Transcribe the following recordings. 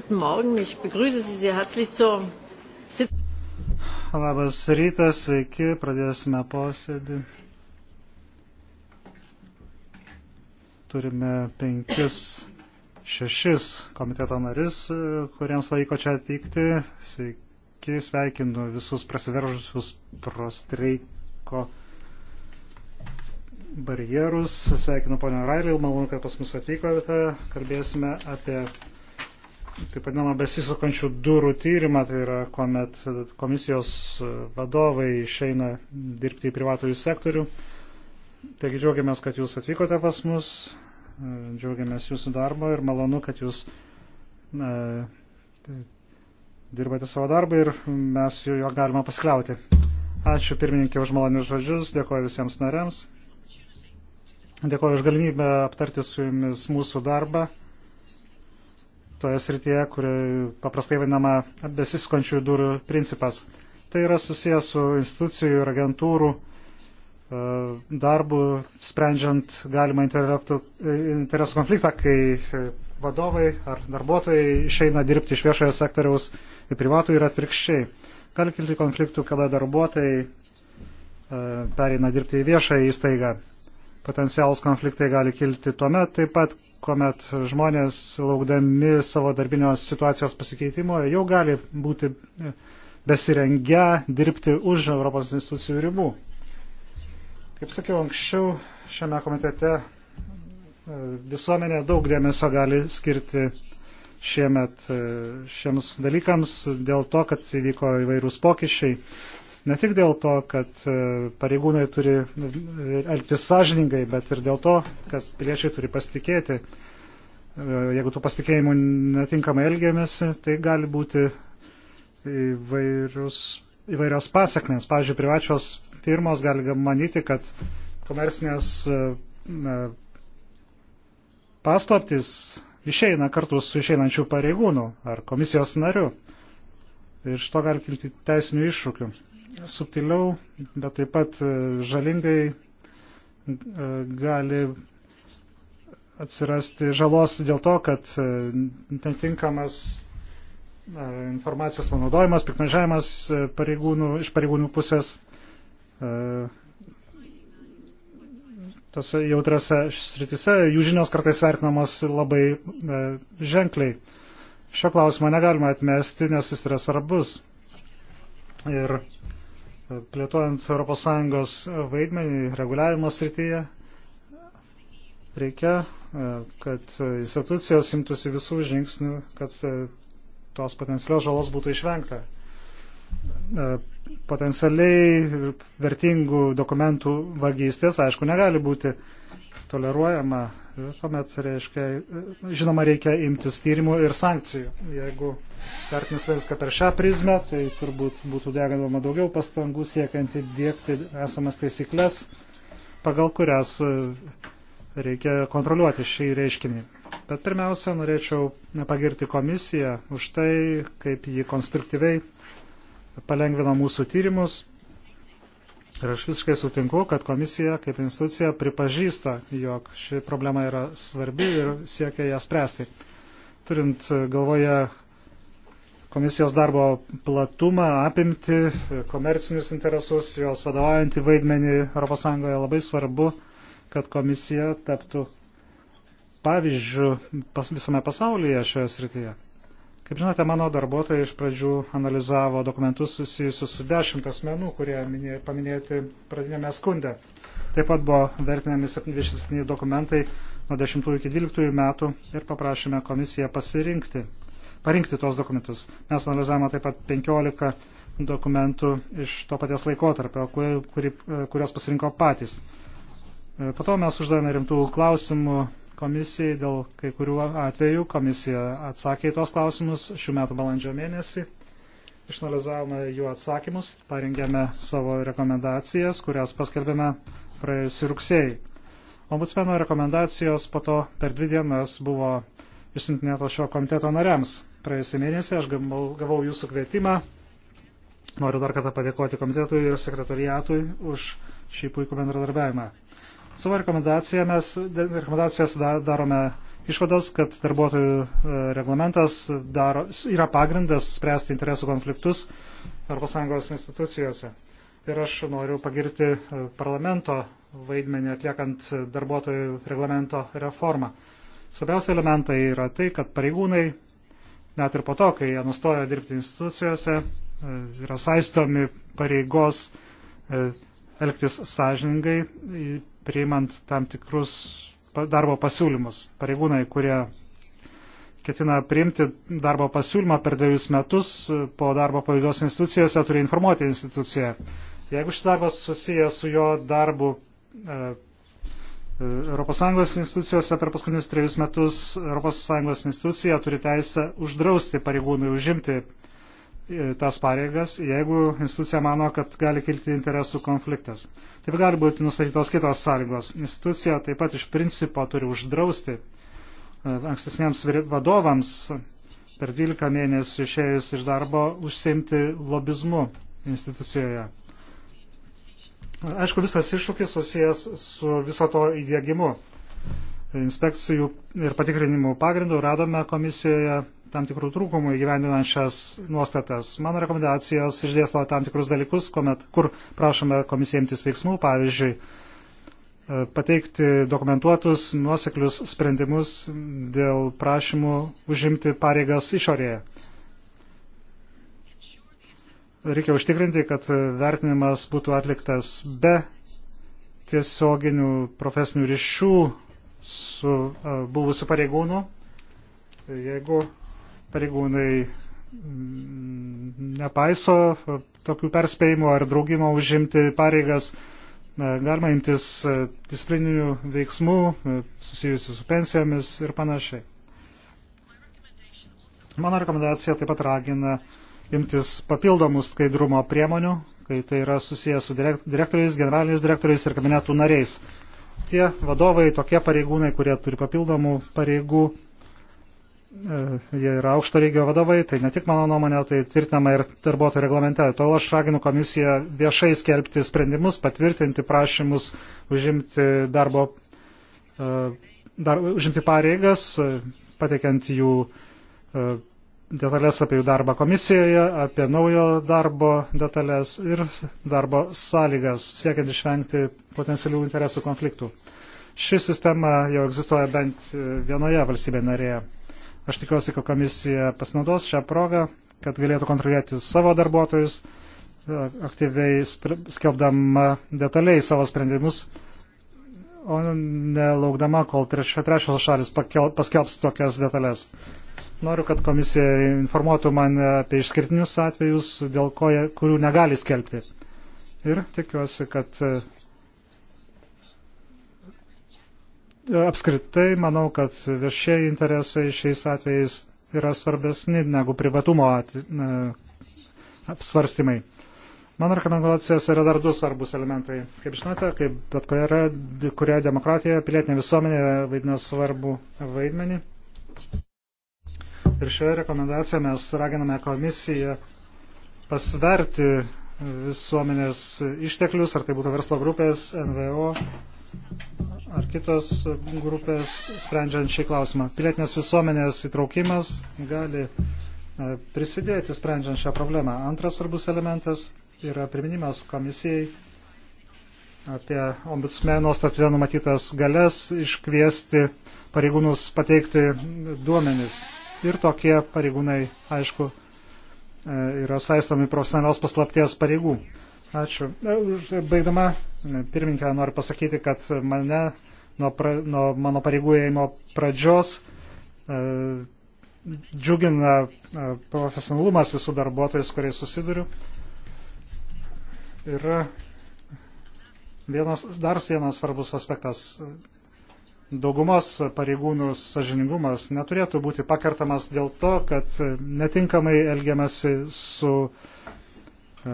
Guten Morgen, ich begrüße Sie sehr herzlich zur Sitzung. Labas rytas, sveiki, pradėsime posėdį. Turime penkis, šešis komiteto narius, kuriems laiko čia atvykti. Sveiki, sveikinu visus prasiveržusius prostreiko barjerus. Sveikinu ponio Railį, malonu, kad pas mus atvykote. Kalbėsime apie taip vadinamą besisukančių durų tyrimą, tai yra kuomet komisijos vadovai išeina dirbti į privatojų sektorių. Taigi džiaugiamės, kad jūs atvykote pas mus, džiaugiamės jūsų darbo ir malonu, kad jūs e, dirbate savo darbą ir mes jo galima paskliauti. Ačiū pirmininkė už malonius žodžius, dėkoju visiems nariams, dėkoju už galimybę aptarti su jumis mūsų darbą toje srityje, kuri paprastai vadinama besiskončių durų principas. Tai yra susijęs su institucijų ir agentūrų e, darbų sprendžiant galimą e, interesų konfliktą, kai e, vadovai ar darbuotojai išeina dirbti iš viešojo sektoriaus į privatų ir atvirkščiai. Gali kilti konfliktų, kada darbuotojai pereina dirbti į viešąją įstaigą. Potencialus konfliktai gali kilti tuomet taip pat, kuomet žmonės laukdami savo darbinios situacijos pasikeitimo jau gali būti besirengę dirbti už Europos institucijų ribų. Kaip sakiau anksčiau, šiame komitete e, visuomenė daug dėmesio gali skirti šiemet e, šiems dalykams dėl to, kad įvyko įvairūs pokyčiai Ne tik dėl to, kad e, pareigūnai turi elgtis sąžiningai, bet ir dėl to, kad piliečiai turi pasitikėti. E, jeigu tų pasitikėjimų netinkamai elgiamėsi, tai gali būti įvairius, įvairios pasiekmes. Pavyzdžiui, privačios firmos gali manyti, kad komersinės e, paslaptis išeina kartu su išeinančių pareigūnų ar komisijos nariu. Ir iš to gali kilti teisinių iššūkių subtiliau, bet taip pat e, žalingai e, gali atsirasti žalos dėl to, kad e, netinkamas informacijos panaudojimas, piknažavimas pareigūnų, iš pareigūnų pusės tose jautrose sritise, jų žinios kartais vertinamos labai ženkliai. Šio klausimo negalima atmesti, nes jis yra svarbus. Ir plėtojant ES vaidmenį reguliavimo srityje, reikia, e, kad institucijos imtųsi visų žingsnių, kad e, tos potencialios žalos būtų išvengta. E, potencialiai vertingų dokumentų vagystės, aišku, negali būti toleruojama, tuomet reiškia, žinoma, reikia imtis tyrimų ir sankcijų. Jeigu vertins viską per šią prizmę, tai turbūt būtų deganama daugiau pastangų siekiant įdėkti esamas taisyklės, pagal kurias e, reikia kontroliuoti šį reiškinį. Bet pirmiausia, norėčiau pagirti komisiją už tai, kaip ji konstruktyviai palengvino mūsų tyrimus Ir aš visiškai sutinku, kad komisija kaip institucija pripažįsta, jog ši problema yra svarbi ir siekia ją spręsti. Turint galvoje komisijos darbo platumą, apimti, komercinius interesus, jos vadovaujantį vaidmenį ES labai svarbu, kad komisija taptų pavyzdžių pas, visame pasaulyje šioje srityje. Kaip žinote, mano darbuotojai iš pradžių analizavo dokumentus susijusius su dešimt asmenų, kurie minė, paminėti pradinėme skunde. Taip pat buvo vertinami 77 dokumentai nuo 10 iki 12 metų ir paprašėme komisiją pasirinkti, parinkti tuos dokumentus. Mes analizavome taip pat 15 dokumentų iš to paties laikotarpio, kuri, kuri, kurios pasirinko patys. E, po to mes uždavėme rimtų klausimų komisijai dėl kai kurių atvejų. Komisija atsakė į tos klausimus šių metų balandžio mėnesį. Išnalizavome jų atsakymus, parengėme savo rekomendacijas, kurias paskelbėme praėjusį rugsėjį. Ombudsmeno rekomendacijos po to per dvi dienas buvo išsintinėtos šio komiteto nariams. Praėjusį mėnesį aš gavau, gavau jūsų kvietimą. Noriu dar kartą padėkoti komitetui ir sekretariatui už šį puikų bendradarbiavimą. Savo rekomendaciją mes, rekomendacijas darome išvadas, kad darbuotojų e, reglamentas daro, yra pagrindas spręsti interesų konfliktus ES institucijose. Ir aš noriu pagirti e, parlamento vaidmenį atliekant darbuotojų reglamento reformą. Svarbiausia elementai yra tai, kad pareigūnai, net ir po to, kai jie nustoja dirbti institucijose, e, yra saistomi pareigos elgtis sąžiningai, priimant tam tikrus darbo pasiūlymus. Pareigūnai, kurie ketina priimti darbo pasiūlymą per dviejus metus e, po darbo pareigos institucijose, turi informuoti instituciją. Jeigu šis darbas susijęs su jo darbu ES e, institucijose per paskutinius trejus metus ES institucija turi teisę uždrausti pareigūnui užimti E, tas pareigas, jeigu institucija mano, kad gali kilti interesų konfliktas. Taip gali būti nustatytos kitos sąlygos. Institucija taip pat iš principo turi uždrausti e, ankstesniems vadovams per 12 mėnesių išėjus iš darbo užsiimti lobizmu institucijoje. Aišku, visas iššūkis susijęs su viso to įdėgymu. Inspekcijų ir patikrinimų pagrindų radome komisijoje tam tikrų trūkumų įgyvendinant šias nuostatas. Mano rekomendacijos išdėsto tam tikrus dalykus, kuomet, kur prašome komisiją imtis veiksmų, pavyzdžiui, e, pateikti dokumentuotus nuoseklius sprendimus dėl prašymų užimti pareigas išorėje. Reikia užtikrinti, kad vertinimas būtų atliktas be tiesioginių profesinių ryšių su e, buvusiu pareigūnu, jeigu pareigūnai mm, nepaiso e, tokių perspėjimų ar draugimo užimti pareigas, galima imtis e, disciplininių veiksmų e, susijusių su pensijomis ir panašiai. Mano rekomendacija taip pat ragina imtis papildomų skaidrumo priemonių, kai tai yra susijęs su direktoriais, generaliniais direktoriais ir kabinetų nariais. Tie vadovai, tokie pareigūnai, kurie turi papildomų pareigų, E, jie yra aukšto lygio vadovai, tai ne tik mano nuomonė, tai tvirtinama ir darbuotojų reglamente. Tol aš raginu komisiją viešai skelbti sprendimus, patvirtinti prašymus užimti darbo, e, dar, užimti pareigas, e, pateikiant jų detalės apie jų darbą komisijoje, apie naujo darbo detalės ir darbo sąlygas, siekiant išvengti potencialių interesų konfliktų. Ši sistema jau egzistuoja bent vienoje valstybėje narėje. Aš tikiuosi, kad komisija pasinaudos šią progą, kad galėtų kontroliuoti savo darbuotojus, e, aktyviai skelbdama detaliai savo sprendimus, o nelaukdama, kol trečios šalis paskelbs tokias detalės. Noriu, kad komisija informuotų man apie išskirtinius atvejus, dėl ko, kurių negali skelbti. Ir tikiuosi, kad e, apskritai manau, kad viešieji interesai šiais atvejais yra svarbesni negu privatumo apsvarstymai. Mano rekomendacijos yra dar du svarbus elementai. Kaip žinote, kaip bet kurioje, kurioje demokratijoje pilietinė visuomenė vaidina svarbu vaidmenį. Ir šioje rekomendacijoje mes raginame komisiją pasverti visuomenės išteklius, ar tai būtų verslo grupės, NVO, ar kitos grupės sprendžiant šį klausimą. Pilietinės visuomenės įtraukimas gali e, prisidėti sprendžiant šią problemą. Antras svarbus elementas yra priminimas komisijai apie ombudsmeno statute numatytas galės iškviesti pareigūnus pateikti duomenis. Ir tokie pareigūnai, aišku, e, yra saistomi profesionalios paslapties pareigų. Ačiū. Baigdama, pirmininkė, noriu pasakyti, kad mane nuo, pra, nuo mano pareigūjimo pradžios e, džiugina e, profesionalumas visų darbuotojų, su kuriais susiduriu. Ir vienas, dar vienas svarbus aspektas. Daugumos pareigūnų sažiningumas neturėtų būti pakartamas dėl to, kad netinkamai elgiamasi su uh, E,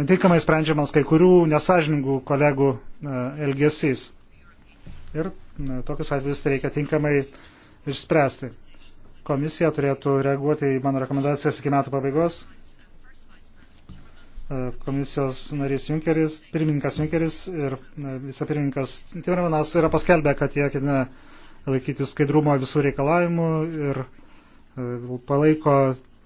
netinkamai sprendžiamas kai kurių nesažiningų kolegų e, elgesys. Ir e, tokius atvejus reikia tinkamai išspręsti. Komisija turėtų reaguoti į mano rekomendacijas iki metų pabaigos. Komisijos narys Junkeris, pirmininkas Junkeris ir vicepirmininkas Timirmanas yra paskelbę, kad jie ketina laikyti skaidrumo visų reikalavimų ir palaiko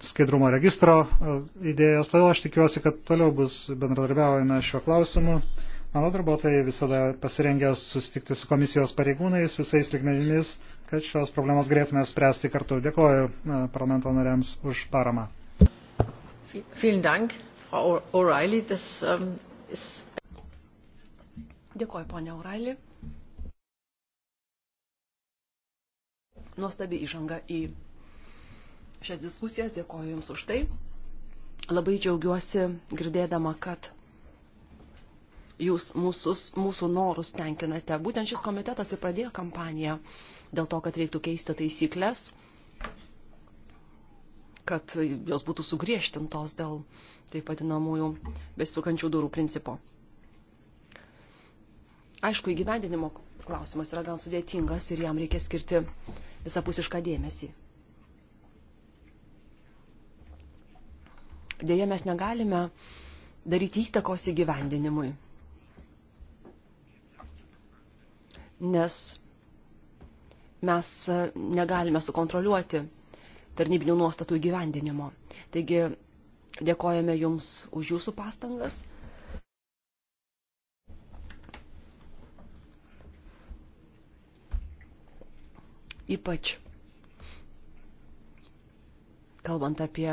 skaidrumo registro e, idėjos, todėl aš tikiuosi, kad toliau bus bendradarbiaujame šiuo klausimu. Mano darbuotojai visada pasirengęs susitikti su komisijos pareigūnais visais lygmenimis, kad šios problemos galėtume spręsti kartu. Dėkoju e, parlamento nariams už paramą. Vielen Dank, Frau O'Reilly. Das ähm, ist. Dėkoju, ponia O'Reilly. Nuostabi įžanga į šias diskusijas, dėkoju Jums už tai. Labai džiaugiuosi girdėdama, kad Jūs mūsų, mūsų norus tenkinate. Būtent šis komitetas ir pradėjo kampaniją dėl to, kad reiktų keisti taisyklės, kad jos būtų sugriežtintos dėl taip vadinamųjų besisukančių durų principo. Aišku, įgyvendinimo klausimas yra gan sudėtingas ir jam reikia skirti visapusišką dėmesį. Dėja, mes negalime daryti įtakos įgyvendinimui. Nes mes negalime sukontroliuoti tarnybinių nuostatų įgyvendinimo. Taigi dėkojame Jums už Jūsų pastangas. Ypač kalbant apie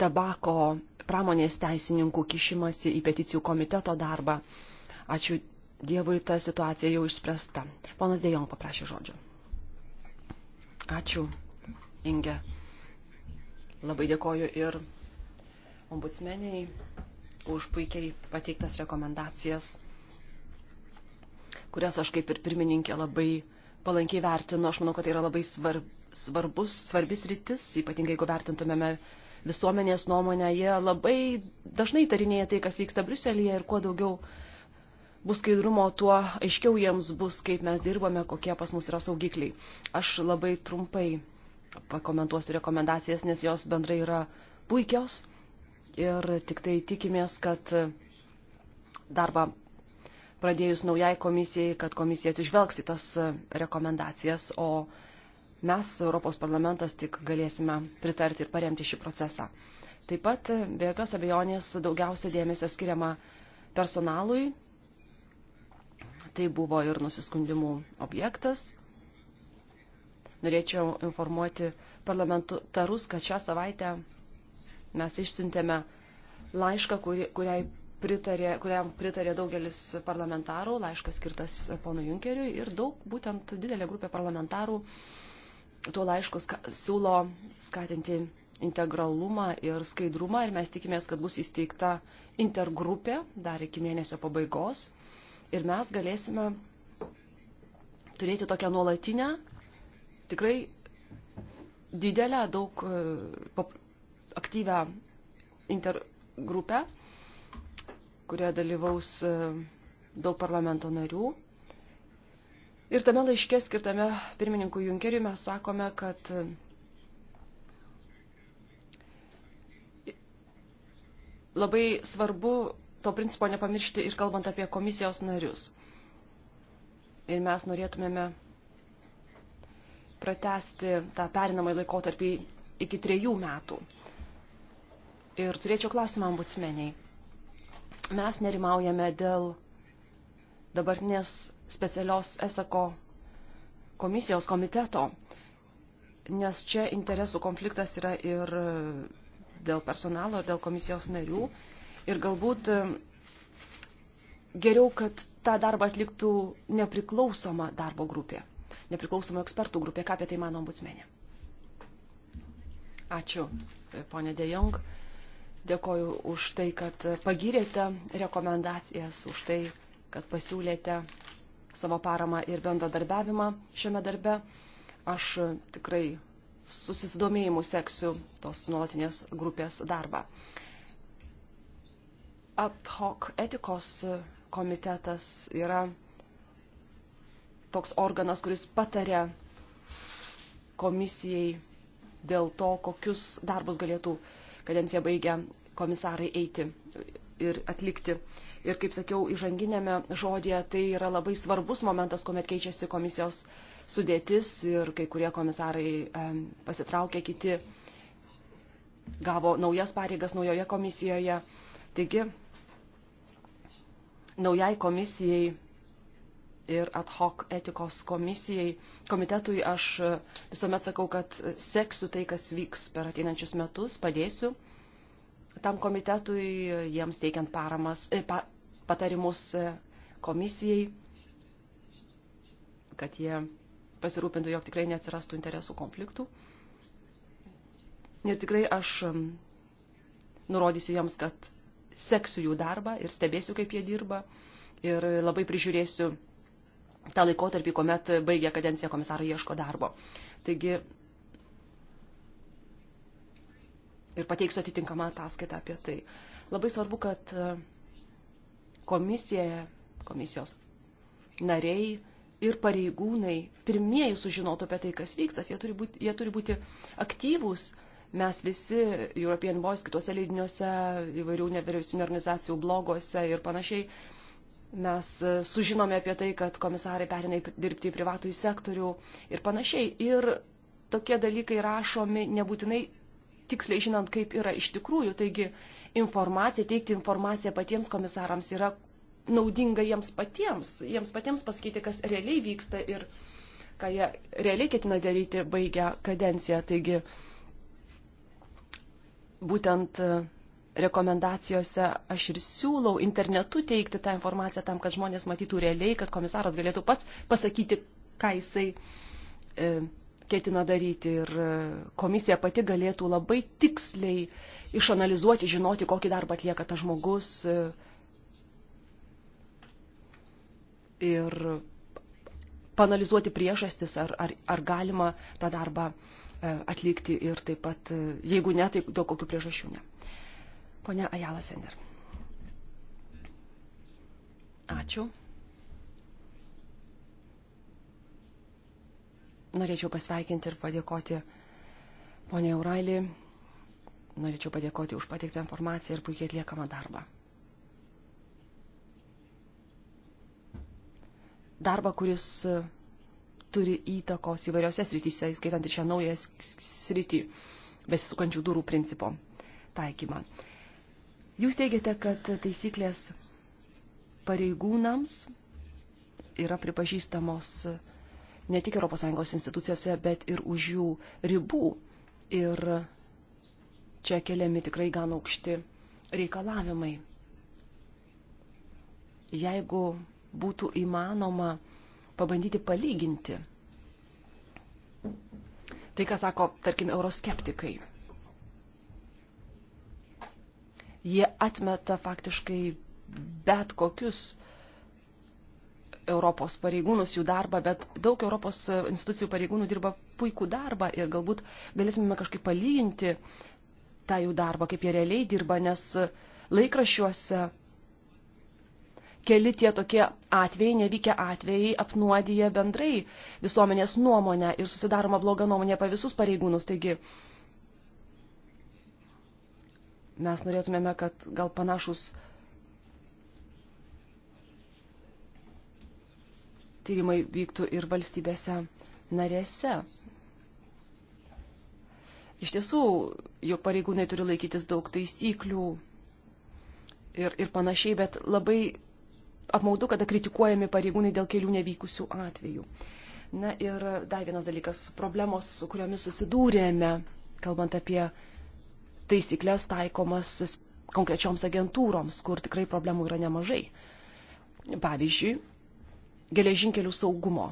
tabako pramonės teisininkų kišimasi į peticijų komiteto darbą. Ačiū Dievui, ta situacija jau išspręsta. Ponas Dejong paprašė žodžio. Ačiū, Inge. Labai dėkoju ir ombudsmeniai už puikiai pateiktas rekomendacijas, kurias aš kaip ir pirmininkė labai palankiai vertinu. Aš manau, kad tai yra labai svarb, svarbus, svarbis rytis, ypatingai jeigu vertintumėme visuomenės nuomonę, jie labai dažnai tarinėja tai, kas vyksta Briuselėje ir kuo daugiau bus skaidrumo, tuo aiškiau jiems bus, kaip mes dirbame, kokie pas mus yra saugikliai. Aš labai trumpai pakomentuosiu rekomendacijas, nes jos bendrai yra puikios ir tik tai tikimės, kad darbą pradėjus naujai komisijai, kad komisija atsižvelgs į tas rekomendacijas, o mes, Europos parlamentas, tik galėsime pritarti ir paremti šį procesą. Taip pat, be jokios abejonės, daugiausia dėmesio skiriama personalui. Tai buvo ir nusiskundimų objektas. Norėčiau informuoti parlamentarus, kad šią savaitę mes išsintėme laišką, kuriai pritarė, kuriam pritarė daugelis parlamentarų, laiškas skirtas pono Junkeriui ir daug, būtent didelė grupė parlamentarų uh, tuo laišku ska, siūlo skatinti integralumą ir skaidrumą ir mes tikimės, kad bus įsteigta intergrupė dar iki mėnesio pabaigos ir mes galėsime turėti tokią nuolatinę, tikrai didelę, daug e, pap, aktyvę intergrupę, kurioje dalyvaus e, daug parlamento narių Ir tame laiške skirtame pirmininkų Junkeriui mes sakome, kad e, labai svarbu to principo nepamiršti ir kalbant apie komisijos narius. Ir mes norėtumėme pratesti tą perinamą laikotarpį iki trejų metų. Ir turėčiau klausimą ambutsmeniai. Mes nerimaujame dėl dabartinės specialios ESAKO komisijos komiteto, nes čia interesų konfliktas yra ir e, dėl personalo, ir dėl komisijos narių. Ir galbūt e, geriau, kad tą darbą atliktų nepriklausoma darbo grupė, nepriklausoma ekspertų grupė, ką apie tai mano ombudsmenė. Ačiū, e, ponė Dejong. Dėkoju už tai, kad pagirėte rekomendacijas, už tai, kad pasiūlėte savo paramą ir bendradarbiavimą šiame darbe. Aš tikrai susidomėjimu seksiu tos nuolatinės grupės darbą. Ad hoc etikos komitetas yra toks organas, kuris patarė komisijai dėl to, kokius darbus galėtų kadenciją baigę komisarai eiti ir atlikti. Uh, Ir kaip sakiau, įžanginėme žodėje tai yra labai svarbus momentas, kuomet keičiasi komisijos sudėtis ir kai kurie komisarai pasitraukė, kiti gavo naujas pareigas naujoje komisijoje. Taigi, naujai komisijai ir ad hoc etikos komisijai, komitetui aš visuomet sakau, kad seksiu tai, kas vyks per ateinančius metus, padėsiu tam komitetui, jiems teikiant paramas, e, pa, patarimus komisijai, kad jie pasirūpintų, jog tikrai neatsirastų interesų konfliktų. Ir tikrai aš um, nurodysiu jiems, kad seksiu jų darbą ir stebėsiu, kaip jie dirba ir labai prižiūrėsiu tą laikotarpį, kuomet baigia kadenciją komisarai ieško darbo. Taigi ir pateiksiu atitinkamą ataskaitą apie tai. Labai svarbu, kad komisija, komisijos nariai ir pareigūnai pirmieji sužinotų apie tai, kas vyksta, jie turi būti, jie turi būti aktyvūs. Mes visi European Voice kitose leidiniuose, įvairių nevyriausinių organizacijų blogose ir panašiai, mes e, sužinome apie tai, kad komisarai perinai dirbti į privatų į sektorių ir panašiai. Ir tokie dalykai rašomi nebūtinai tiksliai žinant, kaip yra iš tikrųjų. Taigi informaciją, teikti informaciją patiems komisarams yra naudinga jiems patiems, jiems patiems pasakyti, kas realiai vyksta ir ką jie realiai ketina daryti baigę kadenciją. Taigi būtent e, rekomendacijose aš ir siūlau internetu teikti tą informaciją tam, kad žmonės matytų realiai, kad komisaras galėtų pats pasakyti, ką jisai e, ketina daryti ir komisija pati galėtų labai tiksliai išanalizuoti, žinoti, kokį darbą atlieka tas žmogus ir panalizuoti priežastis, ar, ar, ar galima tą darbą e, atlikti ir taip pat, e, jeigu ne, tai dėl kokių priežasčių ne. Pone Ajala Sender. Ačiū. Norėčiau pasveikinti ir padėkoti ponė Eurailį. Norėčiau padėkoti už pateiktą informaciją ir puikiai atliekamą darbą. Darbą, kuris e, turi įtakos įvairiose srityse, įskaitant ir šią naują sritį, besisukančių durų principo taikymą. Jūs teigiate, kad taisyklės pareigūnams yra pripažįstamos ne tik ES institucijose, bet ir už jų ribų. Ir čia keliami tikrai gan aukšti reikalavimai. Jeigu būtų įmanoma pabandyti palyginti tai, ką sako, tarkim, euroskeptikai. Jie atmeta faktiškai bet kokius uh, Europos pareigūnus, jų darbą, bet daug Europos e, institucijų pareigūnų dirba puikų darbą ir galbūt galėtume kažkaip palyginti tą jų darbą, kaip jie realiai dirba, nes e, laikrašiuose keli tie tokie atvejai, nevykę atvejai apnuodyje bendrai visuomenės nuomonę ir susidaroma bloga nuomonė apie visus pareigūnus. Taigi mes norėtumėme, kad gal panašus uh, tyrimai vyktų ir valstybėse narėse. Iš tiesų, jo pareigūnai turi laikytis daug taisyklių ir, ir panašiai, bet labai apmaudu, kada kritikuojami pareigūnai dėl kelių nevykusių atvejų. Na ir dar vienas dalykas - problemos, su kuriomis susidūrėme, kalbant apie taisyklės taikomas konkrečioms agentūroms, kur tikrai problemų yra nemažai. Pavyzdžiui, geležinkelių saugumo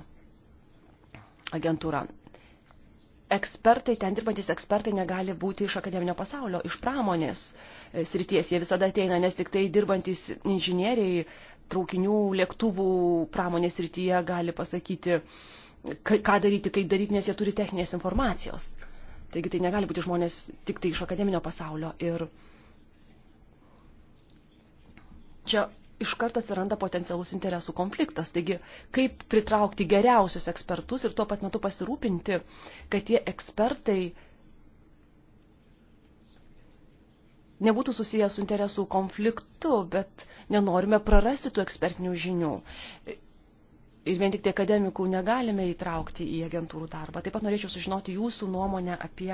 agentūra. Ekspertai, ten dirbantis ekspertai negali būti iš akademinio pasaulio, iš pramonės e, srities. Jie visada ateina, nes tik tai dirbantis inžinieriai traukinių, lėktuvų pramonės srityje gali pasakyti, ką daryti, kaip daryti, nes jie turi techninės informacijos. Taigi tai negali būti žmonės tik tai iš akademinio pasaulio. Ir čia iškart atsiranda potencialus interesų konfliktas. Taigi, kaip pritraukti geriausius ekspertus ir tuo pat metu pasirūpinti, kad tie ekspertai nebūtų susijęs su interesų konfliktu, bet nenorime prarasti tų ekspertinių žinių. Ir vien tik tie akademikų negalime įtraukti į agentūrų darbą. Taip pat norėčiau sužinoti jūsų nuomonę apie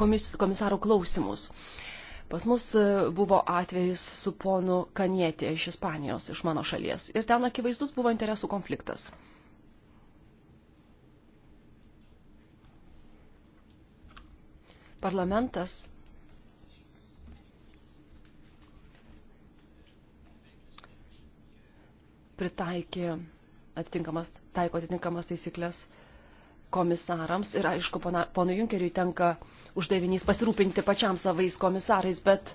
komis, komisarų klausimus. Pas mus e, buvo atvejis su ponu Kanietė iš Ispanijos, iš mano šalies. Ir ten akivaizdus buvo interesų konfliktas. Parlamentas pritaikė atitinkamas, taiko atitinkamas taisyklės komisarams ir aišku, ponui Junkeriui tenka uždavinys pasirūpinti pačiam savais komisarais, bet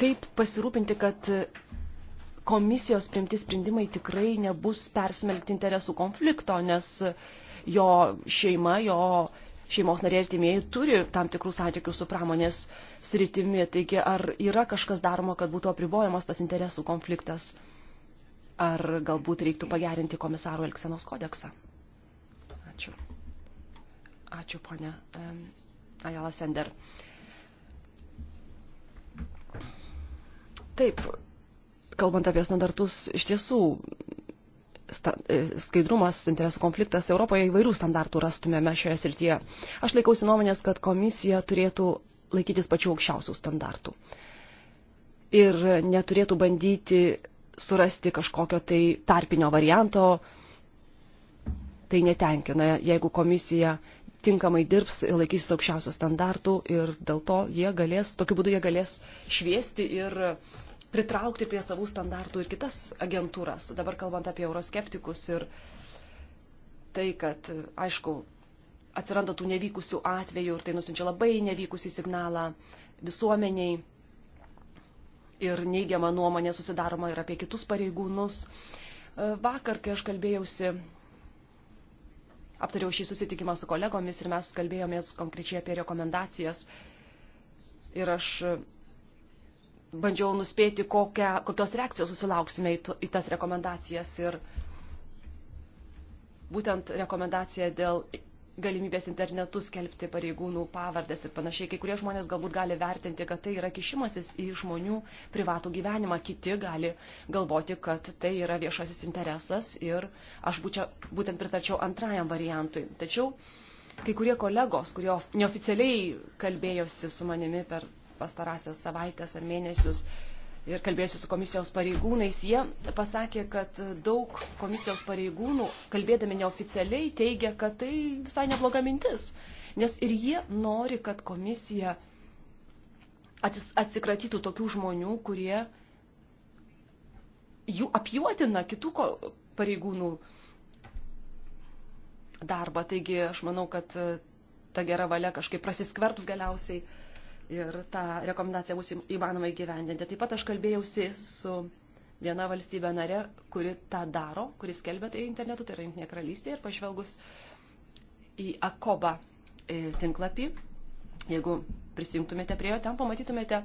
kaip pasirūpinti, kad komisijos primti sprendimai tikrai nebus persmelkti interesų konflikto, nes jo šeima, jo šeimos nariai artimieji turi tam tikrų santykių su pramonės sritimi. Taigi, ar yra kažkas daroma, kad būtų apribojamas tas interesų konfliktas? Ar galbūt reiktų pagerinti komisaro Elksenos kodeksą? Ačiū. Ačiū, ponė Ajala Sender. Taip, kalbant apie standartus, iš tiesų e, skaidrumas, interesų konfliktas Europoje įvairių standartų rastumėme šioje srityje. Aš laikausi nuomonės, kad komisija turėtų laikytis pačių aukščiausių standartų ir neturėtų bandyti surasti kažkokio tai tarpinio varianto, tai netenkina, jeigu komisija tinkamai dirbs ir laikysis aukščiausių standartų ir dėl to jie galės, tokiu būdu jie galės šviesti ir pritraukti prie savų standartų ir kitas agentūras. Dabar kalbant apie euroskeptikus ir tai, kad, aišku, atsiranda tų nevykusių atvejų ir tai nusinčia labai nevykusį signalą visuomeniai ir neigiama nuomonė susidaroma ir apie kitus pareigūnus. Vakar, kai aš kalbėjausi aptariau šį susitikimą su kolegomis ir mes kalbėjomės konkrečiai apie rekomendacijas. Ir aš bandžiau nuspėti, kokią, kokios reakcijos susilauksime į, t, į tas rekomendacijas. Ir būtent rekomendacija dėl galimybės internetu skelbti pareigūnų pavardės ir panašiai. Kai kurie žmonės galbūt gali vertinti, kad tai yra kišimasis į žmonių privatų gyvenimą, kiti gali galvoti, kad tai yra viešasis interesas ir aš būčia, būtent pritarčiau antrajam variantui. Tačiau kai kurie kolegos, kurie neoficialiai kalbėjosi su manimi per pastarąsias savaitės ar mėnesius, ir kalbėsiu su komisijos pareigūnais, jie pasakė, kad daug komisijos pareigūnų, kalbėdami neoficialiai, teigia, kad tai visai nebloga mintis, nes ir jie nori, kad komisija atsikratytų tokių žmonių, kurie jų apjuotina kitų pareigūnų darbą. Taigi aš manau, kad ta gera valia kažkaip prasiskverbs galiausiai ir tą rekomendaciją bus įmanoma įgyvendinti. Taip pat aš kalbėjausi su viena valstybė narė, kuri tą daro, kuris skelbia tai internetu, tai yra Junktinė karalystė ir pažvelgus į Akoba e, tinklapį, jeigu prisijungtumėte prie jo, ten pamatytumėte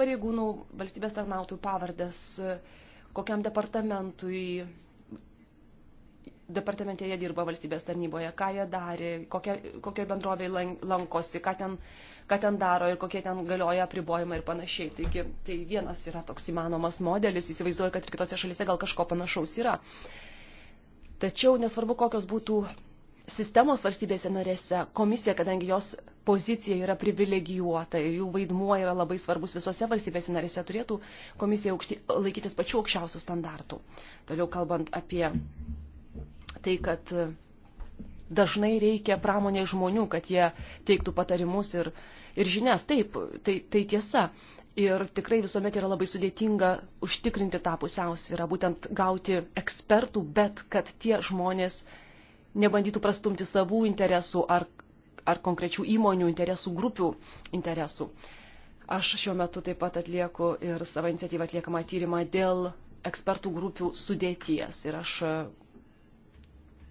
pareigūnų, valstybės tarnautojų pavardės, e, kokiam departamentui, departamente jie dirba valstybės tarnyboje, ką jie darė, kokioje bendrovėje lankosi, ką ten uh, ką ten daro ir kokie ten galioja apribojimai ir panašiai. Taigi tai vienas yra toks įmanomas modelis, įsivaizduoju, kad ir kitose šalyse gal kažko panašaus yra. Tačiau nesvarbu, kokios būtų sistemos valstybėse narėse, komisija, kadangi jos pozicija yra privilegijuota ir jų vaidmuo yra labai svarbus visose valstybėse narėse, turėtų komisija aukšti, laikytis pačių aukščiausių standartų. Toliau kalbant apie tai, kad dažnai reikia pramonės žmonių, kad jie teiktų patarimus ir uh, ir žinias. Taip, tai, tai tiesa. Ir tikrai visuomet yra labai sudėtinga užtikrinti tą pusiausvyrą, būtent gauti ekspertų, bet kad tie žmonės nebandytų prastumti savų interesų ar, ar konkrečių įmonių interesų, grupių interesų. Aš šiuo metu taip pat atlieku ir savo iniciatyvą atliekamą tyrimą dėl ekspertų grupių sudėties. Ir aš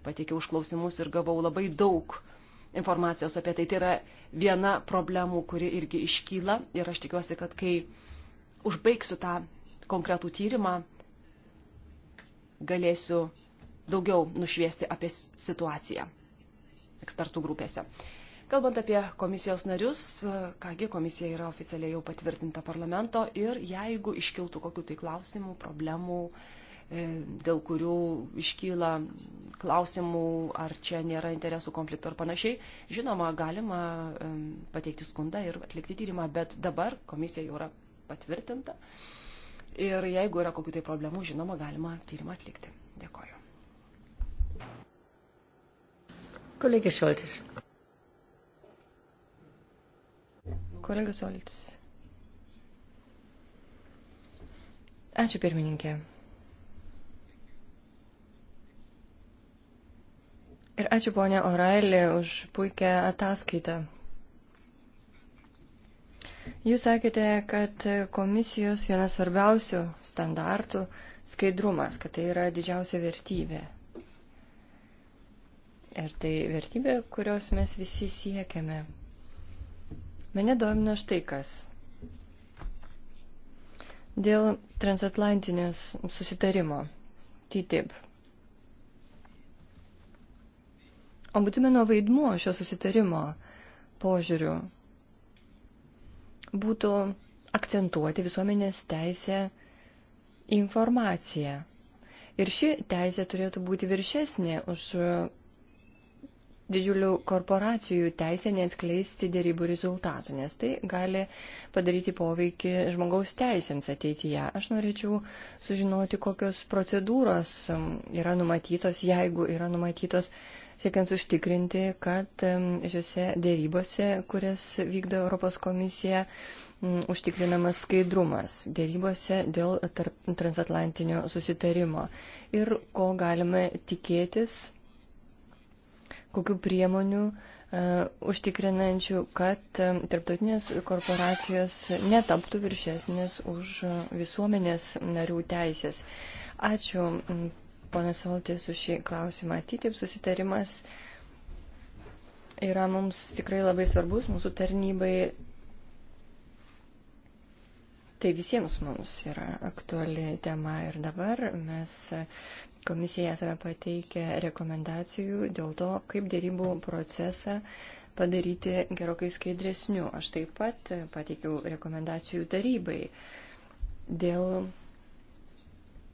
pateikiau užklausimus ir gavau labai daug uh, informacijos apie tai. Tai yra viena problemų, kuri irgi iškyla ir aš tikiuosi, kad kai užbaigsiu tą konkretų tyrimą, galėsiu daugiau nušviesti apie situaciją ekspertų grupėse. Kalbant apie komisijos narius, kągi komisija yra oficialiai jau patvirtinta parlamento ir jeigu iškiltų kokių tai klausimų, problemų, uh, E, dėl kurių iškyla klausimų, ar čia nėra interesų konflikto ar panašiai. Žinoma, galima e, pateikti skundą ir atlikti tyrimą, bet dabar komisija jau yra patvirtinta. Ir jeigu yra kokių tai problemų, žinoma, galima tyrimą atlikti. Dėkoju. Kolegė Šoltis. Kolegė Šoltis. Ačiū pirmininkė. Ir ačiū ponė Orailė už puikią ataskaitą. Jūs sakėte, kad komisijos vienas svarbiausių standartų skaidrumas, kad tai yra didžiausia vertybė. Ir tai vertybė, kurios mes visi siekiame. Mane domina štai kas. Dėl transatlantinės susitarimo. TTIP. Tai Ombudsmeno vaidmuo šio susitarimo požiūriu būtų akcentuoti visuomenės teisę informaciją. Ir ši teisė turėtų būti viršesnė už didžiulių korporacijų teisę neatskleisti dėrybų rezultatų, nes tai gali padaryti poveikį žmogaus teisėms ateityje. Aš norėčiau sužinoti, kokios procedūros um, yra numatytos, jeigu yra numatytos siekiant užtikrinti, kad šiuose dėrybose, kurias vykdo Europos komisija, užtikrinamas skaidrumas dėrybose dėl transatlantinio susitarimo ir ko galime tikėtis, kokiu priemoniu e, užtikrinančių, kad tarptautinės korporacijos netaptų viršesnės už e, visuomenės narių teisės. Ačiū ponas Soltis, už šį klausimą. TTIP susitarimas yra mums tikrai labai svarbus, mūsų tarnybai. Tai visiems mums yra aktuali tema ir dabar mes komisijai esame pateikę rekomendacijų dėl to, kaip dėrybų procesą padaryti gerokai skaidresniu. Aš taip pat pateikiau rekomendacijų tarybai dėl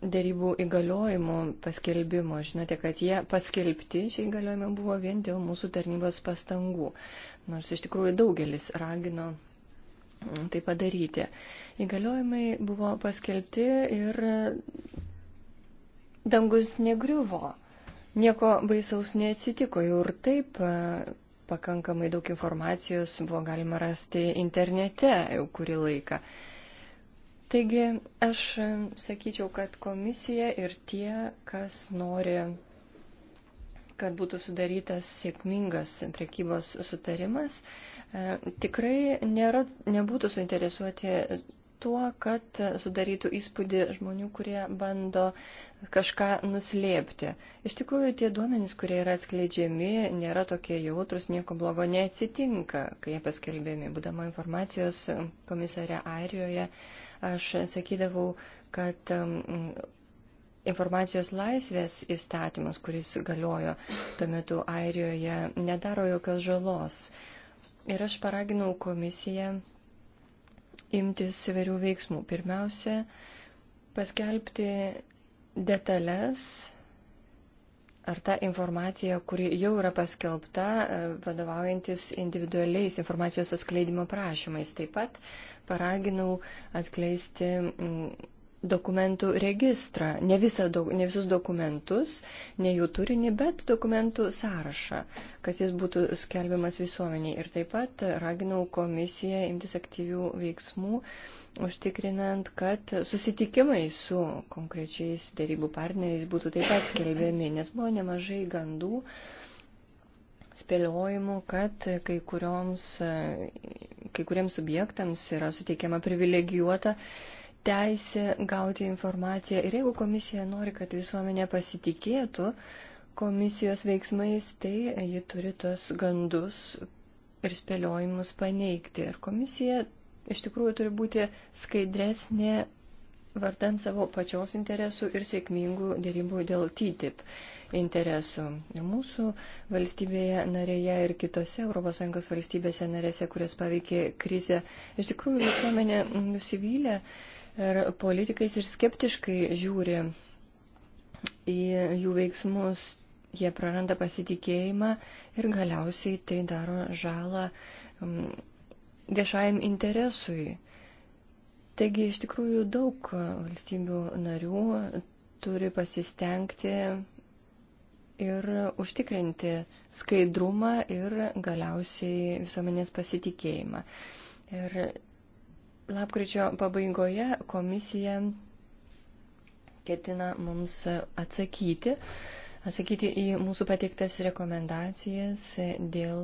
dėrybų įgaliojimų paskelbimo. Žinote, kad jie paskelbti šie įgaliojimai buvo vien dėl mūsų tarnybos pastangų, nors iš tikrųjų daugelis ragino tai padaryti. Įgaliojimai buvo paskelbti ir dangus negriuvo. Nieko baisaus neatsitiko, jau ir taip e, pakankamai daug informacijos buvo galima rasti internete jau kurį laiką. Taigi aš sakyčiau, kad komisija ir tie, kas nori, kad būtų sudarytas sėkmingas prekybos sutarimas, e, tikrai nėra, nebūtų suinteresuoti tuo, kad sudarytų įspūdį žmonių, kurie bando kažką nuslėpti. Iš tikrųjų, tie duomenys, kurie yra atskleidžiami, nėra tokie jautrus, nieko blogo neatsitinka, kai jie paskelbėmi. Būdama informacijos komisarė Airijoje, aš sakydavau, kad um, informacijos laisvės įstatymas, kuris galiojo tuo metu Airijoje, nedaro jokios žalos. Ir aš paraginau komisiją imtis įvairių veiksmų. Pirmiausia, paskelbti detalės ar ta informacija, kuri jau yra paskelbta, e, vadovaujantis individualiais informacijos atskleidimo prašymais. Taip pat paraginau atskleisti dokumentų registrą. Ne, visa, ne visus dokumentus, ne jų turinį, bet dokumentų sąrašą, kad jis būtų skelbiamas visuomeniai. Ir taip pat raginau komisiją imtis aktyvių veiksmų, užtikrinant, kad susitikimai su konkrečiais dėrybų partneriais būtų taip pat skelbiami, nes buvo nemažai gandų spėliojimų, kad kai, kurioms, kai kuriems subjektams yra suteikiama privilegijuota teisė gauti informaciją. Ir jeigu komisija nori, kad visuomenė pasitikėtų komisijos veiksmais, tai ji turi tos gandus ir spėliojimus paneigti. Ir komisija iš tikrųjų turi būti skaidresnė vartant savo pačios interesų ir sėkmingų dėrybų dėl TTIP interesų. Ir mūsų valstybėje narėje ir kitose ES valstybėse narėse, kurias paveikė krizė, iš tikrųjų visuomenė nusivylė ir politikais ir skeptiškai žiūri į jų veiksmus, jie praranda pasitikėjimą ir galiausiai tai daro žalą mm, viešajam interesui. Taigi iš tikrųjų daug valstybių narių turi pasistengti ir užtikrinti skaidrumą ir galiausiai visuomenės pasitikėjimą. Ir Lapkričio pabaigoje komisija ketina mums atsakyti, atsakyti į mūsų pateiktas rekomendacijas dėl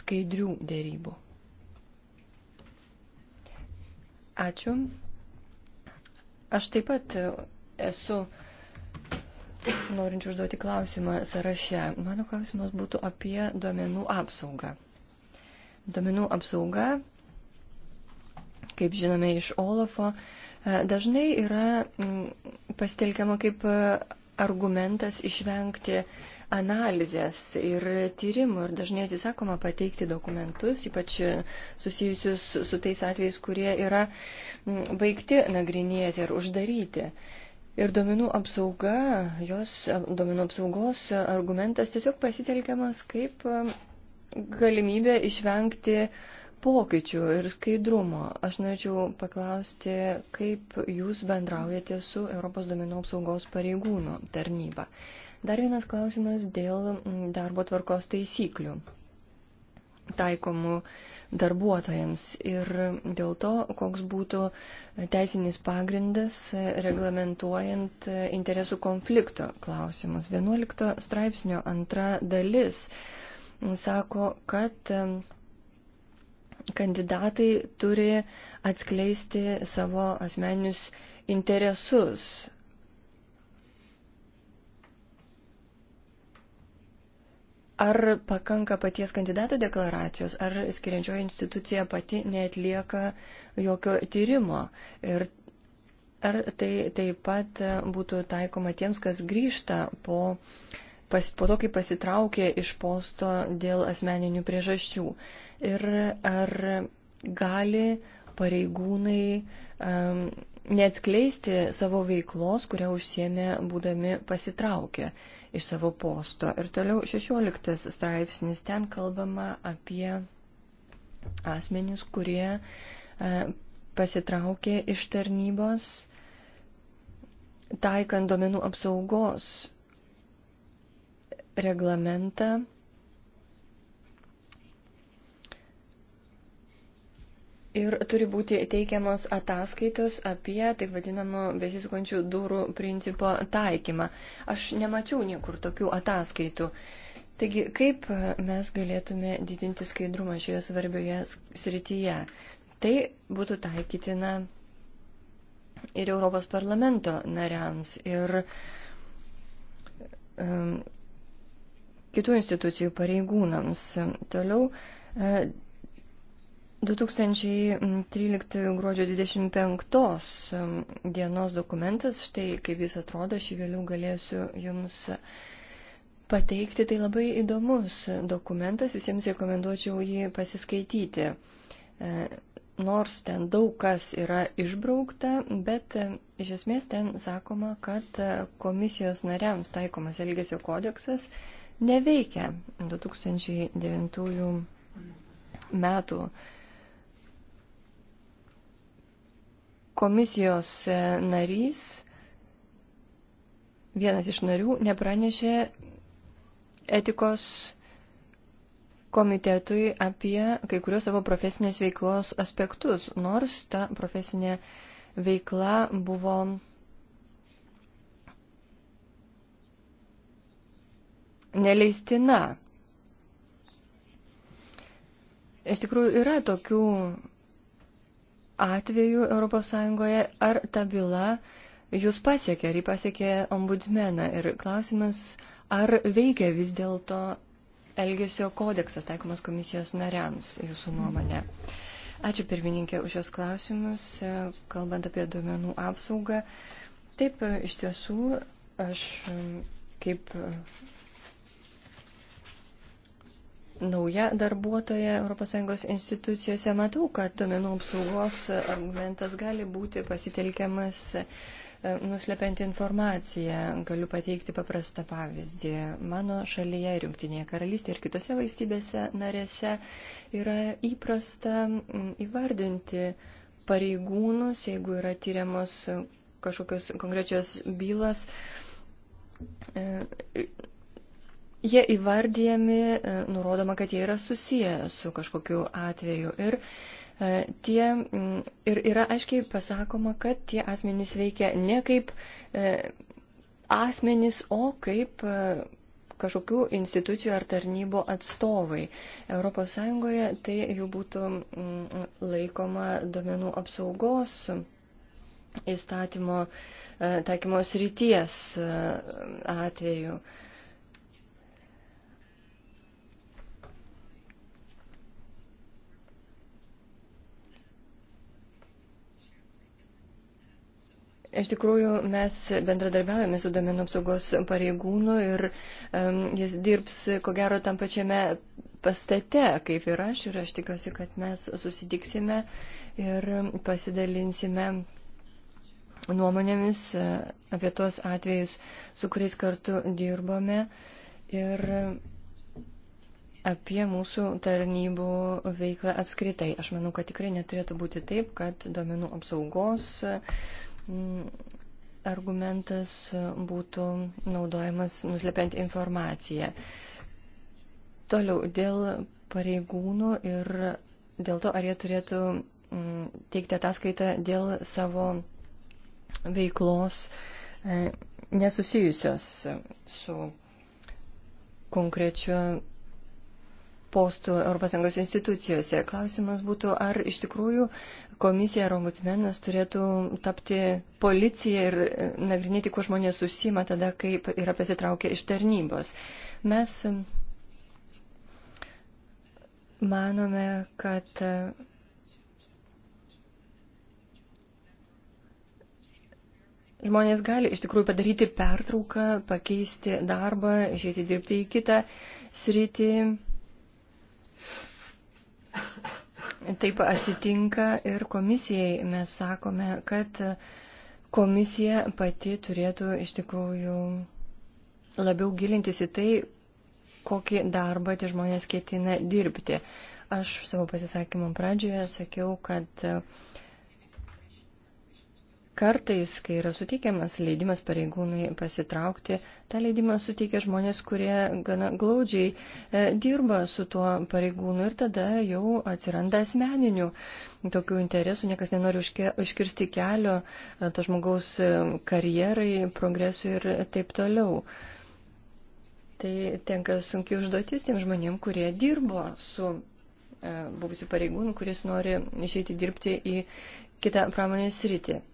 skaidrių dėrybų. Ačiū. Aš taip pat esu norinčių užduoti klausimą sąraše. Mano klausimas būtų apie duomenų apsaugą. Duomenų apsauga kaip žinome iš Olafo, e, dažnai yra pasitelkiama kaip e, argumentas išvengti analizės ir tyrimų ir dažnai atsisakoma pateikti dokumentus, ypač e, susijusius su tais atvejais, kurie yra baigti nagrinėti ir uždaryti. Ir domenų apsauga, jos domenų apsaugos argumentas tiesiog pasitelkiamas kaip galimybė išvengti uh, pokyčių ir skaidrumo. Aš norėčiau paklausti, kaip jūs bendraujate su Europos domenų apsaugos pareigūno tarnyba. Dar vienas klausimas dėl darbo tvarkos taisyklių taikomų darbuotojams ir dėl to, koks būtų teisinis pagrindas reglamentuojant interesų konflikto klausimus. 11 straipsnio antra dalis sako, kad kandidatai turi atskleisti savo asmeninius interesus. Ar pakanka paties kandidato deklaracijos, ar skiriančioji institucija pati neatlieka jokio tyrimo? Ir ar tai taip pat būtų taikoma tiems, kas grįžta po uh, pas, po to, kai pasitraukė iš posto dėl asmeninių priežasčių. Ir ar gali pareigūnai um, neatskleisti savo veiklos, kurią užsiemė būdami pasitraukę iš savo posto. Ir toliau 16 straipsnis ten kalbama apie asmenys, kurie uh, pasitraukė iš tarnybos taikant domenų apsaugos reglamentą ir turi būti teikiamos ataskaitos apie taip vadinamo besisukančių durų principo taikymą. Aš nemačiau niekur tokių ataskaitų. Taigi, kaip mes galėtume didinti skaidrumą šioje svarbioje srityje? Tai būtų taikytina ir Europos parlamento nariams, ir um, kitų institucijų pareigūnams. Toliau 2013 e, gruodžio 25 e, dienos dokumentas, štai kaip jis atrodo, šį vėliau galėsiu jums pateikti. Tai labai įdomus dokumentas, visiems rekomenduočiau jį pasiskaityti. E, nors ten daug kas yra išbraukta, bet iš esmės ten sakoma, kad komisijos nariams taikomas Elgesio kodeksas neveikia. 2009 metų komisijos e, narys, vienas iš narių, nepranešė etikos komitetui apie kai kurios savo profesinės veiklos aspektus, nors ta profesinė veikla buvo neleistina. Iš tikrųjų yra tokių atvejų ES, ar ta byla jūs pasiekė, ar jį pasiekė ombudsmeną. Ir klausimas, ar veikia vis dėlto Elgesio kodeksas taikomas komisijos nariams, jūsų nuomonė. Ačiū pirmininkė už jos klausimus, kalbant apie duomenų apsaugą. Taip, iš tiesų, aš kaip nauja darbuotoja ES institucijose, matau, kad domenų apsaugos argumentas gali būti pasitelkiamas e, nuslepiant informaciją. Galiu pateikti paprastą pavyzdį. Mano šalyje, Junktinėje karalystėje ir kitose valstybėse narėse yra įprasta įvardinti pareigūnus, jeigu yra tyriamos kažkokios konkrečios bylas e, jie įvardyjami, e, nurodoma, kad jie yra susiję su kažkokiu atveju. Ir, e, tie, ir yra aiškiai pasakoma, kad tie asmenys veikia ne kaip e, asmenys, o kaip kažkokių institucijų ar tarnybų atstovai. ES tai jau būtų laikoma domenų apsaugos įstatymo taikymos ryties atveju. Iš tikrųjų, mes bendradarbiavame su domenų apsaugos pareigūnu ir um, jis dirbs, ko gero, tam pačiame pastate, kaip ir aš, ir aš tikiuosi, kad mes susitiksime ir pasidalinsime nuomonėmis e, apie tuos atvejus, su kuriais kartu dirbome ir apie mūsų tarnybų veiklą apskritai. Aš manau, kad tikrai neturėtų būti taip, kad domenų apsaugos argumentas būtų naudojamas nuslepiant informaciją. Toliau, dėl pareigūnų ir dėl to, ar jie turėtų mm, teikti ataskaitą dėl savo veiklos e, nesusijusios su konkrečiu postų ES institucijose. Klausimas būtų, ar iš tikrųjų komisija ar ombudsmenas turėtų tapti policija ir e, nagrinėti, kuo žmonės susima tada, kaip yra pasitraukę iš tarnybos. Mes e, manome, kad e, žmonės gali iš tikrųjų padaryti pertrauką, pakeisti darbą, išėti dirbti į kitą sritį Taip atsitinka ir komisijai. Mes sakome, kad komisija pati turėtų iš tikrųjų labiau gilintis į tai, kokį darbą tie žmonės ketina dirbti. Aš savo pasisakymą pradžioje sakiau, kad uh, Kartais, kai yra suteikiamas leidimas pareigūnui pasitraukti, tą leidimą suteikia žmonės, kurie gana glaudžiai e, dirba su tuo pareigūnu ir tada jau atsiranda asmeninių tokių interesų, niekas nenori užke, užkirsti kelio e, to žmogaus e, karjerai, progresui ir taip toliau. Tai tenka sunkiai užduotis tiem žmonėm, kurie dirbo su e, buvusiu pareigūnu, kuris nori išeiti dirbti į kitą pramonės rytį.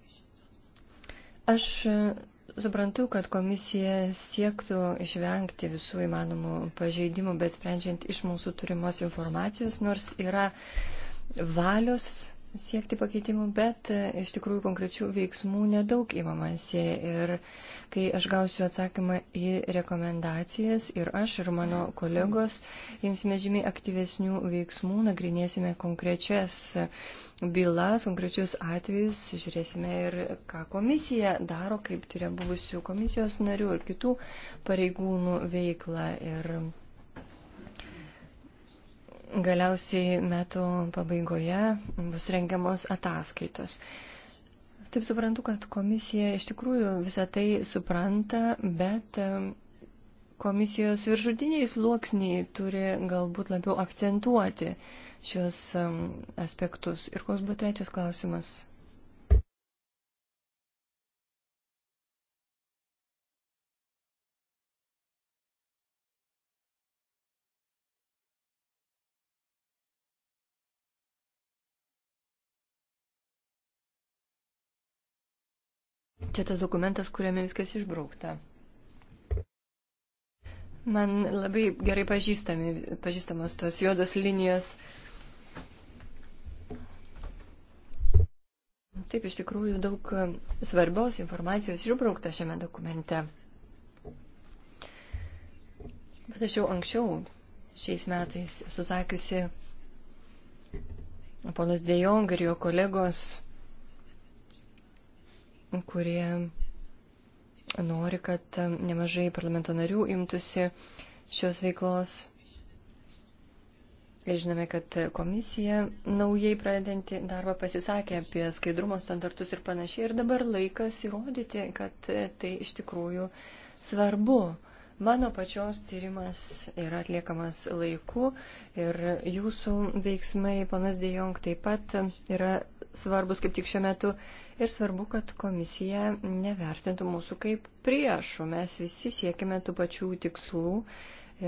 Aš e, suprantu, kad komisija siektų išvengti visų įmanomų pažeidimų, bet sprendžiant iš mūsų turimos informacijos, nors yra valios siekti pakeitimų, bet e, iš tikrųjų konkrečių veiksmų nedaug įmamasi ir kai aš gausiu atsakymą į rekomendacijas ir aš ir mano kolegos imsime žymiai aktyvesnių veiksmų, nagrinėsime konkrečias bylas, konkrečius atvejus, žiūrėsime ir ką komisija daro, kaip tyria buvusių komisijos narių ir kitų pareigūnų veiklą. Ir galiausiai metų pabaigoje bus rengiamos ataskaitos. Taip suprantu, kad komisija iš tikrųjų visą tai supranta, bet komisijos viršutiniai sluoksniai turi galbūt labiau akcentuoti šios aspektus. Ir koks buvo trečias klausimas? Čia tas dokumentas, kuriame viskas išbraukta. Man labai gerai pažįstamos tos juodos linijos. Taip, iš tikrųjų daug svarbios informacijos išbraukta šiame dokumente. Bet aš jau anksčiau šiais metais susakiusi, ponas Dejong ir jo kolegos kurie nori, kad nemažai parlamento narių imtųsi šios veiklos. Ir žinome, kad komisija naujai pradedanti darbą pasisakė apie skaidrumo standartus ir panašiai. Ir dabar laikas įrodyti, kad tai iš tikrųjų svarbu. Mano pačios tyrimas yra atliekamas laiku ir jūsų veiksmai, panas Dejong, taip pat yra svarbus kaip tik šiuo metu ir svarbu, kad komisija nevertintų mūsų kaip priešų. Mes visi siekime tų pačių tikslų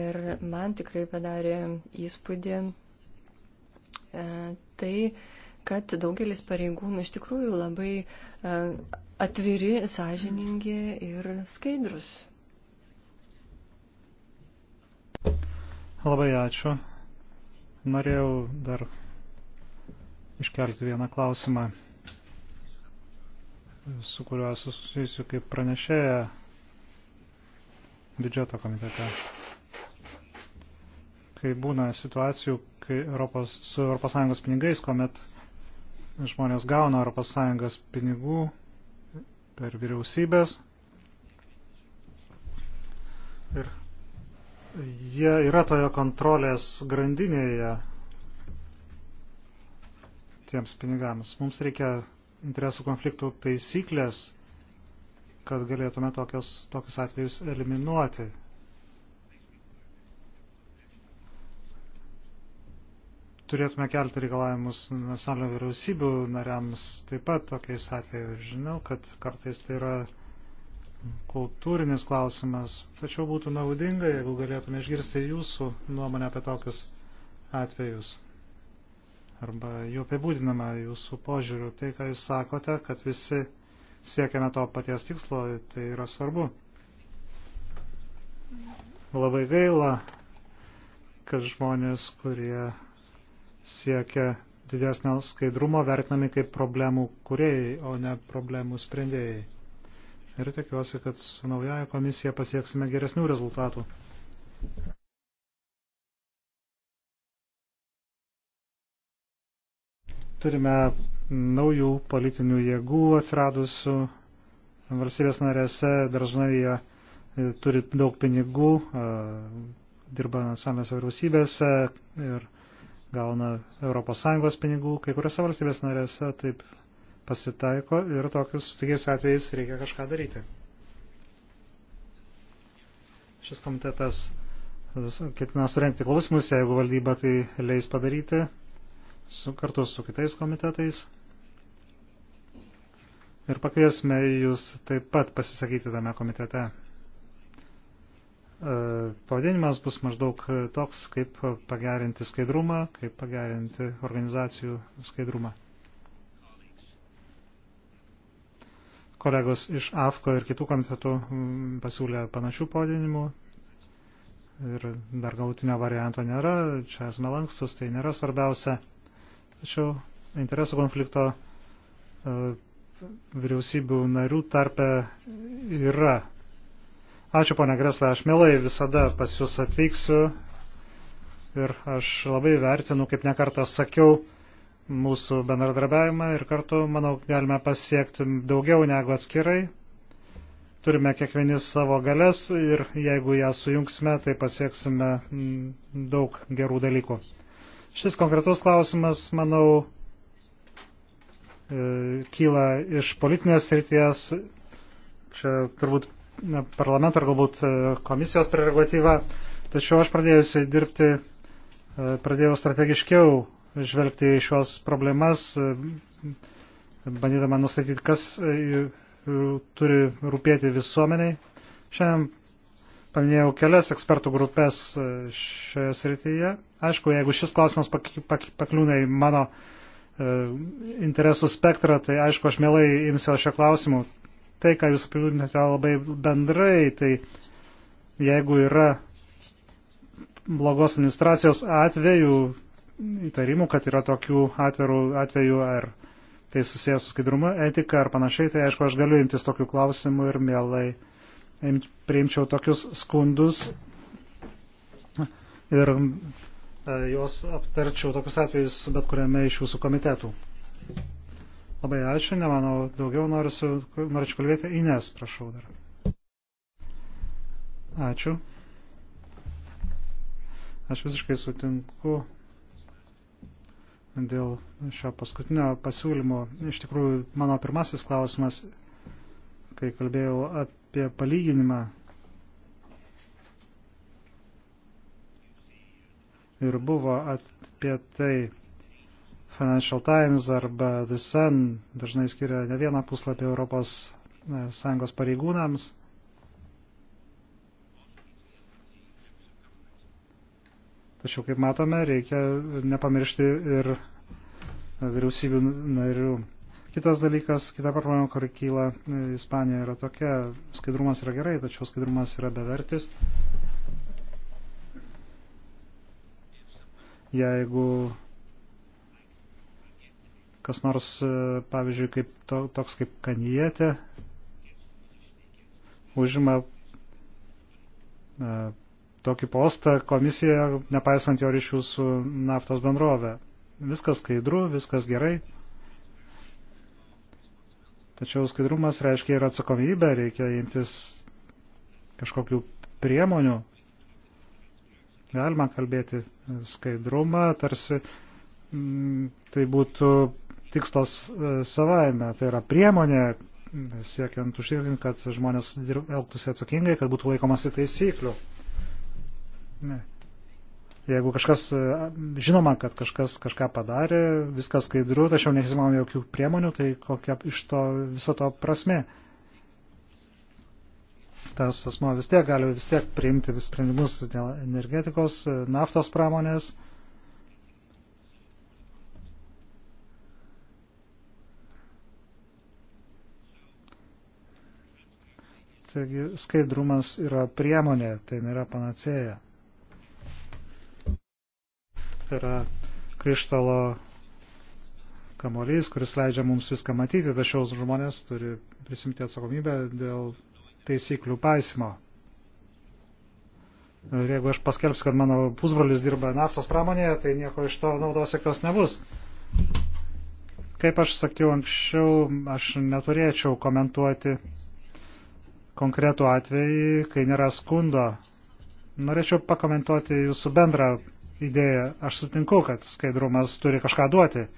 ir man tikrai padarė įspūdį e, tai, kad daugelis pareigūnų iš tikrųjų labai e, atviri, sąžiningi ir skaidrus. Labai ačiū. Norėjau dar iškelti vieną klausimą, su kuriuo esu susijusiu kaip pranešėja biudžeto komitete. Kai būna situacijų kai Europos, su ES pinigais, kuomet žmonės gauna ES pinigų per vyriausybės ir jie yra toje kontrolės grandinėje tiems pinigams. Mums reikia interesų konfliktų taisyklės, kad galėtume tokios, tokius atvejus eliminuoti. Turėtume kelti reikalavimus nacionalinio vyriausybių nariams taip pat tokiais atvejais. Žinau, kad kartais tai yra kultūrinis klausimas, tačiau būtų naudinga, jeigu galėtume išgirsti jūsų nuomonę apie tokius atvejus arba jau apibūdinama jūsų požiūrių. Tai, ką jūs sakote, kad visi siekiame to paties tikslo, tai yra svarbu. Labai gaila, kad žmonės, kurie siekia didesnio skaidrumo, vertinami kaip problemų kuriejai, o ne problemų sprendėjai. Ir tikiuosi, kad su naujaja komisija pasieksime geresnių rezultatų. Turime naujų politinių jėgų atsiradusių valstybės narėse, dažnai jie e, turi daug pinigų, e, dirba nacionalinėse vyriausybėse ir gauna ES pinigų, kai kuriuose valstybės narėse taip pasitaiko ir tokius, tokiais atvejais reikia kažką daryti. Šis komitetas ketina surenkti klausimus, jeigu valdyba tai leis padaryti su, kartu su kitais komitetais. Ir pakviesime jūs taip pat pasisakyti tame komitete. E, pavadinimas bus maždaug toks, kaip pagerinti skaidrumą, kaip pagerinti organizacijų skaidrumą. Kolegos iš AFKO ir kitų komitetų pasiūlė panašių pavadinimų, ir dar galutinio varianto nėra, čia esame lankstus, tai nėra svarbiausia. Tačiau interesų konflikto e, vyriausybių narių tarpe yra. Ačiū, ponia Greslė, aš mielai visada pas jūs atvyksiu ir aš labai vertinu, kaip nekartą sakiau, mūsų bendradarbiavimą ir kartu, manau, galime pasiekti daugiau negu atskirai. Turime kiekvieni savo galės ir jeigu ją sujungsime, tai pasieksime mm, daug gerų dalykų. Šis konkretus klausimas, manau, e, kyla iš politinės srities, čia turbūt parlamento ar galbūt e, komisijos prerogatyva, tačiau aš pradėjusi dirbti, e, pradėjau strategiškiau žvelgti į šios problemas, bandydama nustatyti, kas turi rūpėti visuomeniai. Šiandien paminėjau kelias ekspertų grupės e, šioje srityje. Aišku, jeigu šis klausimas pak, pak, pakliūna į mano e, interesų spektrą, tai aišku, aš mielai imsiu šio klausimu. Tai, ką jūs apibūdinate labai bendrai, tai jeigu yra blogos administracijos atvejų, įtarimų, kad yra tokių atverų atvejų, ar tai susijęs su skaidrumu, etika ar panašiai, tai aišku, aš galiu imtis tokių klausimų ir mielai priimčiau tokius skundus ir e, juos aptarčiau tokius atvejus bet kuriame iš jūsų komitetų. Labai ačiū, nemanau, daugiau norisiu, norėčiau kalbėti. Ines, prašau dar. Ačiū. Aš visiškai sutinku dėl šio paskutinio pasiūlymo. Iš tikrųjų, mano pirmasis klausimas, kai kalbėjau apie apie palyginimą. Ir buvo apie tai Financial Times arba The Sun dažnai skiria ne vieną puslapį Europos e, Sąjungos pareigūnams. Tačiau, kaip matome, reikia nepamiršti ir vyriausybių narių Kitas dalykas, kita problema, kuri kyla e, Ispanijoje, yra tokia, skaidrumas yra gerai, tačiau skaidrumas yra bevertis. Jeigu kas nors, e, pavyzdžiui, kaip to, toks kaip kanijėtė, užima e, tokį postą komisijoje, nepaisant jo ryšių su naftos bendrove. Viskas skaidru, viskas gerai. Tačiau skaidrumas reiškia ir atsakomybę, reikia imtis kažkokių priemonių. Galima kalbėti skaidrumą, tarsi mm, tai būtų tikslas e, savaime, tai yra priemonė e, siekiant užtikrinti, kad žmonės elgtųsi atsakingai, kad būtų laikomasi taisyklių. Ne. Jeigu kažkas, e, žinoma, kad kažkas kažką padarė, viskas skaidru, tačiau nesimam jokių priemonių, tai kokia iš to viso to prasme. Tas asmo vis tiek gali vis tiek priimti vis sprendimus dėl energetikos, e, naftos pramonės. Taigi skaidrumas yra priemonė, tai nėra panacėja. Tai yra krištalo kamolys, kuris leidžia mums viską matyti, tačiau žmonės turi prisimti atsakomybę dėl taisyklių paisimo. Ir jeigu aš paskelbsiu, kad mano pusbrolis dirba naftos pramonėje, tai nieko iš to naudos jokios nebus. Kaip aš sakiau anksčiau, aš neturėčiau komentuoti konkretų atvejį, kai nėra skundo. Norėčiau pakomentuoti jūsų bendrą idėją. Aš sutinku, kad skaidrumas turi kažką duoti. E,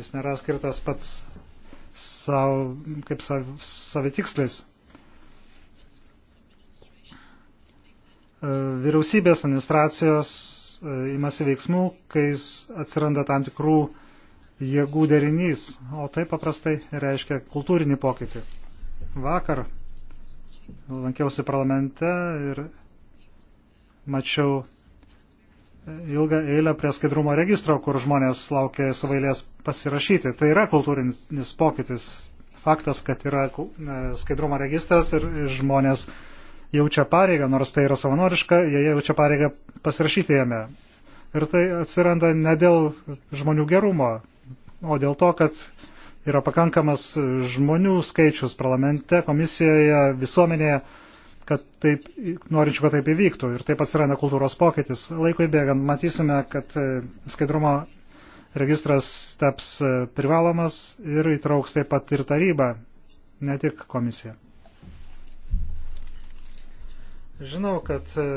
jis nėra skirtas pats savo, kaip sav, savitikslis. E, vyriausybės administracijos e, imasi veiksmų, kai atsiranda tam tikrų jėgų derinys, o tai paprastai reiškia kultūrinį pokytį. Vakar lankiausi parlamente ir mačiau ilgą eilę prie skaidrumo registro, kur žmonės laukia savo eilės pasirašyti. Tai yra kultūrinis pokytis. Faktas, kad yra e, skaidrumo registras ir žmonės jaučia pareigą, nors tai yra savanoriška, jie jaučia pareigą pasirašyti jame. Ir tai atsiranda ne dėl žmonių gerumo, o dėl to, kad yra pakankamas žmonių skaičius parlamente, komisijoje, visuomenėje, kad taip, norinčių, kad taip įvyktų ir taip atsiranda kultūros pokytis. Laikui bėgant matysime, kad e, skaidrumo registras taps e, privalomas ir įtrauks taip pat ir tarybą, ne tik komisiją. Žinau, kad e,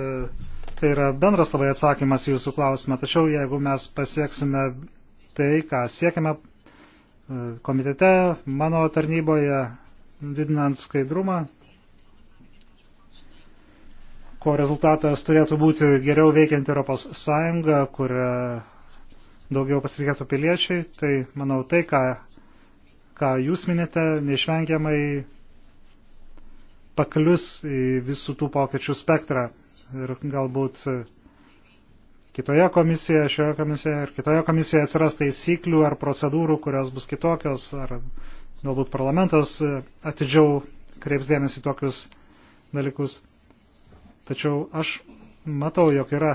tai yra bendras labai atsakymas jūsų klausimą, tačiau jeigu mes pasieksime tai, ką siekime komitete, mano tarnyboje, didinant skaidrumą, ko rezultatas turėtų būti geriau veikianti Europos Sąjunga, kur daugiau pasitikėtų piliečiai, tai manau tai, ką, ką jūs minite, neišvengiamai paklius į visų tų pokyčių spektrą. Ir galbūt kitoje komisijoje, šioje komisijoje ir kitoje komisijoje atsiras taisyklių ar procedūrų, kurios bus kitokios, ar galbūt parlamentas atidžiau kreips dėmesį tokius dalykus. Tačiau aš matau, jog yra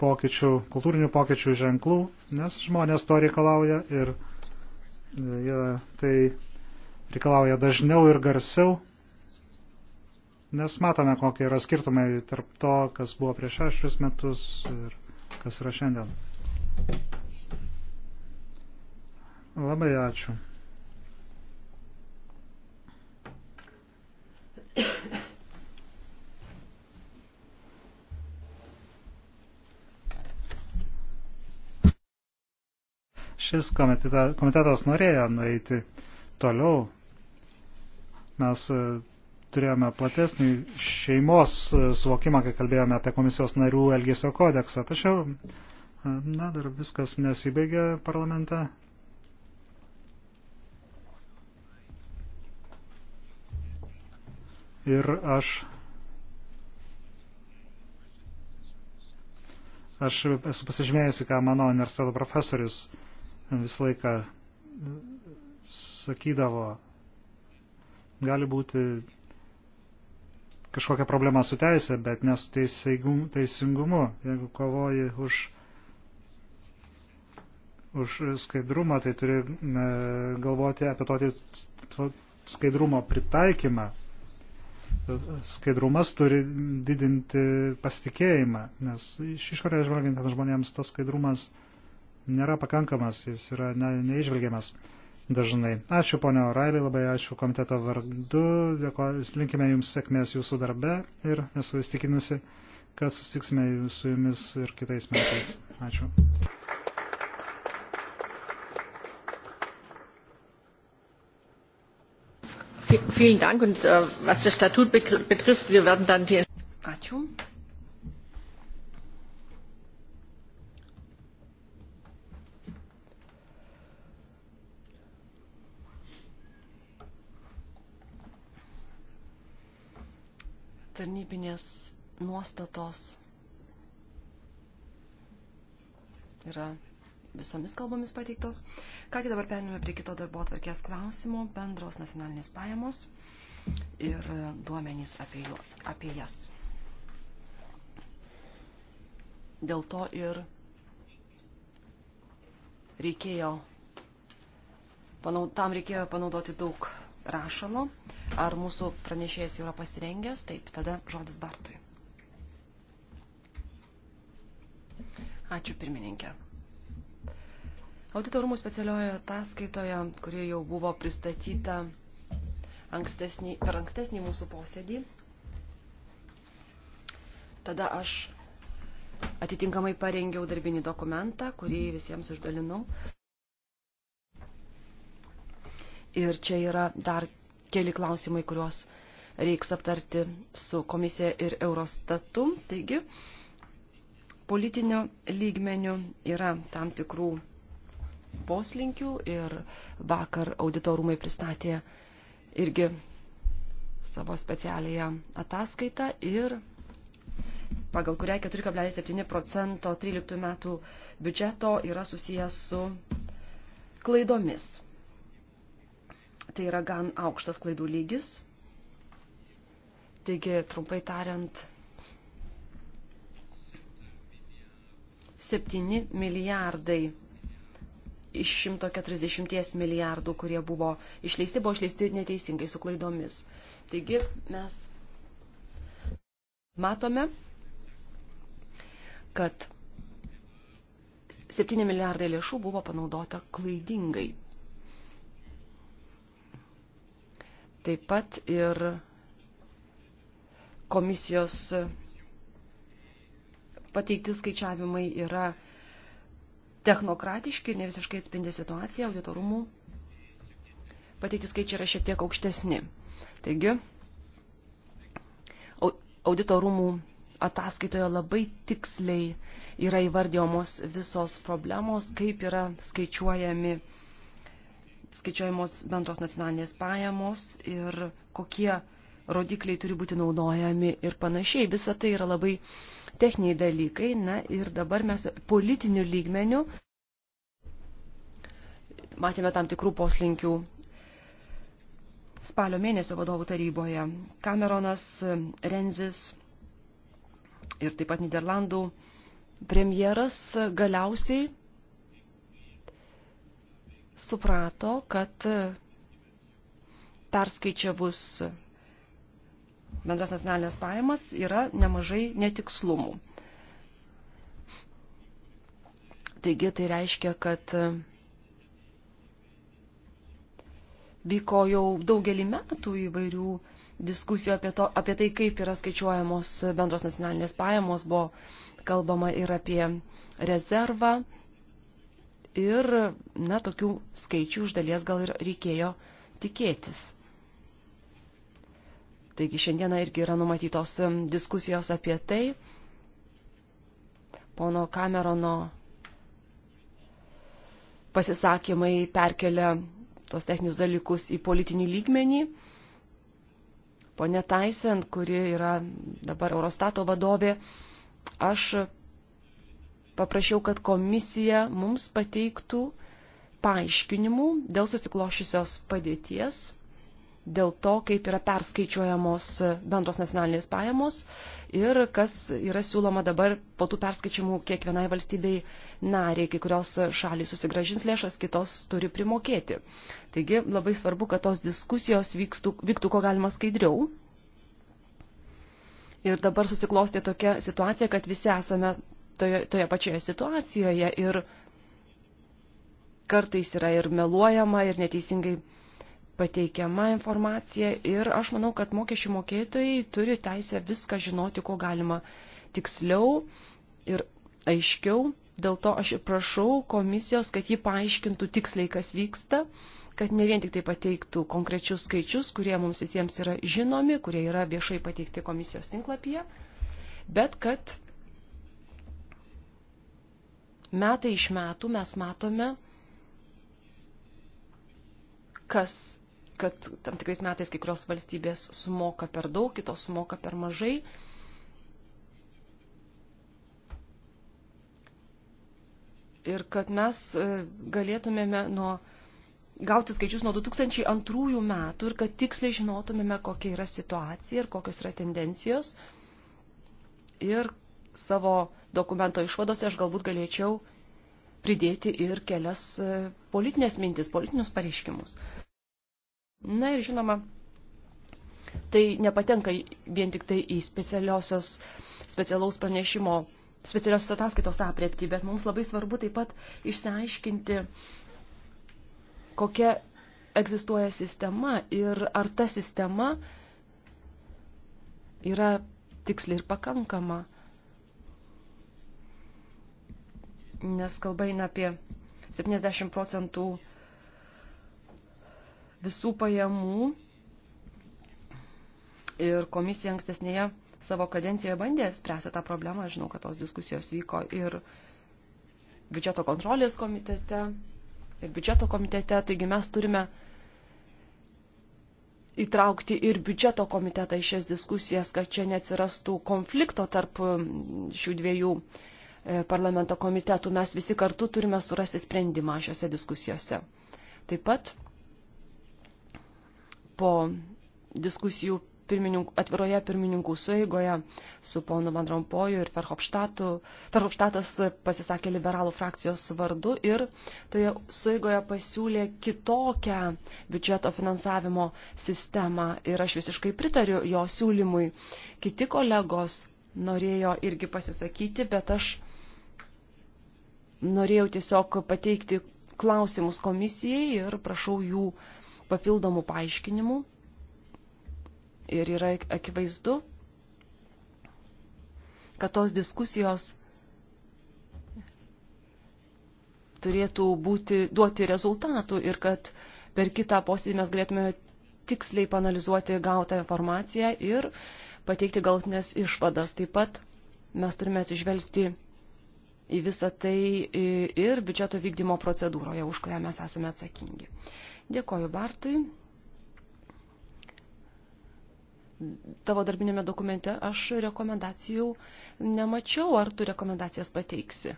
pokyčių, kultūrinių pokyčių ženklų, nes žmonės to reikalauja ir e, jie tai reikalauja dažniau ir garsiau, nes matome, kokie yra skirtumai tarp to, kas buvo prieš šešis metus ir kas yra šiandien. Labai ačiū. Šis komiteta, komitetas norėjo nueiti toliau. Mes e, turėjome platesnį šeimos e, suvokimą, kai kalbėjome apie komisijos narių elgesio kodeksą. Tačiau, e, na, dar viskas nesibaigė parlamente. Ir aš, aš esu pasižymėjusi, ką mano universiteto profesorius visą laiką sakydavo, gali būti kažkokia problema su teisė, bet ne su teisingumu. Jeigu kovoji už, už skaidrumą, tai turi e, galvoti apie tokį skaidrumo pritaikymą. Skaidrumas turi didinti pasitikėjimą, nes iš išorės žvelgiantiems žmonėms tas skaidrumas uh, nėra pakankamas, jis yra ne, neižvelgiamas dažnai. Ačiū ponio Railiai, labai ačiū komiteto vardu, dėko, linkime jums sėkmės jūsų darbe ir esu įstikinusi, kad susitiksime su jumis ir kitais metais. Ačiū. Vielen Dank und äh, was das Statut betrifft, wir werden dann die Ačiū. tarnybinės nuostatos yra visomis kalbomis pateiktos. Kągi dabar perėmėme prie kito darbo atvarkės klausimo – bendros nacionalinės pajamos ir e, duomenys apie, jų, apie jas. Dėl to ir reikėjo, panau, tam reikėjo panaudoti daug rašalo. Ar mūsų pranešėjas yra pasirengęs? Taip, tada žodis Bartui. Ačiū pirmininkė. Auditorumų specialioje ataskaitoje, kurie jau buvo pristatyta ankstesnį, per ankstesnį mūsų posėdį, tada aš atitinkamai parengiau darbinį dokumentą, kurį visiems išdalinau. Ir čia yra dar keli klausimai, kuriuos reiks aptarti su komisija ir Eurostatu. Taigi, politiniu lygmeniu yra tam tikrų poslinkių ir vakar auditorumai pristatė irgi savo specialiąją ataskaitą ir pagal kurią 4,7 procento 13 metų biudžeto yra susijęs su klaidomis. Tai yra gan aukštas klaidų lygis. Taigi, trumpai tariant, 7 milijardai iš 140 milijardų, kurie buvo išleisti, buvo išleisti neteisingai su klaidomis. Taigi mes matome, kad 7 milijardai lėšų buvo panaudota klaidingai taip pat ir komisijos pateikti skaičiavimai yra technokratiški ir ne visiškai atspindi situaciją auditorumų. Pateikti skaičiai yra šiek tiek aukštesni. Taigi, auditorumų ataskaitoje labai tiksliai yra įvardyjamos visos problemos, kaip yra skaičiuojami skaičiuojamos bendros nacionalinės pajamos ir kokie rodikliai turi būti naudojami ir panašiai. Visa tai yra labai techniniai dalykai. Na ir dabar mes politiniu lygmeniu matėme tam tikrų poslinkių spalio mėnesio vadovų taryboje. Kameronas, Renzis ir taip pat Niderlandų premjeras galiausiai suprato, kad perskaičiavus bendras nacionalinės pajamas yra nemažai netikslumų. Taigi tai reiškia, kad vyko jau daugelį metų įvairių diskusijų apie, to, apie tai, kaip yra skaičiuojamos bendros nacionalinės pajamos, buvo kalbama ir apie rezervą, ir, na, tokių skaičių iš dalies gal ir reikėjo tikėtis. Taigi šiandieną irgi yra numatytos diskusijos apie tai. Pono Kamerono pasisakymai perkelia tos techninius dalykus į politinį lygmenį. Pone Taisen, kuri yra dabar Eurostato vadovė, aš paprašiau, kad komisija mums pateiktų paaiškinimų dėl susiklošiusios padėties, dėl to, kaip yra perskaičiuojamos bendros nacionalinės pajamos ir kas yra siūloma dabar po tų perskaičiamų kiekvienai valstybei nariai, kai kurios šalys susigražins lėšas, kitos turi primokėti. Taigi labai svarbu, kad tos diskusijos vykstų, vyktų ko galima skaidriau. Ir dabar susiklostė tokia situacija, kad visi esame toje, toje pačioje situacijoje ir kartais yra ir meluojama, ir neteisingai pateikiama informacija ir aš manau, kad mokesčių mokėtojai turi teisę viską žinoti, ko galima tiksliau ir aiškiau. Dėl to aš ir prašau komisijos, kad ji paaiškintų tiksliai, kas vyksta, kad ne vien tik tai pateiktų konkrečius skaičius, kurie mums visiems yra žinomi, kurie yra viešai pateikti komisijos tinklapyje, bet kad metai iš metų mes matome, kas, kad tam tikrais metais kai kurios valstybės sumoka per daug, kitos sumoka per mažai. Ir kad mes e, galėtumėme nuo gauti skaičius nuo 2002 metų ir kad tiksliai žinotumėme, kokia yra situacija ir kokios yra tendencijos. Ir savo dokumento išvadose aš galbūt galėčiau pridėti ir kelias e, politinės mintis, politinius pareiškimus. Na ir žinoma, tai nepatenka vien tik tai į specialiosios, specialaus pranešimo, specialiosios ataskaitos apriepti, bet mums labai svarbu taip pat išsiaiškinti, kokia egzistuoja sistema ir ar ta sistema yra tiksliai ir pakankama. nes kalba eina apie 70 procentų visų pajamų ir komisija ankstesnėje savo kadencijoje bandė spręsti tą problemą. Žinau, kad tos diskusijos vyko ir biudžeto kontrolės komitete, ir biudžeto komitete, taigi mes turime įtraukti ir biudžeto komitetą į šias diskusijas, kad čia neatsirastų konflikto tarp šių dviejų uh, E, parlamento komitetų. Mes visi kartu turime surasti sprendimą šiuose diskusijose. Taip pat po diskusijų pirmininkų, atviroje pirmininkų sueigoje su ponu Van Rompoju ir Ferhopštatu. Ferhopštatas pasisakė liberalų frakcijos vardu ir toje sueigoje pasiūlė kitokią biudžeto finansavimo sistemą ir aš visiškai pritariu jo siūlymui. Kiti kolegos norėjo irgi pasisakyti, bet aš norėjau tiesiog pateikti klausimus komisijai ir prašau jų papildomų paaiškinimų. Ir yra akivaizdu, kad tos diskusijos turėtų būti, duoti rezultatų ir kad per kitą posėdį mes galėtume tiksliai panalizuoti gautą informaciją ir pateikti galtinės išvadas. Taip pat mes turime atsižvelgti į visą tai ir biudžeto vykdymo procedūroje, už kurią mes esame atsakingi. Dėkoju Bartui. Tavo darbinėme dokumente aš rekomendacijų nemačiau, ar tu rekomendacijas pateiksi.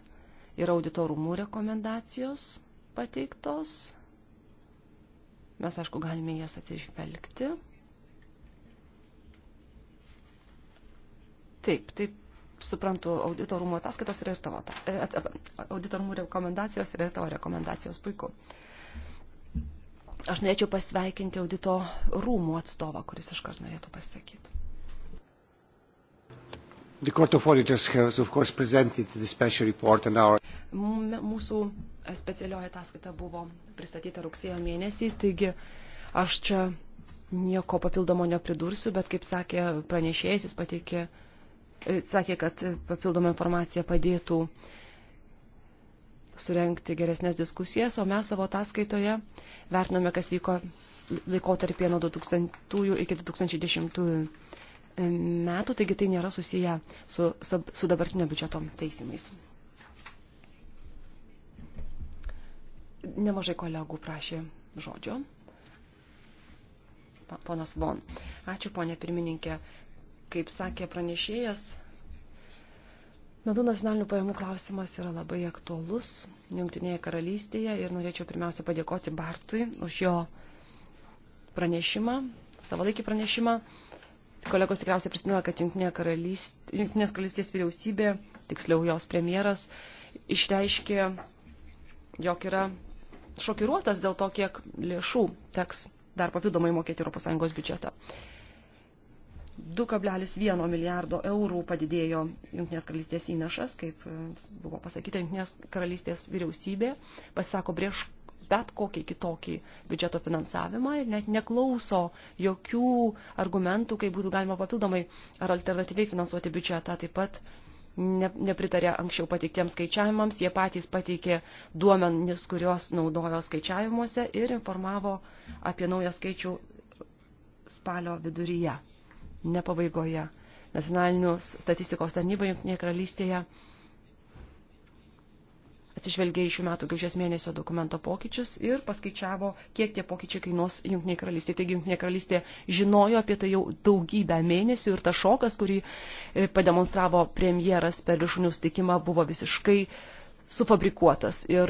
Yra auditorumų rekomendacijos pateiktos. Mes, aišku, galime jas atsižvelgti. Taip, taip suprantu, auditorumo ataskaitos yra ir tavo, e, auditorumų rekomendacijos yra ir tavo rekomendacijos, puiku. Aš norėčiau pasveikinti audito rūmų atstovą, kuris iš karto norėtų pasakyti. The Court of Auditors has, of course, presented the special report and our... Mūsų specialioji ataskaita buvo pristatyta rugsėjo mėnesį, taigi aš čia nieko papildomo nepridursiu, bet kaip sakė pranešėjas, jis pateikė uh, E, sakė, kad papildoma informacija padėtų surenkti geresnės diskusijas, o mes savo ataskaitoje vertiname, kas vyko laikotarpėje nuo 2000 iki 2010 e, metų, taigi tai nėra susiję su, su, su dabartinio biudžeto teisimais. Nemažai kolegų prašė žodžio. Ponas Von. Ačiū, ponė pirmininkė. Kaip sakė pranešėjas, Medų nacionalinių pajamų klausimas yra labai aktuolus Junktinėje karalystėje ir norėčiau pirmiausia padėkoti Bartui už jo pranešimą, savalaikį pranešimą. Kolegos tikriausiai prisimena, kad Junktinė karalystė, Junktinės karalystės vyriausybė, tiksliau jos premjeras, išreiškė, jog yra šokiruotas dėl to, kiek lėšų teks dar papildomai mokėti ES biudžetą. 2,1 milijardo eurų padidėjo Junktinės karalystės įnašas, kaip e, buvo pasakyta, Junktinės karalystės vyriausybė pasisako prieš bet kokį kitokį biudžeto finansavimą ir net neklauso jokių argumentų, kaip būtų galima papildomai ar alternatyviai finansuoti biudžetą. Taip pat ne, nepritarė anksčiau pateiktiems skaičiavimams, jie patys pateikė duomenis, kuriuos naudojo skaičiavimuose ir informavo apie naują skaičių spalio viduryje ne pabaigoje. Nacionalinių statistikos tarnyba Junktinėje karalystėje atsižvelgė į šių metų gegužės mėnesio dokumento pokyčius ir paskaičiavo, kiek tie pokyčiai kainuos Junktinėje karalystėje. Taigi Junktinė karalystė žinojo apie tai jau daugybę mėnesių ir tas šokas, kurį e, pademonstravo premjeras per viršūnių stikimą, buvo visiškai sufabrikuotas. Ir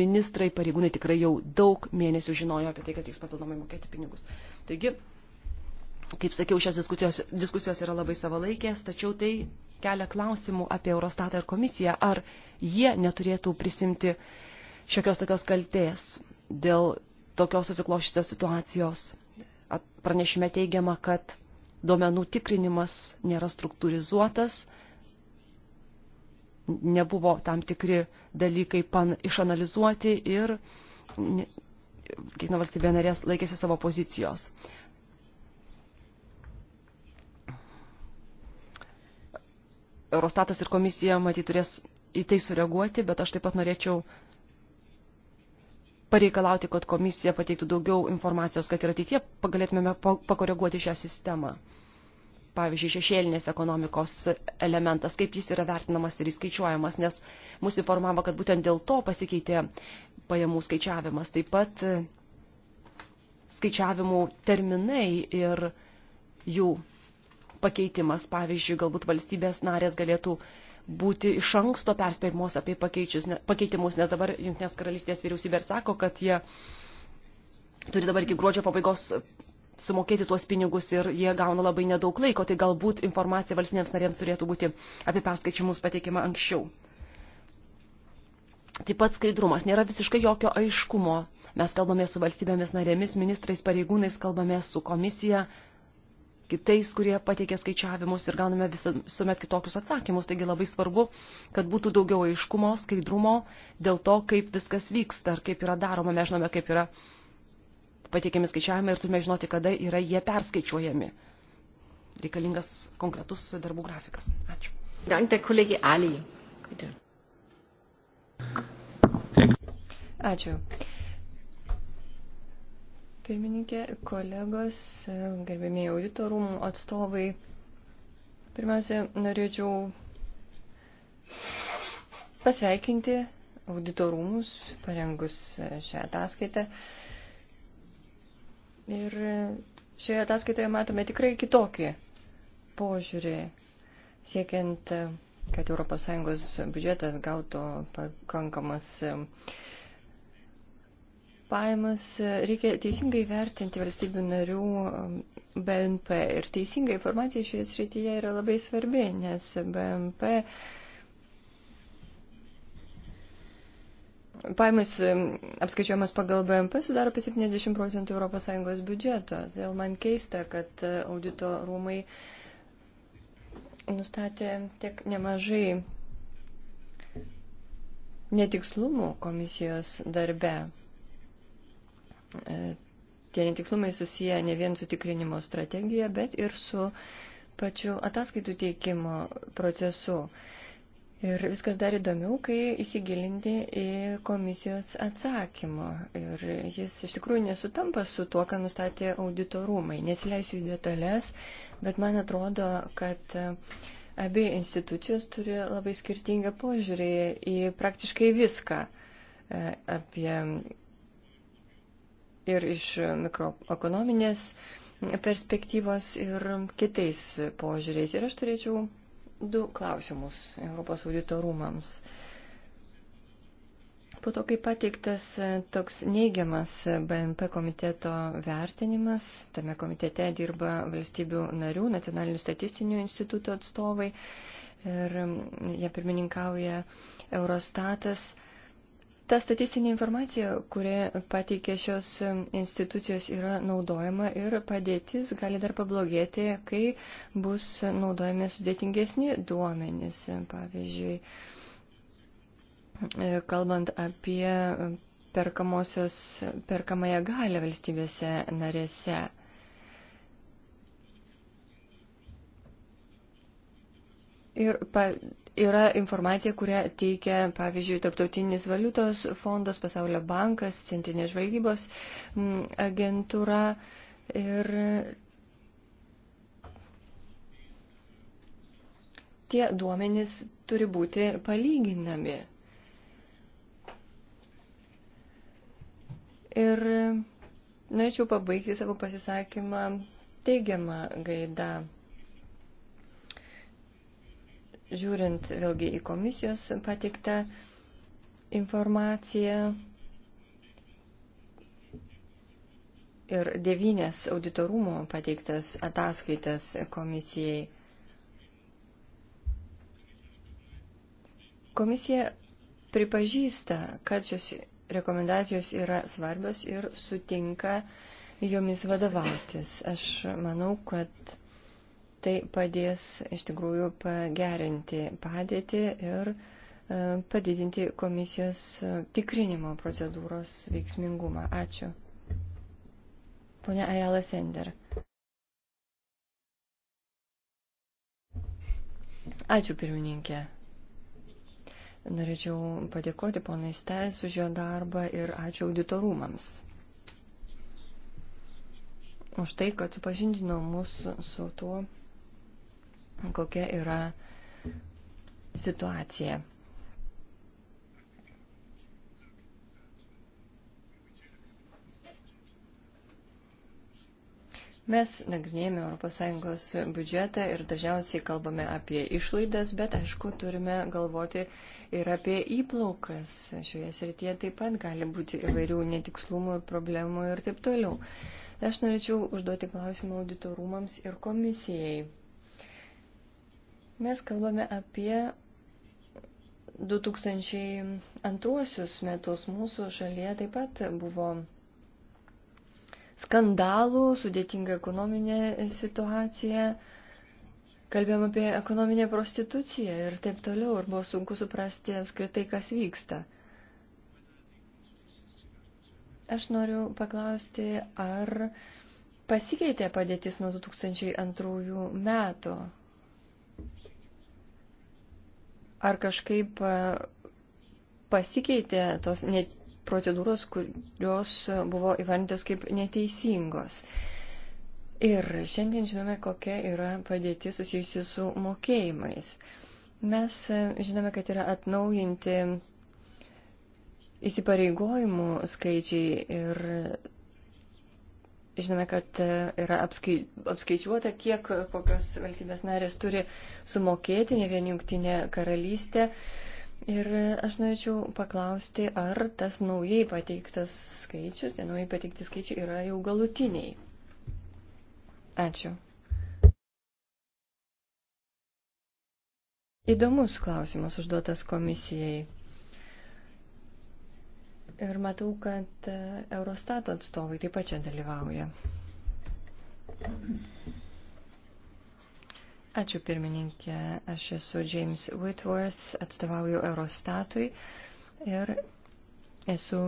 ministrai, pareigūnai tikrai jau daug mėnesių žinojo apie tai, kad reiks papildomai mokėti pinigus. Taigi, Kaip sakiau, šios diskusijos, diskusijos yra labai savalaikės, tačiau tai kelia klausimų apie Eurostatą ir komisiją, ar jie neturėtų prisimti šiokios tokios kaltės dėl tokios susiklošusios situacijos. Pranešime teigiama, kad duomenų tikrinimas nėra struktūrizuotas, nebuvo tam tikri dalykai pan, išanalizuoti ir kiekviena valstybė narės laikėsi savo pozicijos. Eurostatas ir komisija matyt turės į tai sureaguoti, bet aš taip pat norėčiau pareikalauti, kad komisija pateiktų daugiau informacijos, kad ir ateitie galėtumėme pakoreguoti šią sistemą. Pavyzdžiui, šešėlinės ekonomikos elementas, kaip jis yra vertinamas ir įskaičiuojamas, nes mus informavo, kad būtent dėl to pasikeitė pajamų skaičiavimas. Taip pat skaičiavimų terminai ir jų pakeitimas. Pavyzdžiui, galbūt valstybės narės galėtų būti iš anksto perspėjimos apie pakeitimus, nes dabar Junktinės karalystės vyriausybė ir sako, kad jie turi dabar iki gruodžio pabaigos sumokėti tuos pinigus ir jie gauna labai nedaug laiko, tai galbūt informacija valstybėms narėms turėtų būti apie perskaičimus pateikima anksčiau. Taip pat skaidrumas. Nėra visiškai jokio aiškumo. Mes kalbame su valstybėmis narėmis, ministrais pareigūnais, kalbame su komisija, kitais, kurie pateikė skaičiavimus ir gauname visuomet kitokius atsakymus. Taigi labai svarbu, kad būtų daugiau aiškumo, skaidrumo dėl to, kaip viskas vyksta ar kaip yra daroma. Mes žinome, kaip yra pateikiami skaičiavimai ir turime žinoti, kada yra jie perskaičiuojami. Reikalingas konkretus darbų grafikas. Ačiū. Dank der Kollege Ali. Bitte. Ačiū. Pirmininkė, kolegos, gerbėmiai auditorumų atstovai, pirmiausia, norėčiau pasveikinti auditorumus, parengus šią ataskaitę. Ir šioje ataskaitoje matome tikrai kitokį požiūrį, siekiant, kad ES biudžetas gautų pakankamas uh, pajamas e, reikia teisingai vertinti valstybių narių BNP. Ir teisinga informacija šioje srityje yra labai svarbi, nes BNP pajamas e, apskaičiuojamas pagal BNP sudaro apie 70 procentų ES biudžeto. Todėl man keista, kad e, audito rūmai nustatė tiek nemažai netikslumų komisijos darbe. E, tie netiklumai susiję ne vien su tikrinimo strategija, bet ir su pačiu ataskaitų teikimo procesu. Ir viskas dar įdomiau, kai įsigilinti į komisijos atsakymą. Ir jis iš tikrųjų nesutampa su tuo, ką nustatė auditorumai. Nesileisiu į detalės, bet man atrodo, kad e, abi institucijos turi labai skirtingą požiūrį į praktiškai viską e, apie ir iš mikroekonominės perspektyvos ir kitais požiūriais. Ir aš turėčiau du klausimus Europos audito rūmams. Po to, kai pateiktas toks neigiamas BNP komiteto vertinimas, tame komitete dirba valstybių narių, nacionalinių statistinių institutų atstovai ir jie pirmininkauja Eurostatas. Ta statistinė informacija, kurią pateikė šios institucijos, yra naudojama ir padėtis gali dar pablogėti, kai bus naudojami sudėtingesni duomenys. Pavyzdžiui, kalbant apie perkamąją galę valstybėse narėse. Ir pa, yra informacija, kurią teikia, pavyzdžiui, Tarptautinis valiutos fondas, Pasaulio bankas, Centrinė žvalgybos mm, agentūra. Ir tie duomenys turi būti palyginami. Ir norėčiau pabaigti savo pasisakymą teigiamą gaidą žiūrint vėlgi į komisijos pateiktą informaciją ir devynės auditorumo pateiktas ataskaitas komisijai. Komisija pripažįsta, kad šios rekomendacijos yra svarbios ir sutinka jomis vadovautis. Aš manau, kad Tai padės iš tikrųjų pagerinti padėtį ir e, padidinti komisijos e, tikrinimo procedūros veiksmingumą. Ačiū. Pone Ajala Sender. Ačiū pirmininkė. Norėčiau padėkoti ponai Stais už jo darbą ir ačiū auditorumams. Už tai, kad supažindino mus su tuo, kokia yra situacija. Mes nagrinėjame ES biudžetą ir dažniausiai kalbame apie išlaidas, bet aišku, turime galvoti ir apie įplaukas. Šioje srityje taip pat gali būti įvairių netikslumų ir problemų ir taip toliau. Aš norėčiau užduoti klausimą auditorumams ir komisijai. Mes kalbame apie 2002 metus. Mūsų šalyje taip pat buvo skandalų, sudėtinga ekonominė situacija. Kalbėjom apie ekonominę prostituciją ir taip toliau, ir buvo sunku suprasti apskritai, kas vyksta. Aš noriu paklausti, ar pasikeitė padėtis nuo 2002 metų, Ar kažkaip e, pasikeitė tos net procedūros, kurios e, buvo įvardintos kaip neteisingos. Ir šiandien žinome, kokia yra padėtis susijusi su mokėjimais. Mes e, žinome, kad yra atnaujinti įsipareigojimų skaičiai ir Žinome, kad e, yra apskai, apskaičiuota, kiek kokios valstybės narės turi sumokėti, ne vien jungtinė karalystė. Ir e, aš norėčiau paklausti, ar tas naujai pateiktas skaičius, tie naujai pateikti skaičiai yra jau galutiniai. Ačiū. Įdomus klausimas užduotas komisijai. Ir matau, kad e, Eurostato atstovai taip pat čia dalyvauja. Ačiū pirmininkė, aš esu James Whitworth, atstovauju Eurostatui ir esu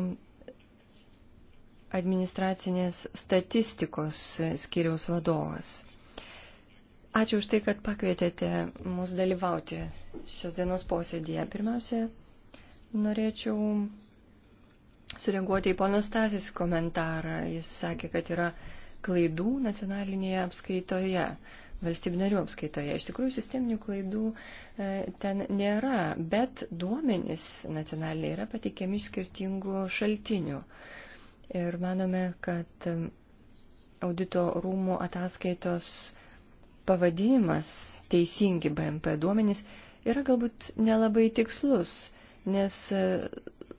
administracinės statistikos skiriaus vadovas. Ačiū už tai, kad pakvietėte mus dalyvauti šios dienos posėdėje. Pirmiausia, norėčiau sureaguoti į pono Stasis komentarą. Jis sakė, kad yra klaidų nacionalinėje apskaitoje, valstybinarių apskaitoje. Iš tikrųjų, sisteminių klaidų e, ten nėra, bet duomenys nacionaliniai yra pateikiami iš skirtingų šaltinių. Ir manome, kad e, audito rūmų ataskaitos pavadinimas teisingi BMP duomenys yra galbūt nelabai tikslus, nes e,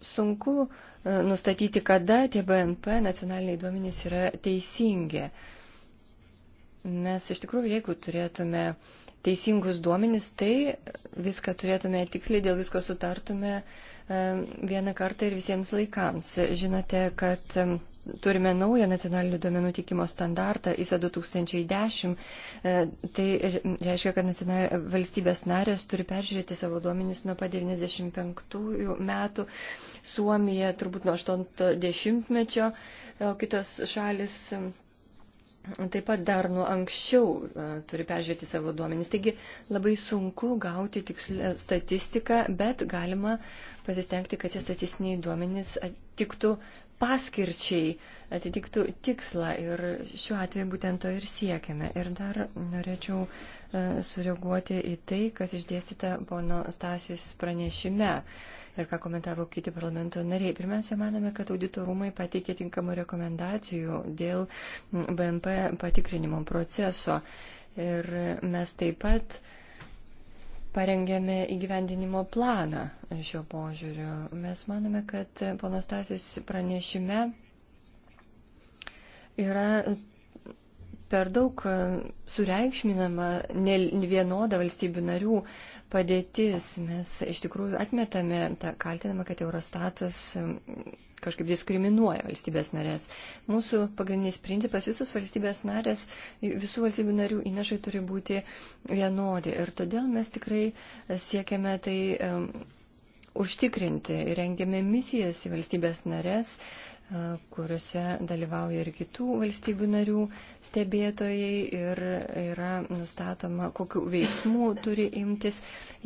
sunku e, nustatyti, kada tie BNP nacionaliniai duomenys yra teisingi. Mes iš tikrųjų, jeigu turėtume teisingus duomenys, tai viską turėtume tiksliai, dėl visko sutartume E, vieną kartą ir visiems laikams. Žinote, kad e, turime naują nacionalinių duomenų tikimo standartą ISA 2010. E, tai reiškia, kad valstybės narės turi peržiūrėti savo duomenys nuo pat 95 metų, Suomija turbūt nuo 80 mečio, o kitos šalis taip pat dar nuo anksčiau e, turi peržiūrėti savo duomenys. Taigi labai sunku gauti tikslę statistiką, bet galima pasistengti, kad tie statistiniai duomenys atitiktų paskirčiai atitiktų tikslą ir šiuo atveju būtent to ir siekiame. Ir dar norėčiau e, sureaguoti į tai, kas išdėstyta pono Stasis pranešime ir ką komentavo kiti parlamento nariai. Pirmiausia, manome, kad auditorumai pateikė tinkamų rekomendacijų dėl BMP patikrinimo proceso. Ir mes taip pat uh, parengėme įgyvendinimo planą šio požiūriu. Mes manome, kad ponas Tasis pranešime yra per daug e, sureikšminama vienoda valstybių narių padėtis. Mes iš tikrųjų atmetame tą kaltinamą, kad Eurostatas e, kažkaip diskriminuoja valstybės narės. Mūsų pagrindinis principas visos valstybės narės, visų valstybių narių įnašai turi būti vienodi. Ir todėl mes tikrai siekiame tai. Um, užtikrinti ir rengiame misijas į valstybės narės, E, kuriuose dalyvauja ir kitų valstybių narių stebėtojai ir yra nustatoma, kokiu veiksmu turi imtis,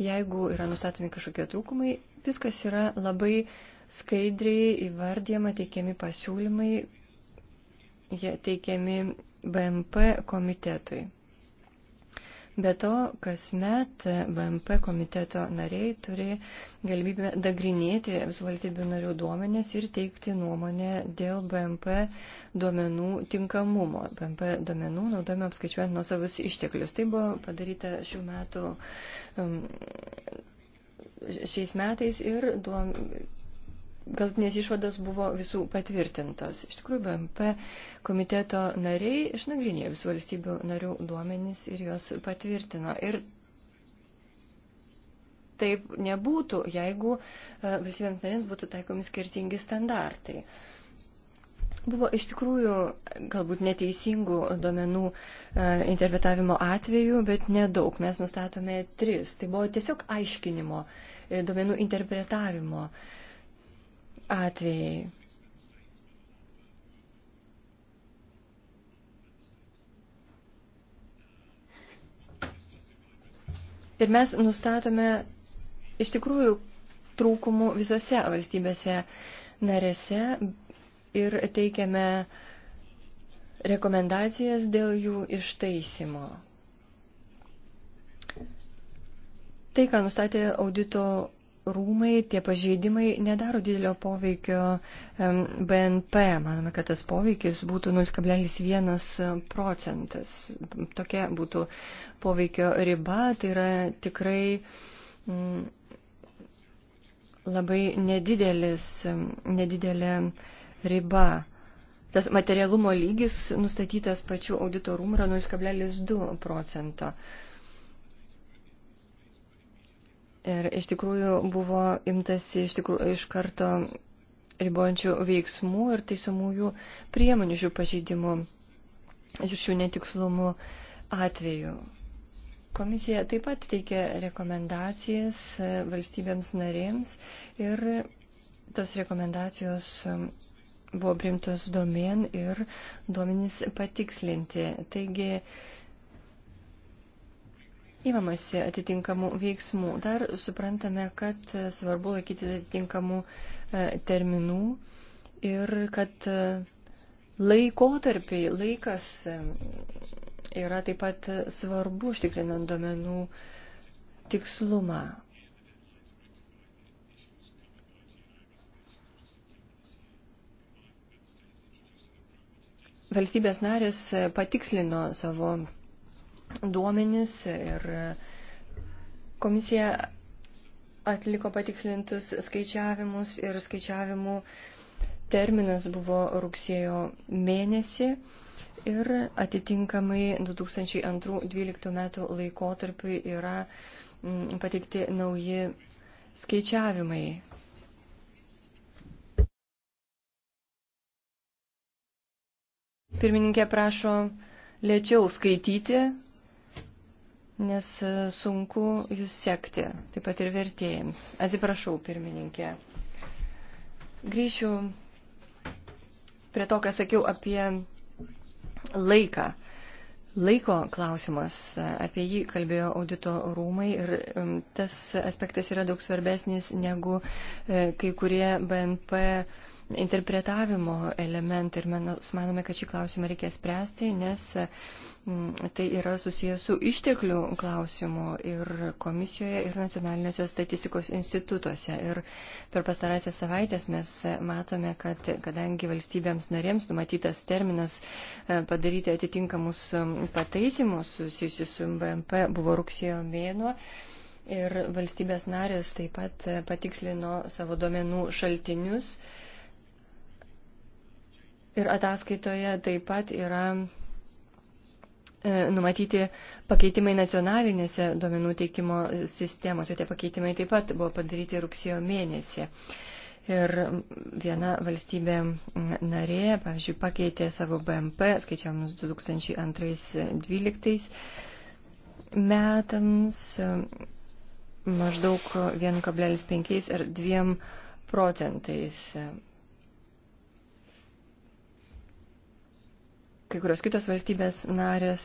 jeigu yra nustatomi kažkokie trūkumai. Viskas yra labai skaidriai įvardyjama, teikiami pasiūlymai, jie teikiami BMP komitetui. Be to, kasmet BMP komiteto nariai turi galimybę dagrinėti valstybių narių duomenės ir teikti nuomonę dėl BMP duomenų tinkamumo. BMP duomenų naudojame apskaičiuojant nuo savus išteklius. Tai buvo padaryta šių metų. Um, Šiais metais ir duom, galtinės išvados buvo visų patvirtintos. Iš tikrųjų, BMP komiteto nariai išnagrinėjo visų valstybių narių duomenys ir juos patvirtino. Ir taip nebūtų, jeigu e, valstybėms narėms būtų taikomi skirtingi standartai. Buvo iš tikrųjų galbūt neteisingų duomenų e, interpretavimo atvejų, bet nedaug. Mes nustatome tris. Tai buvo tiesiog aiškinimo, e, duomenų interpretavimo e, atvejai. Ir mes nustatome iš tikrųjų trūkumų visose valstybėse narėse ir teikiame rekomendacijas dėl jų ištaisimo. Tai, ką nustatė audito rūmai, tie pažeidimai nedaro didelio poveikio BNP. Manome, kad tas poveikis būtų 0,1 procentas. Tokia būtų poveikio riba. Tai yra tikrai labai nedidelis, nedidelė riba. Tas materialumo lygis nustatytas pačių auditorumų yra 0,2 procento. Ir iš tikrųjų buvo imtasi iš, tikrųjų, iš karto ribojančių veiksmų ir taisomųjų priemonių šių pažeidimų ir šių netikslumų atveju. Komisija taip pat teikia rekomendacijas valstybėms narėms ir tos rekomendacijos buvo primtos domen ir duomenys patikslinti. Taigi įmamasi atitinkamų veiksmų. Dar suprantame, kad svarbu laikytis atitinkamų e, terminų ir kad e, laikotarpiai, laikas e, yra taip pat svarbu užtikrinant domenų tikslumą. Valstybės narės patikslino savo duomenis ir komisija atliko patikslintus skaičiavimus ir skaičiavimų terminas buvo rugsėjo mėnesį ir atitinkamai 2002-2012 metų laikotarpiu yra mm, pateikti nauji skaičiavimai. Pirmininkė prašo lėčiau skaityti, nes e, sunku jūs sekti, taip pat ir vertėjams. Atsiprašau, pirmininkė. Grįšiu prie to, ką sakiau apie laiką. Laiko klausimas, e, apie jį kalbėjo audito rūmai ir e, tas aspektas yra daug svarbesnis negu kai kurie BNP interpretavimo elementai ir mes manome, kad šį klausimą reikia spręsti, nes mm, tai yra susijęs su išteklių klausimu ir komisijoje, ir nacionalinėse statistikos institutuose. Ir per pastarąsią savaitęs mes matome, kad kadangi valstybėms narėms numatytas terminas e, padaryti atitinkamus pataisimus susijusius su BMP buvo rugsėjo mėnuo. Ir valstybės narės taip pat patikslino savo duomenų šaltinius. Uh, Ir ataskaitoje taip pat yra e, numatyti pakeitimai nacionalinėse duomenų teikimo sistemose. Tie pakeitimai taip pat buvo padaryti rugsėjo mėnesį. Ir viena valstybė narė, pavyzdžiui, pakeitė savo BMP skaičiavimus 2012 metams e, maždaug 1,5 ar 2 procentais kai kurios kitos valstybės narės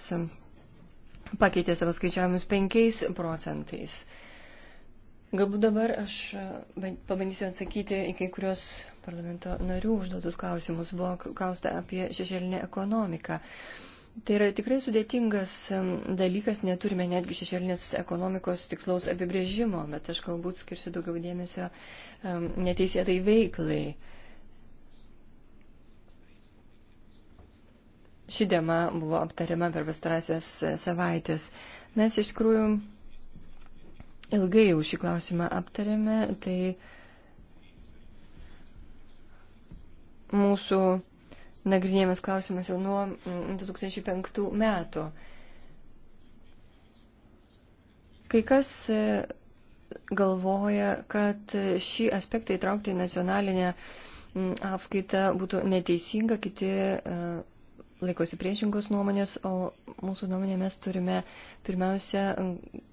pakeitė savo skaičiavimus 5 procentais. Galbūt dabar aš e, pabandysiu atsakyti į kai kurios parlamento narių užduotus klausimus. Buvo klausta apie šešėlinę ekonomiką. Tai yra tikrai sudėtingas e, dalykas, neturime netgi šešėlinės ekonomikos tikslaus apibrėžimo, bet aš galbūt skirsiu daugiau dėmesio e, neteisėtai veiklai. ši tema buvo aptariama per pastarąsias e, savaitės. Mes iš tikrųjų ilgai jau šį klausimą aptarėme, tai mūsų nagrinėjimas klausimas jau nuo 2005 mm, metų. Kai kas e, galvoja, kad šį aspektą įtraukti į nacionalinę mm, apskaitą būtų neteisinga, kiti e, laikosi priešingos nuomonės, o mūsų nuomonė mes turime pirmiausia mm,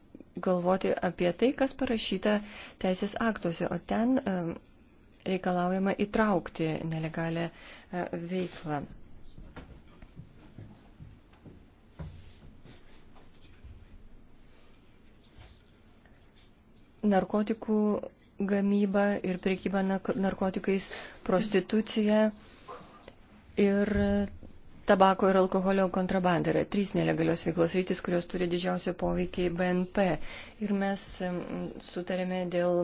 galvoti apie tai, kas parašyta teisės aktuose, o ten mm, reikalaujama įtraukti nelegalę e, veiklą. Narkotikų gamyba ir priekyba narkotikais, prostitucija ir tabako ir alkoholio kontrabanda yra trys nelegalios veiklos rytis, kurios turi didžiausią poveikį BNP. Ir mes sutarėme dėl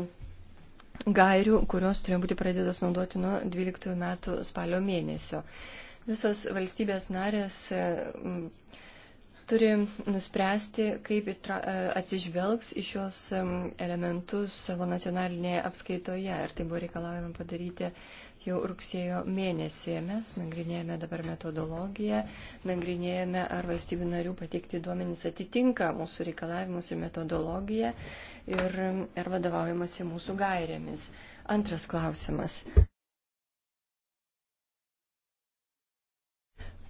gairių, kurios turėjo būti pradėtas naudoti nuo 12 metų spalio mėnesio. Visos valstybės narės turi nuspręsti, kaip e, atsižvelgs į šios elementus savo nacionalinėje apskaitoje. Ir tai buvo reikalavimą padaryti jau rugsėjo mėnesį. Mes nagrinėjame dabar metodologiją, nagrinėjame, ar valstybių narių pateikti duomenys atitinka mūsų reikalavimus ir metodologiją ir ar vadovaujamasi mūsų gairėmis. Antras klausimas.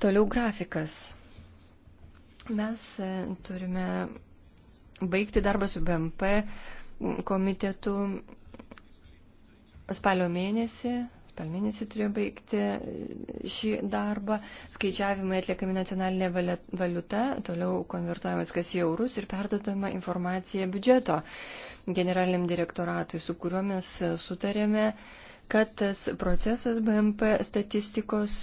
Toliau grafikas. Mes e, turime baigti darbą su BMP komitetu spalio mėnesį Spalmėnesį turėjo baigti e, šį darbą. Skaičiavimai atliekami nacionalinė valiuta, toliau konvertuojamas kas į eurus ir perdodama informacija biudžeto generaliniam direktoratui, su kuriuo mes e, sutarėme, kad tas procesas BMP statistikos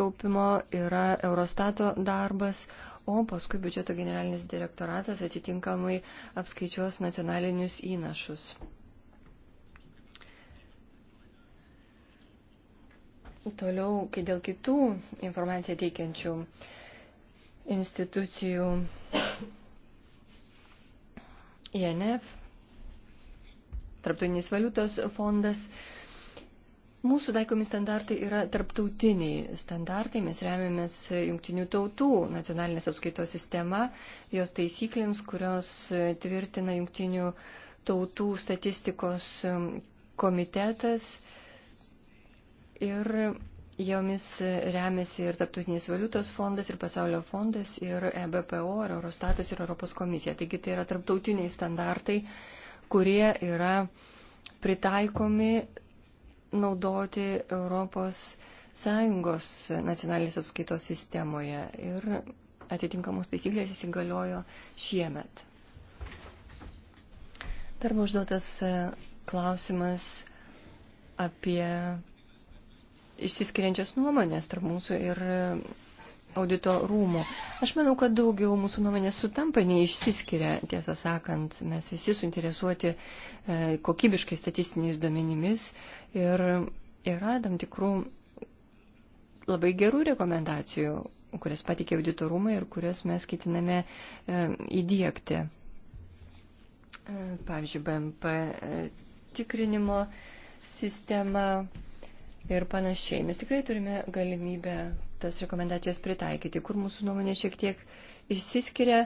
kaupimo yra Eurostato darbas, o paskui biudžeto generalinis direktoratas atitinkamai apskaičiuos nacionalinius įnašus. Toliau, kai dėl kitų informaciją teikiančių institucijų INF, Tarptautinis valiutos fondas, mūsų taikomi standartai yra tarptautiniai standartai, mes remiamės jungtinių tautų nacionalinės apskaitos sistema, jos taisyklėms, kurios tvirtina jungtinių tautų statistikos komitetas. Ir jomis remiasi ir Taptautinis valiutos fondas, ir Pasaulio fondas, ir EBPO, ir Eurostatas, ir Europos komisija. Taigi tai yra tarptautiniai standartai, kurie yra pritaikomi naudoti Europos Sąjungos nacionalinės apskaitos sistemoje. Ir atitinkamos taisyklės įsigaliojo šiemet. Dar užduotas e, klausimas apie išsiskiriančias nuomonės tarp mūsų ir e, audito rūmų. Aš manau, kad daugiau mūsų nuomonės sutampa, nei išsiskiria, tiesą sakant. Mes visi suinteresuoti e, kokybiškai statistiniais duomenimis ir yra tam tikrų labai gerų rekomendacijų, kurias patikė audito rūmai ir kurias mes ketiname e, įdėkti. Pavyzdžiui, BMP tikrinimo sistema ir panašiai. Mes tikrai turime galimybę tas rekomendacijas pritaikyti, kur mūsų nuomonė šiek tiek išsiskiria.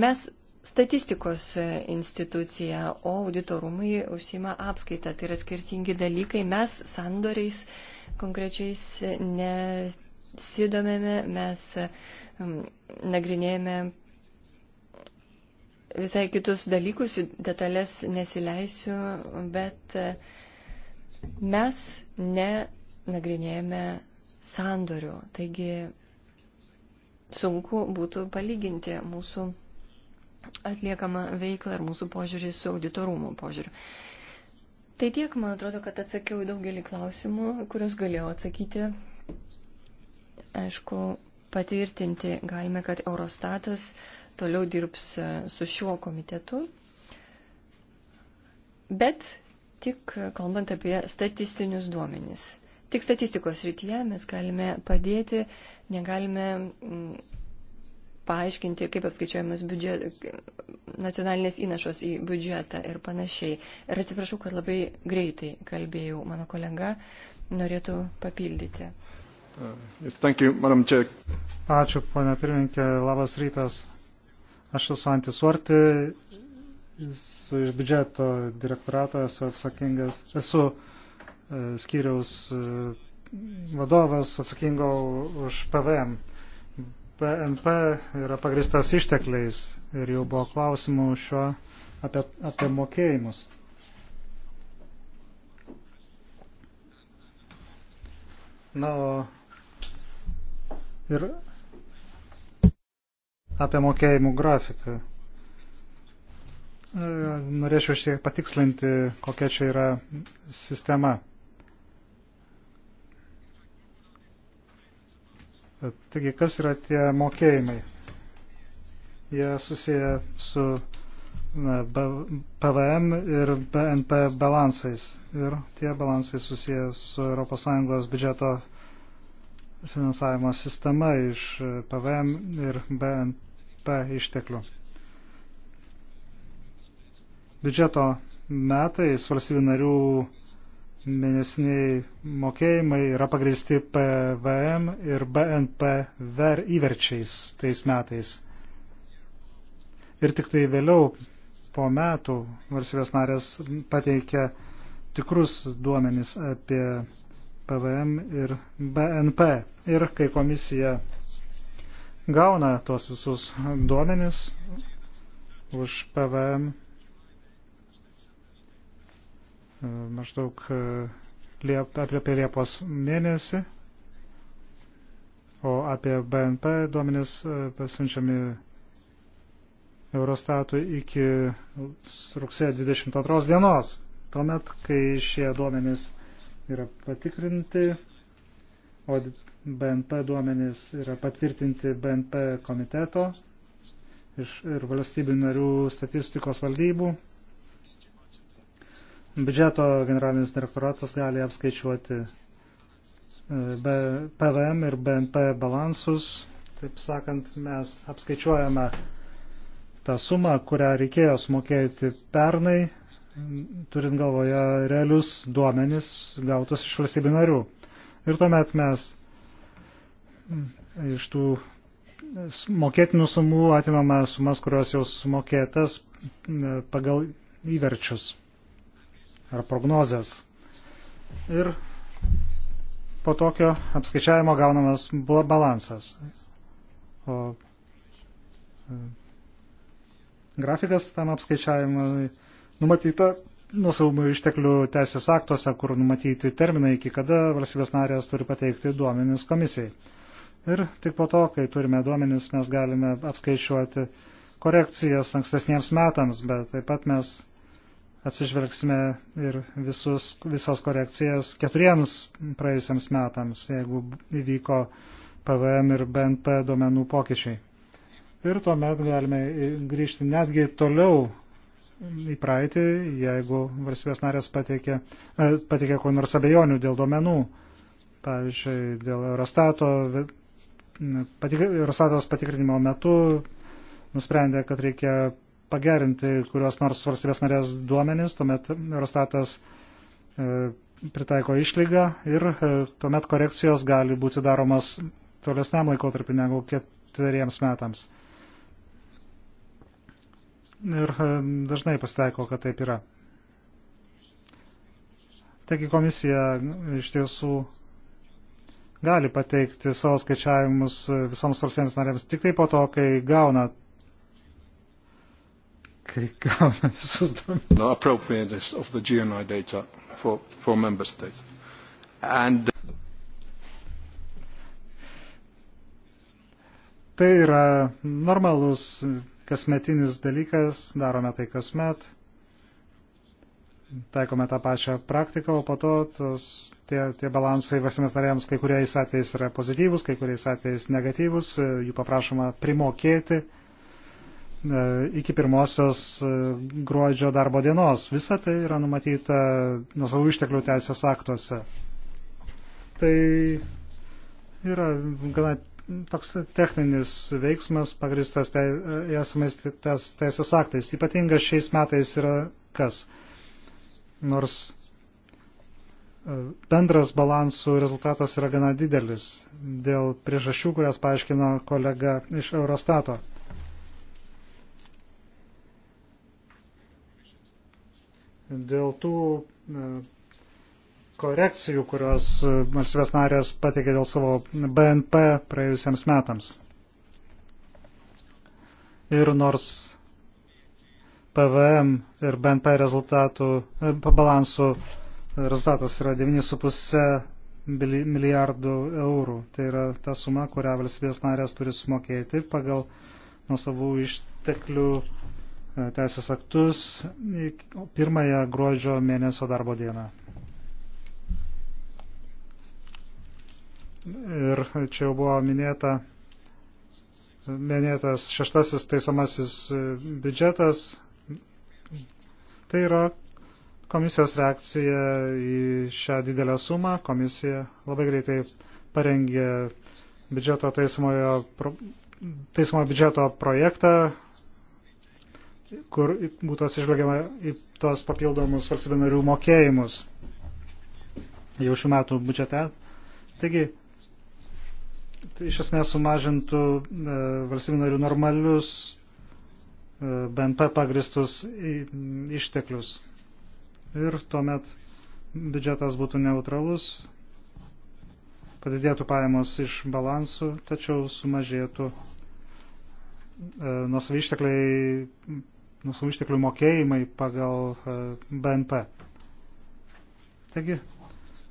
Mes statistikos institucija, o auditorumai užsima apskaitą. Tai yra skirtingi dalykai. Mes sandoriais konkrečiais nesidomėme, mes nagrinėjame visai kitus dalykus, detalės nesileisiu, bet uh, Mes nenagrinėjame sandorių, taigi sunku būtų palyginti mūsų atliekamą veiklą ir mūsų požiūrį su auditorumų požiūriu. Tai tiek, man atrodo, kad atsakiau į daugelį klausimų, kuriuos galėjau atsakyti. Aišku, patvirtinti galime, kad Eurostatas toliau dirbs su šiuo komitetu. Bet tik kalbant apie statistinius duomenys. Tik statistikos rytyje mes galime padėti, negalime mm, paaiškinti, kaip apskaičiuojamas biudžet, nacionalinės įnašos į biudžetą ir panašiai. Ir atsiprašau, kad labai greitai kalbėjau, mano kolega norėtų papildyti. Uh, yes, thank you, Madam Chair. Ačiū, ponia pirmininkė, labas rytas. Aš esu Antisorti su iš biudžeto direktorato esu atsakingas, esu e, skyriaus e, vadovas atsakingo už PVM. PNP yra pagristas ištekliais ir jau buvo klausimų šio apie, apie mokėjimus. Na, o ir apie mokėjimų grafiką. Norėčiau šiek tiek patikslinti, kokia čia yra sistema. Taigi, kas yra tie mokėjimai? Jie susiję su na, PVM ir BNP balansais. Ir tie balansai susiję su ES biudžeto finansavimo sistema iš PVM ir BNP išteklių biudžeto metais valstybių narių mėnesiniai mokėjimai yra pagristi PVM ir BNP ver įverčiais tais metais. Ir tik tai vėliau po metų valstybės narės pateikia tikrus duomenys apie PVM ir BNP. Ir kai komisija gauna tuos visus duomenys už PVM maždaug e, liep, apie Liepos mėnesį, o apie BNP duomenis e, pasiunčiami Eurostatui iki rugsėjo 22 dienos. Tuomet, kai šie duomenys yra patikrinti, o BNP duomenys yra patvirtinti BNP komiteto ir valstybių narių statistikos valdybų, Biudžeto generalinis direktoratas gali apskaičiuoti e, PVM ir BNP balansus. Taip sakant, mes apskaičiuojame tą sumą, kurią reikėjo sumokėti pernai, turint galvoje realius duomenis gautus iš valstybių narių. Ir tuomet mes iš tų mokėtinų sumų atimame sumas, kurios jau sumokėtas pagal įverčius ar prognozes. Ir po tokio apskaičiavimo gaunamas balansas. O e, grafikas tam apskaičiavimui numatyta nusavumų išteklių teisės aktuose, kur numatyti terminai, iki kada valstybės narės turi pateikti duomenis komisijai. Ir tik po to, kai turime duomenis, mes galime apskaičiuoti korekcijas ankstesniems metams, bet taip pat mes atsižvelgsime ir visus, visas korekcijas keturiems praėjusiems metams, jeigu įvyko PVM ir BNP duomenų pokyčiai. Ir tuomet galime grįžti netgi toliau į praeitį, jeigu valstybės narės pateikė, e, pateikė ko nors abejonių dėl duomenų, pavyzdžiui, dėl Eurostato, patik, Eurostatos patikrinimo metu nusprendė, kad reikia pagerinti kurios nors valstybės narės duomenys, tuomet Eurostatas e, pritaiko išlygą ir e, tuomet korekcijos gali būti daromos tolesniam laikotarpiu negu ketveriems metams. Ir e, dažnai pasitaiko, kad taip yra. Taigi komisija iš tiesų gali pateikti savo skaičiavimus visoms valstybėms narėms tik tai po to, kai gauna kai gavome visus duomenis. No, appropriateness of the GNI data for, for member states. And... Tai yra normalus kasmetinis dalykas, darome tai kasmet, taikome tą pačią praktiką, o po to tos, tie, tie balansai vasimės narėms kai kuriais atvejais yra pozityvus, kai kuriais atvejais negatyvus, jų paprašoma primokėti. E, iki pirmosios e, gruodžio darbo dienos. Visa tai yra numatyta nusavų išteklių teisės aktuose. Tai yra gana toks techninis veiksmas pagristas te, e, esamais teisės aktais. Ypatingas šiais metais yra kas? Nors bendras balansų rezultatas yra gana didelis dėl priežasčių, kurias paaiškino kolega iš Eurostato. dėl tų e, korekcijų, kurios e, valstybės narės pateikė dėl savo BNP praėjusiems metams. Ir nors PVM ir BNP rezultatų, e, balansų rezultatas yra 9,5 milijardų eurų. Tai yra ta suma, kurią valstybės narės turi sumokėti pagal nuo savų išteklių E, teisės aktus pirmąją gruodžio mėnesio darbo dieną. Ir čia jau buvo minėta, minėtas šeštasis taisomasis e, biudžetas. Tai yra komisijos reakcija į šią didelę sumą. Komisija labai greitai parengė biudžeto taisomojo, taisomo biudžeto projektą, kur būtų atsižvelgiama į tuos papildomus valstybinarių mokėjimus jau šių metų budžete. Taigi, tai iš esmės sumažintų e, valstybinarių normalius e, BNP pagristus į, išteklius. Ir tuomet biudžetas būtų neutralus, padidėtų pajamos iš balansų, tačiau sumažėtų e, nuosavai ištekliai mūsų nu, išteklių mokėjimai pagal e, BNP. Taigi,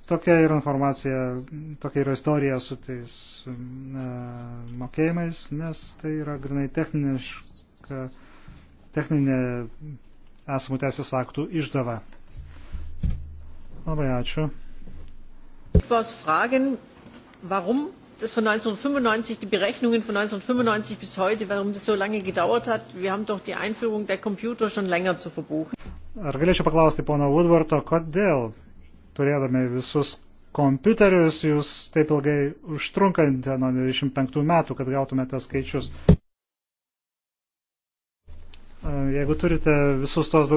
tokia yra informacija, tokia yra istorija su tais e, mokėjimais, nes tai yra grinai techniška, techninė esamų teisės aktų išdava. Labai ačiū. Fragen, warum das von eintausendneunhundertfünfundneunzig die berechnungen von eintausendneunhundertfünfundneunzig bis heute warum das so lange gedauert hat wir haben doch die einführung der computer schon länger zu verbuchen. Ar galėčiau paklausti pono Woodwardo, kodėl turėdami visus kompiuterius jūs taip ilgai užtrunkate nuo 95 metų, kad gautumėte skaičius? Jeigu turite visus tos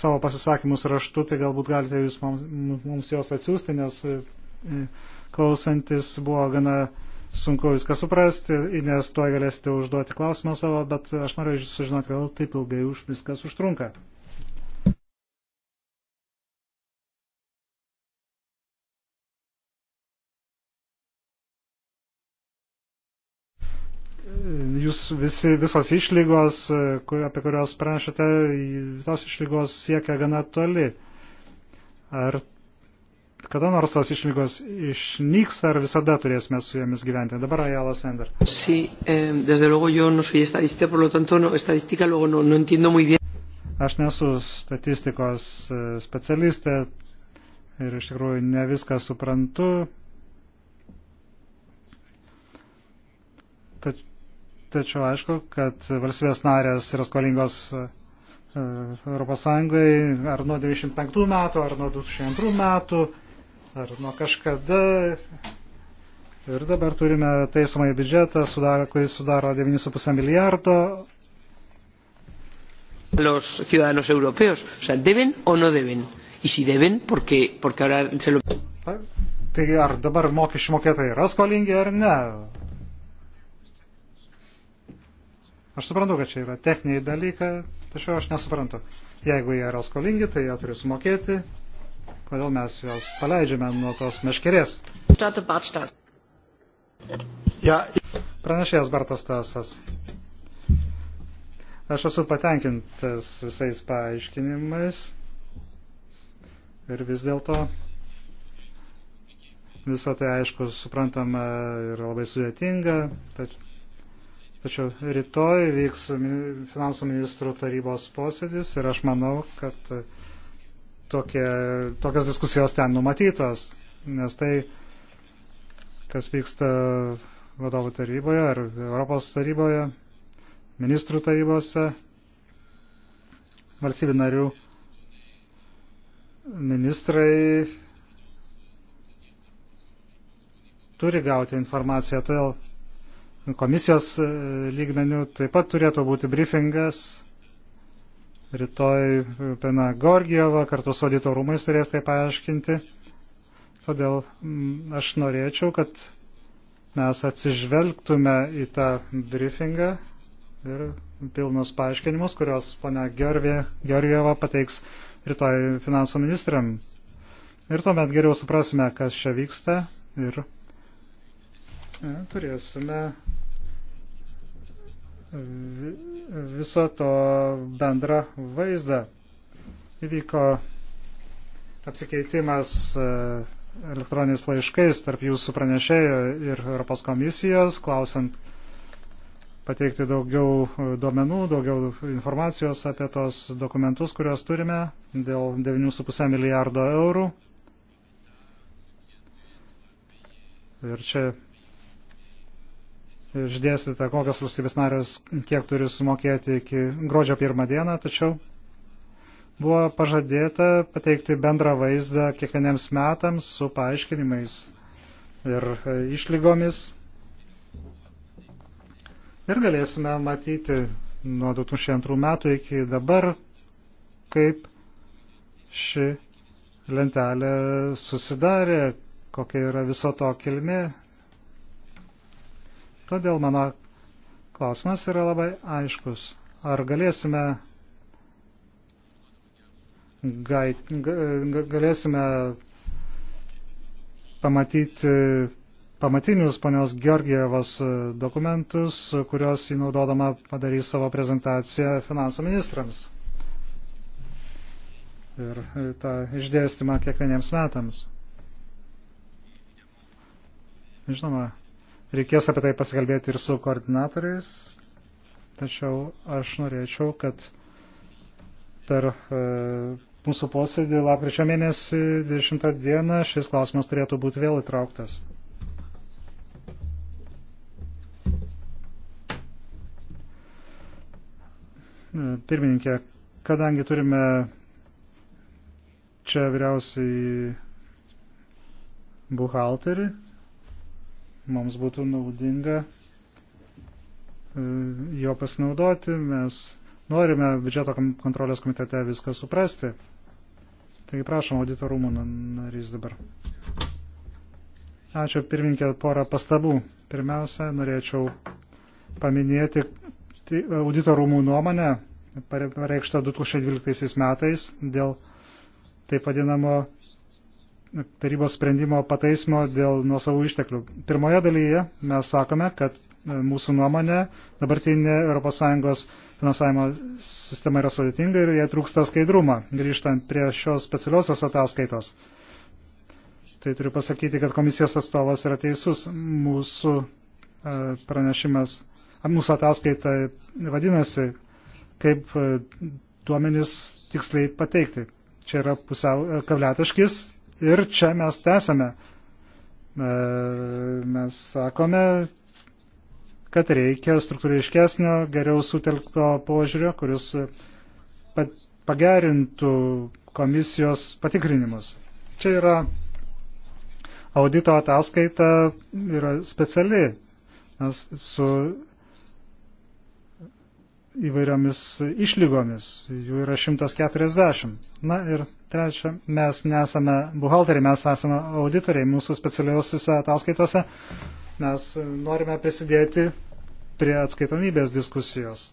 savo pasisakymus raštu, tai galbūt galite jūs mums, mums juos atsiųsti, nes e, klausantis buvo gana sunku viską suprasti, nes tuo galėsite užduoti klausimą savo, bet aš noriu sužinoti, kodėl taip ilgai už viskas užtrunka. Jūs visi, visos išlygos, apie kurios prašėte, visos išlygos siekia gana toli. Ar kada nors tos išlygos išnyks ar visada turėsime su jomis gyventi. Dabar Ajala Sender. Sí, eh, desde luego yo no soy estadística, por lo tanto no, estadística luego no, no entiendo muy bien. Aš nesu statistikos e, specialistė ir iš tikrųjų ne viską suprantu. Tačiau aišku, kad valstybės narės yra skolingos e, Europos Sąjungai ar nuo 95 metų, ar nuo 2002 metų ar nuo kažkada. Ir dabar turime teisomąjį biudžetą, sudaro, kuris sudaro 9,5 milijardo. Los ciudadanos europeos, o sea, deben o no deben. Y si deben, porque, porque ahora se lo. Tai ar dabar mokesčių mokėtojai yra skolingi ar ne? Aš suprantu, kad čia yra techniniai dalykai, tačiau aš nesuprantu. Jeigu jie yra skolingi, tai jie turi sumokėti, kodėl mes juos paleidžiame nuo tos meškerės. Pranešėjas Bartas Tasas. Aš esu patenkintas visais paaiškinimais ir vis dėlto visą tai aišku suprantama ir labai sudėtinga, tačiau rytoj vyks finansų ministrų tarybos posėdis ir aš manau, kad tokie, tokios diskusijos ten numatytos, nes tai, kas vyksta vadovų taryboje ar Europos taryboje, ministrų tarybose, valstybių narių ministrai turi gauti informaciją, todėl komisijos e, lygmenių taip pat turėtų būti briefingas Rytoj e, Pena Gorgieva kartu su audito rūmais turės tai paaiškinti. Todėl mm, aš norėčiau, kad mes atsižvelgtume į tą briefingą ir pilnus paaiškinimus, kurios ponia Gervieva pateiks rytoj finansų ministram. Ir tuomet geriau suprasime, kas čia vyksta ir e, turėsime e, viso to bendrą vaizdą. Įvyko apsikeitimas e, elektroniniais laiškais tarp jūsų pranešėjo ir Europos komisijos, klausant pateikti daugiau e, duomenų, daugiau informacijos apie tos dokumentus, kuriuos turime dėl 9,5 milijardo eurų. Ir čia išdėstyta, kokios valstybės narios kiek turi sumokėti iki gruodžio pirmą dieną, tačiau buvo pažadėta pateikti bendrą vaizdą kiekvieniems metams su paaiškinimais ir e, išlygomis. Ir galėsime matyti nuo 2002 metų iki dabar, kaip ši lentelė susidarė, kokia yra viso to kilmė Todėl mano klausimas yra labai aiškus. Ar galėsime, gai, ga, galėsime pamatyti pamatinius ponios Georgievos dokumentus, kuriuos įnaudodama padarys savo prezentaciją finansų ministrams. Ir tą išdėstymą kiekvieniems metams. Žinoma, Reikės apie tai pasikalbėti ir su koordinatoriais, tačiau aš norėčiau, kad per e, mūsų posėdį lapkričio mėnesį 20 dieną šis klausimas turėtų būti vėl įtrauktas. E, pirmininkė, kadangi turime čia vyriausiai buhalterį, mums būtų naudinga e, jo pasinaudoti, mes norime biudžeto kontrolės komitete viską suprasti. Taigi prašom auditorumų narys dabar. Ačiū pirminkė porą pastabų. Pirmiausia, norėčiau paminėti auditorumų nuomonę pareikštą 2012 metais dėl taip vadinamo tarybos sprendimo pataisimo dėl nuosavų išteklių. Pirmoje dalyje mes sakome, kad e, mūsų nuomonė dabartinė ES finansavimo sistema yra sudėtinga ir jie trūksta skaidrumą, grįžtant prie šios specialiosios ataskaitos. Tai turiu pasakyti, kad komisijos atstovas yra teisus. Mūsų e, pranešimas, mūsų ataskaita vadinasi, kaip e, duomenis tiksliai pateikti. Čia yra pusiau kabletaškis, Ir čia mes tęsame. E, mes sakome, kad reikia struktūriškesnio, geriau sutelkto požiūrio, kuris pagerintų komisijos patikrinimus. Čia yra audito ataskaita yra speciali. Mes su įvairiomis išlygomis, jų yra 140. Na ir trečia, mes nesame buhalteriai, mes esame auditoriai, mūsų specialiausiuose ataskaitose mes norime prisidėti prie atskaitomybės diskusijos.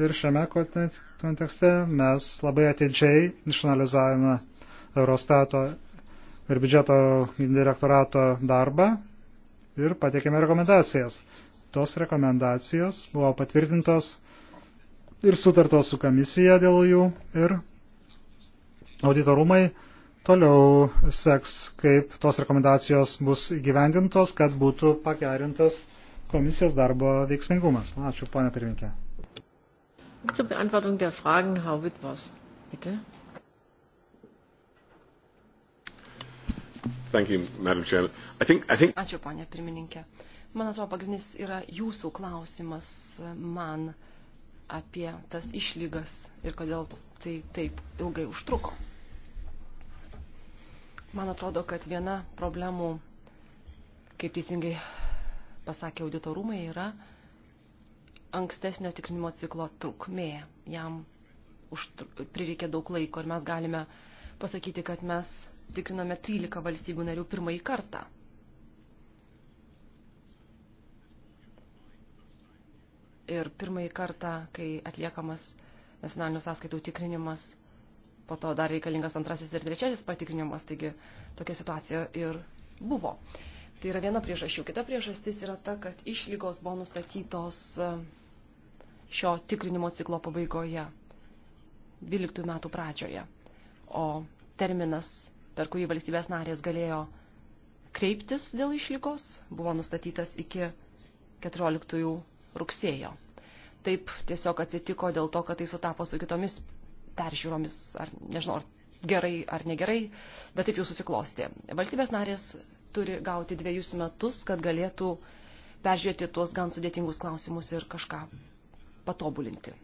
Ir šiame kontekste mes labai atidžiai išanalizavome Eurostato ir biudžeto direktorato darbą ir pateikėme rekomendacijas. Tos rekomendacijos buvo patvirtintos ir sutartos su komisija dėl jų ir auditorumai toliau seks, kaip tos rekomendacijos bus gyvendintos, kad būtų pagerintas komisijos darbo veiksmingumas. Ačiū, ponė pirminkė. Zur Beantwortung der Fragen, Herr Wittwas, bitte. Thank you, Madam Chairman. I think, I think... Ačiū, ponė pirmininkė. Man atrodo, pagrindinis yra jūsų klausimas man. Uh, apie tas išlygas ir kodėl tai taip ilgai užtruko. Man atrodo, kad viena problemų, kaip teisingai pasakė auditorumai, yra ankstesnio tikrinimo ciklo trukmė. Jam užtru, prireikė daug laiko ir mes galime pasakyti, kad mes tikrinome 13 valstybių narių pirmąjį kartą. ir pirmąjį kartą, kai atliekamas nacionalinių sąskaitų tikrinimas, po to dar reikalingas antrasis ir trečiasis patikrinimas, taigi tokia situacija ir buvo. Tai yra viena priežasčių. Kita priežastis yra ta, kad išlygos buvo nustatytos e, šio tikrinimo ciklo pabaigoje, 12 metų pradžioje, o terminas, per kurį valstybės narės galėjo kreiptis dėl išlygos, buvo nustatytas iki 14 rugsėjo. Taip tiesiog atsitiko dėl to, kad tai sutapo su kitomis peržiūromis, ar nežinau, ar gerai ar negerai, bet taip jau susiklosti. Valstybės narės turi gauti dviejus metus, kad galėtų peržiūrėti tuos gan sudėtingus klausimus ir kažką patobulinti.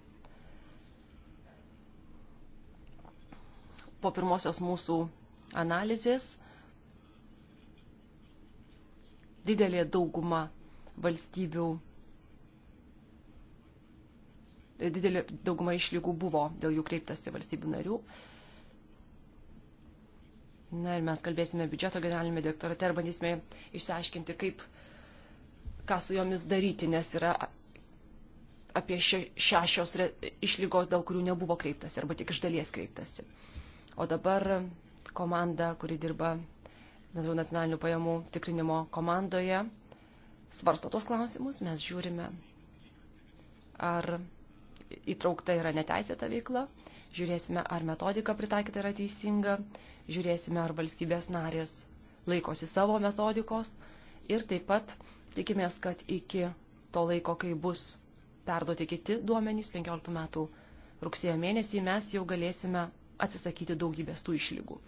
Po pirmosios mūsų analizės didelė dauguma valstybių didelė dauguma išlygų buvo dėl jų kreiptasi valstybių narių. Na ir mes kalbėsime biudžeto generalinėme direktorate ir bandysime išsiaiškinti, kaip, ką su jomis daryti, nes yra apie šešios išlygos, dėl kurių nebuvo kreiptasi arba tik iš dalies kreiptasi. O dabar komanda, kuri dirba bendrų nacionalinių pajamų tikrinimo komandoje, svarsto tos klausimus, mes žiūrime, ar įtraukta yra neteisėta veikla, žiūrėsime, ar metodika pritaikyta yra teisinga, žiūrėsime, ar valstybės narės laikosi savo metodikos ir taip pat tikimės, kad iki to laiko, kai bus perduoti kiti duomenys 15 metų rugsėjo mėnesį, mes jau galėsime atsisakyti daugybės tų išlygų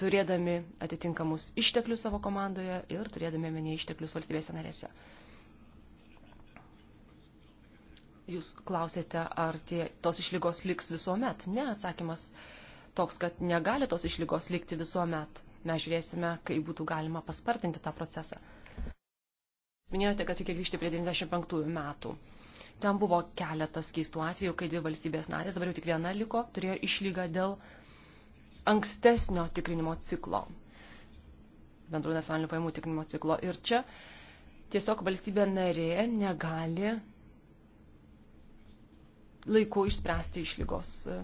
turėdami atitinkamus išteklius savo komandoje ir turėdami menį išteklius valstybėse narėse. Jūs klausėte, ar tie, tos išlygos liks visuomet. Ne, atsakymas toks, kad negali tos išlygos likti visuomet. Mes žiūrėsime, kaip būtų galima paspartinti tą procesą. Minėjote, kad reikia grįžti prie 95 metų. Ten buvo keletas keistų atvejų, kai dvi valstybės narės, dabar jau tik viena liko, turėjo išlygą dėl ankstesnio tikrinimo ciklo, bendrų nacionalinių pajamų tikrinimo ciklo. Ir čia tiesiog valstybė narė negali laiku išspręsti išlygos e,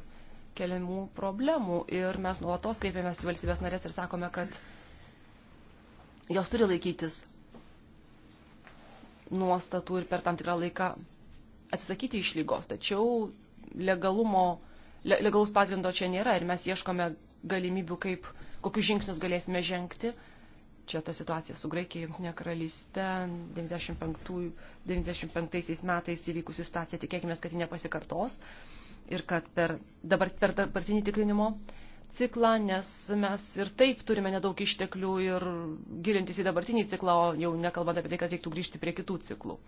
keliamų problemų. Ir mes nuolatos kreipiamės į valstybės narės ir sakome, kad jos turi laikytis nuostatų ir per tam tikrą laiką atsisakyti išlygos. Tačiau legalumo, le, legalus pagrindo čia nėra ir mes ieškome galimybių, kaip, kokius žingsnius galėsime žengti čia ta situacija su Graikija, Junktinė karalystė, 95, 95 metais įvykusi situacija, tikėkime, kad ji nepasikartos ir kad per, dabar, per dabartinį tikrinimo ciklą, nes mes ir taip turime nedaug išteklių ir gilintis į dabartinį ciklą, o jau nekalbant apie tai, kad reiktų grįžti prie kitų ciklų.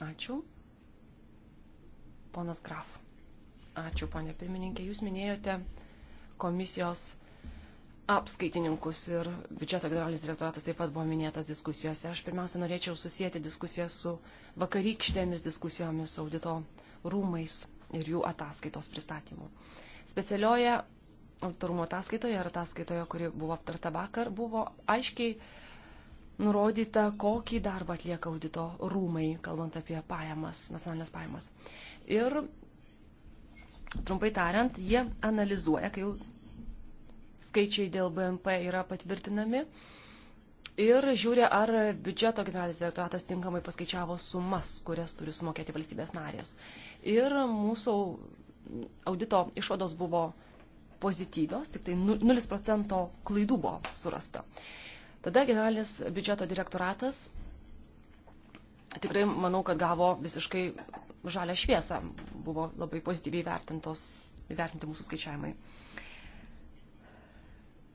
Ačiū. Ponas Graf. Ačiū, ponė pirmininkė. Jūs minėjote komisijos apskaitininkus ir biudžeto generalinis direktoratas taip pat buvo minėtas diskusijose. Aš pirmiausia norėčiau susijęti diskusiją su vakarykštėmis diskusijomis audito rūmais ir jų ataskaitos pristatymu. Specialioje autorumo ataskaitoje ir ataskaitoje, kuri buvo aptarta vakar, buvo aiškiai nurodyta, kokį darbą atlieka audito rūmai, kalbant apie pajamas, nacionalinės pajamas. Ir Trumpai tariant, jie analizuoja, kai jau skaičiai dėl BMP yra patvirtinami ir žiūri, ar biudžeto generalinis direktoratas tinkamai paskaičiavo sumas, kurias turi sumokėti valstybės narės. Ir mūsų audito išvados buvo pozityvios, tik tai 0 nu, procento klaidų buvo surasta. Tada generalinis biudžeto direktoratas tikrai manau, kad gavo visiškai žalę šviesą. Buvo labai pozityviai vertintos, vertinti mūsų skaičiavimai.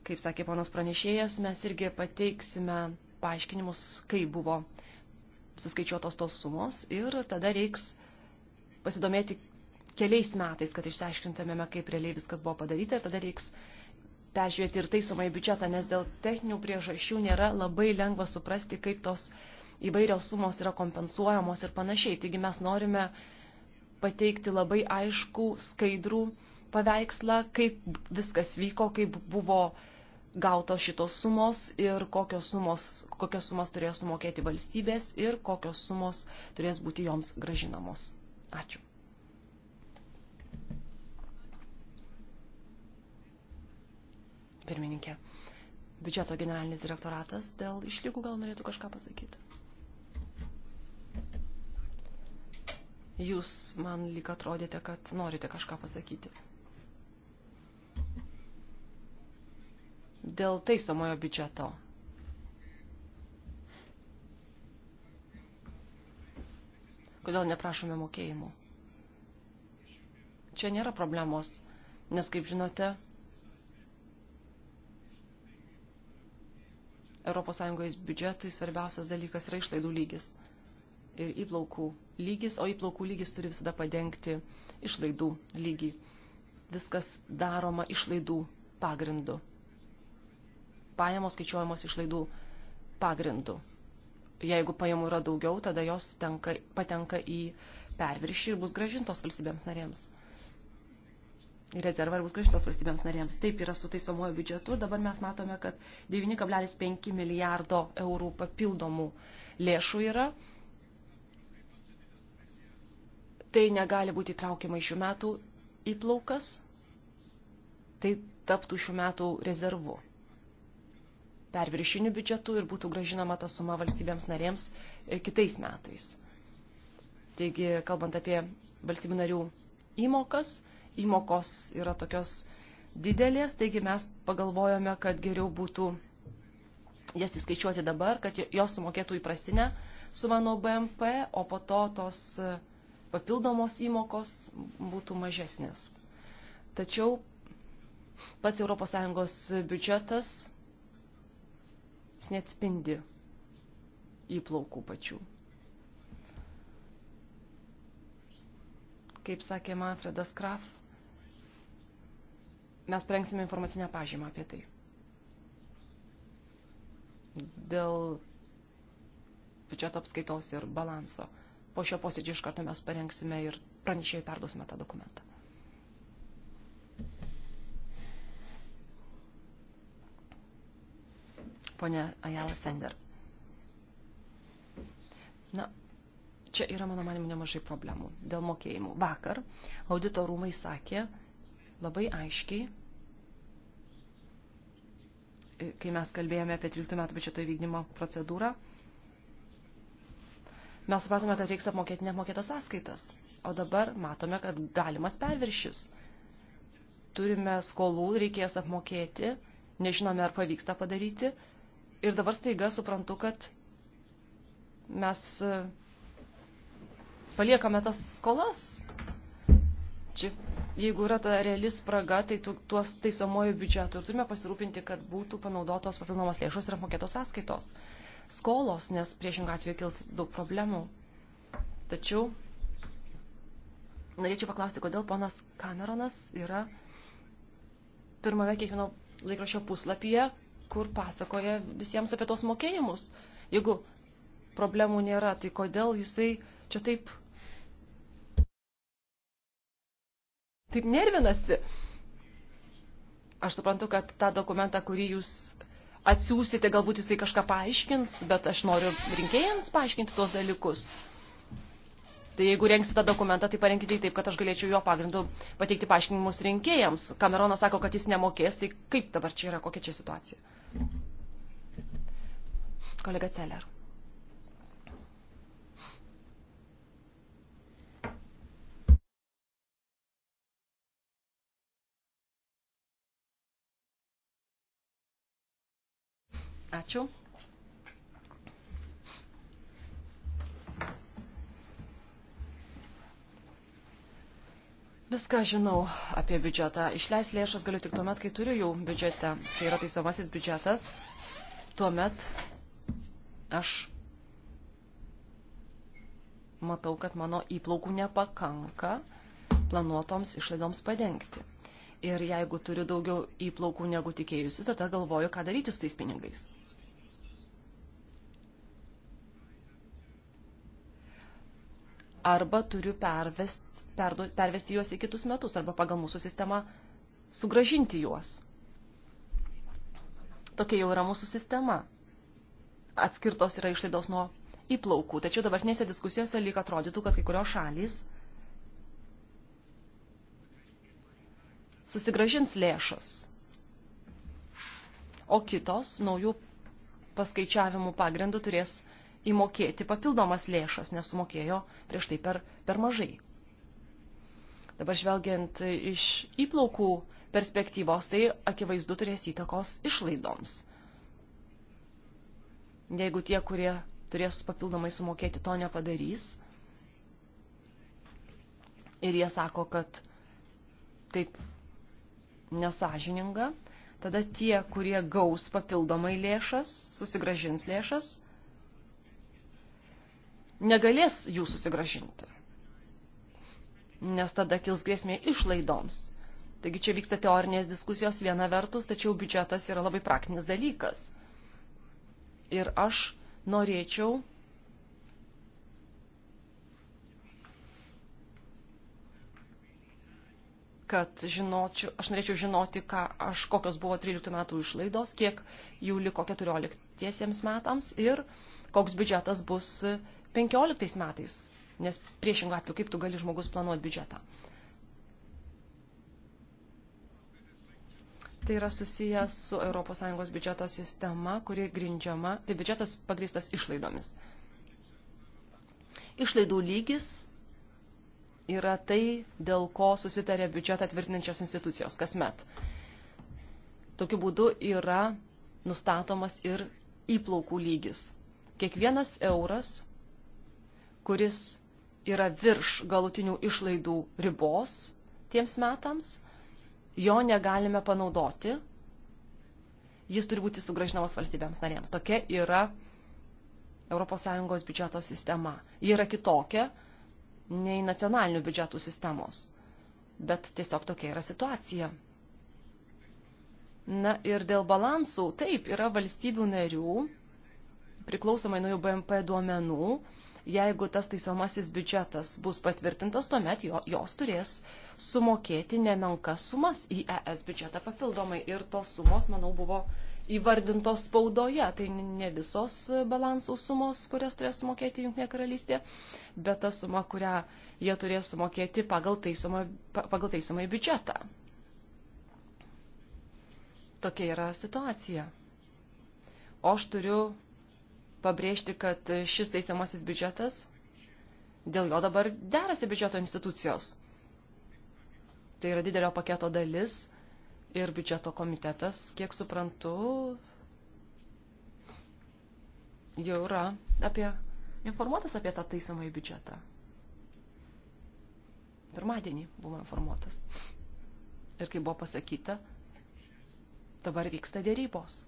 Kaip sakė ponas pranešėjas, mes irgi pateiksime paaiškinimus, kaip buvo suskaičiuotos tos sumos ir tada reiks pasidomėti keliais metais, kad išsiaiškintumėme, kaip realiai viskas buvo padaryta ir tada reiks peržiūrėti ir taisomąjį biudžetą, nes dėl techninių priežasčių nėra labai lengva suprasti, kaip tos uh, įvairios sumos yra kompensuojamos ir panašiai. Taigi mes norime pateikti labai aišku, skaidrų paveikslą, kaip viskas vyko, kaip buvo gautos šitos sumos ir kokios sumos, kokios sumos turėjo sumokėti valstybės ir kokios sumos turės būti joms gražinamos. Ačiū. Pirmininkė. Biudžeto generalinis direktoratas dėl išlygų gal norėtų kažką pasakyti. Jūs man lyg atrodėte, kad norite kažką pasakyti. Dėl taisomojo biudžeto. Kodėl neprašome mokėjimų? Čia nėra problemos, nes, kaip žinote, ES biudžetui svarbiausias dalykas yra išlaidų lygis – įplaukų lygis, o įplaukų lygis turi visada padengti išlaidų lygį. Viskas daroma išlaidų pagrindu. Pajamos skaičiuojamos išlaidų pagrindu. Jeigu pajamų yra daugiau, tada jos tenka, patenka į perviršį ir bus gražintos valstybėms narėms. Į rezervą ir bus gražintos valstybėms narėms. Taip yra su taisomuoju biudžetu. Dabar mes matome, kad 9,5 milijardo eurų papildomų lėšų yra tai negali būti traukiama iš šių metų įplaukas, tai taptų šių metų rezervu perviršiniu biudžetu ir būtų gražinama ta suma valstybėms narėms e, kitais metais. Taigi, kalbant apie valstybių narių įmokas, įmokos yra tokios didelės, taigi mes pagalvojome, kad geriau būtų jas įskaičiuoti dabar, kad jos sumokėtų įprastinę sumą nuo BMP, o po to tos uh, papildomos įmokos būtų mažesnės. Tačiau pats ES biudžetas neatspindi įplaukų pačių. Kaip sakė Manfredas Kraf, mes prengsime informacinę pažymą apie tai. Dėl biudžeto apskaitos ir balanso po šio posėdžio iš karto mes parengsime ir pranešėjai perduosime tą dokumentą. Pone Ajala Sender. Na, čia yra, mano manimu, nemažai problemų dėl mokėjimų. Vakar audito rūmai sakė labai aiškiai, kai mes kalbėjome apie 13 metų biudžeto įvykdymo procedūrą, mes supratome, kad reiks apmokėti neapmokėtas sąskaitas. O dabar matome, kad galimas perviršis. Turime skolų, reikės apmokėti, nežinome, ar pavyks tą padaryti. Ir dabar staiga suprantu, kad mes e, paliekame tas skolas. Čia, jeigu yra ta reali spraga, tai tu, tuos taisomuoju biudžetu ir turime pasirūpinti, kad būtų panaudotos papildomos lėšos ir apmokėtos sąskaitos skolos, nes priešingą atveju kils daug problemų. Tačiau norėčiau paklausti, kodėl ponas Cameronas yra pirmame kiekvieno laikraščio puslapyje, kur pasakoja visiems apie tos mokėjimus. Jeigu problemų nėra, tai kodėl jisai čia taip, taip nervinasi? Aš suprantu, kad tą dokumentą, kurį jūs atsiūsite, galbūt jisai kažką paaiškins, bet aš noriu rinkėjams paaiškinti tuos dalykus. Tai jeigu rengsite dokumentą, tai parenkite jį taip, kad aš galėčiau jo pagrindu pateikti paaiškinimus rinkėjams. Kameronas sako, kad jis nemokės, tai kaip dabar čia yra, kokia čia situacija? Kolega Celer. Ačiū. Viską žinau apie biudžetą. Išleis lėšas galiu tik tuomet, kai turiu jau biudžete. Tai yra taisomasis biudžetas. Tuomet aš matau, kad mano įplaukų nepakanka planuotoms išlaidoms padengti. Ir jeigu turiu daugiau įplaukų negu tikėjusi, tada galvoju, ką daryti su tais pinigais. arba turiu pervest, perdu, pervesti juos į kitus metus, arba pagal mūsų sistemą sugražinti juos. Tokia jau yra mūsų sistema. Atskirtos yra išlaidos nuo įplaukų. Tačiau dabartinėse diskusijose lyg atrodytų, kad kai kurios šalys susigražins lėšas, o kitos naujų paskaičiavimų pagrindų turės įmokėti papildomas lėšas, nes sumokėjo prieš tai per, per mažai. Dabar žvelgiant iš įplaukų perspektyvos, tai akivaizdu turės įtakos išlaidoms. Jeigu tie, kurie turės papildomai sumokėti, to nepadarys, ir jie sako, kad taip nesažininga, tada tie, kurie gaus papildomai lėšas, susigražins lėšas, negalės jų susigražinti. Nes tada kils grėsmė išlaidoms. Taigi čia vyksta teorinės diskusijos viena vertus, tačiau biudžetas yra labai praktinis dalykas. Ir aš norėčiau kad žinočiau, aš norėčiau žinoti, ką aš, kokios buvo 13 metų išlaidos, kiek jų liko 14 metams ir koks biudžetas bus 15 15 metais, nes priešingų atveju kaip tu gali žmogus planuoti biudžetą. Tai yra susijęs su ES biudžeto sistema, kuri grindžiama, tai biudžetas pagrįstas išlaidomis. Išlaidų lygis yra tai, dėl ko susitarė biudžetą tvirtinančios institucijos kasmet. Tokiu būdu yra nustatomas ir įplaukų lygis. Kiekvienas euras kuris yra virš galutinių išlaidų ribos tiems metams, jo negalime panaudoti, jis turi būti sugražinamas valstybėms narėms. Tokia yra ES biudžeto sistema. Ji yra kitokia nei nacionalinių biudžetų sistemos. Bet tiesiog tokia yra situacija. Na ir dėl balansų, taip, yra valstybių narių, priklausomai nuo jų BMP duomenų, jeigu tas taisomasis biudžetas bus patvirtintas, tuomet jo, jos turės sumokėti nemenkas sumas į ES biudžetą papildomai. Ir tos sumos, manau, buvo įvardintos spaudoje. Tai ne visos balansų sumos, kurias turės sumokėti Junktinė karalystė, bet ta suma, kurią jie turės sumokėti pagal taisomą, pagal taisomą biudžetą. Tokia yra situacija. O aš turiu pabrėžti, kad šis teisiamasis biudžetas, dėl jo dabar derasi biudžeto institucijos. Tai yra didelio paketo dalis ir biudžeto komitetas, kiek suprantu, jau yra apie, informuotas apie tą taisamąjį biudžetą. Pirmadienį buvo informuotas. Ir kaip buvo pasakyta, dabar vyksta dėrybos.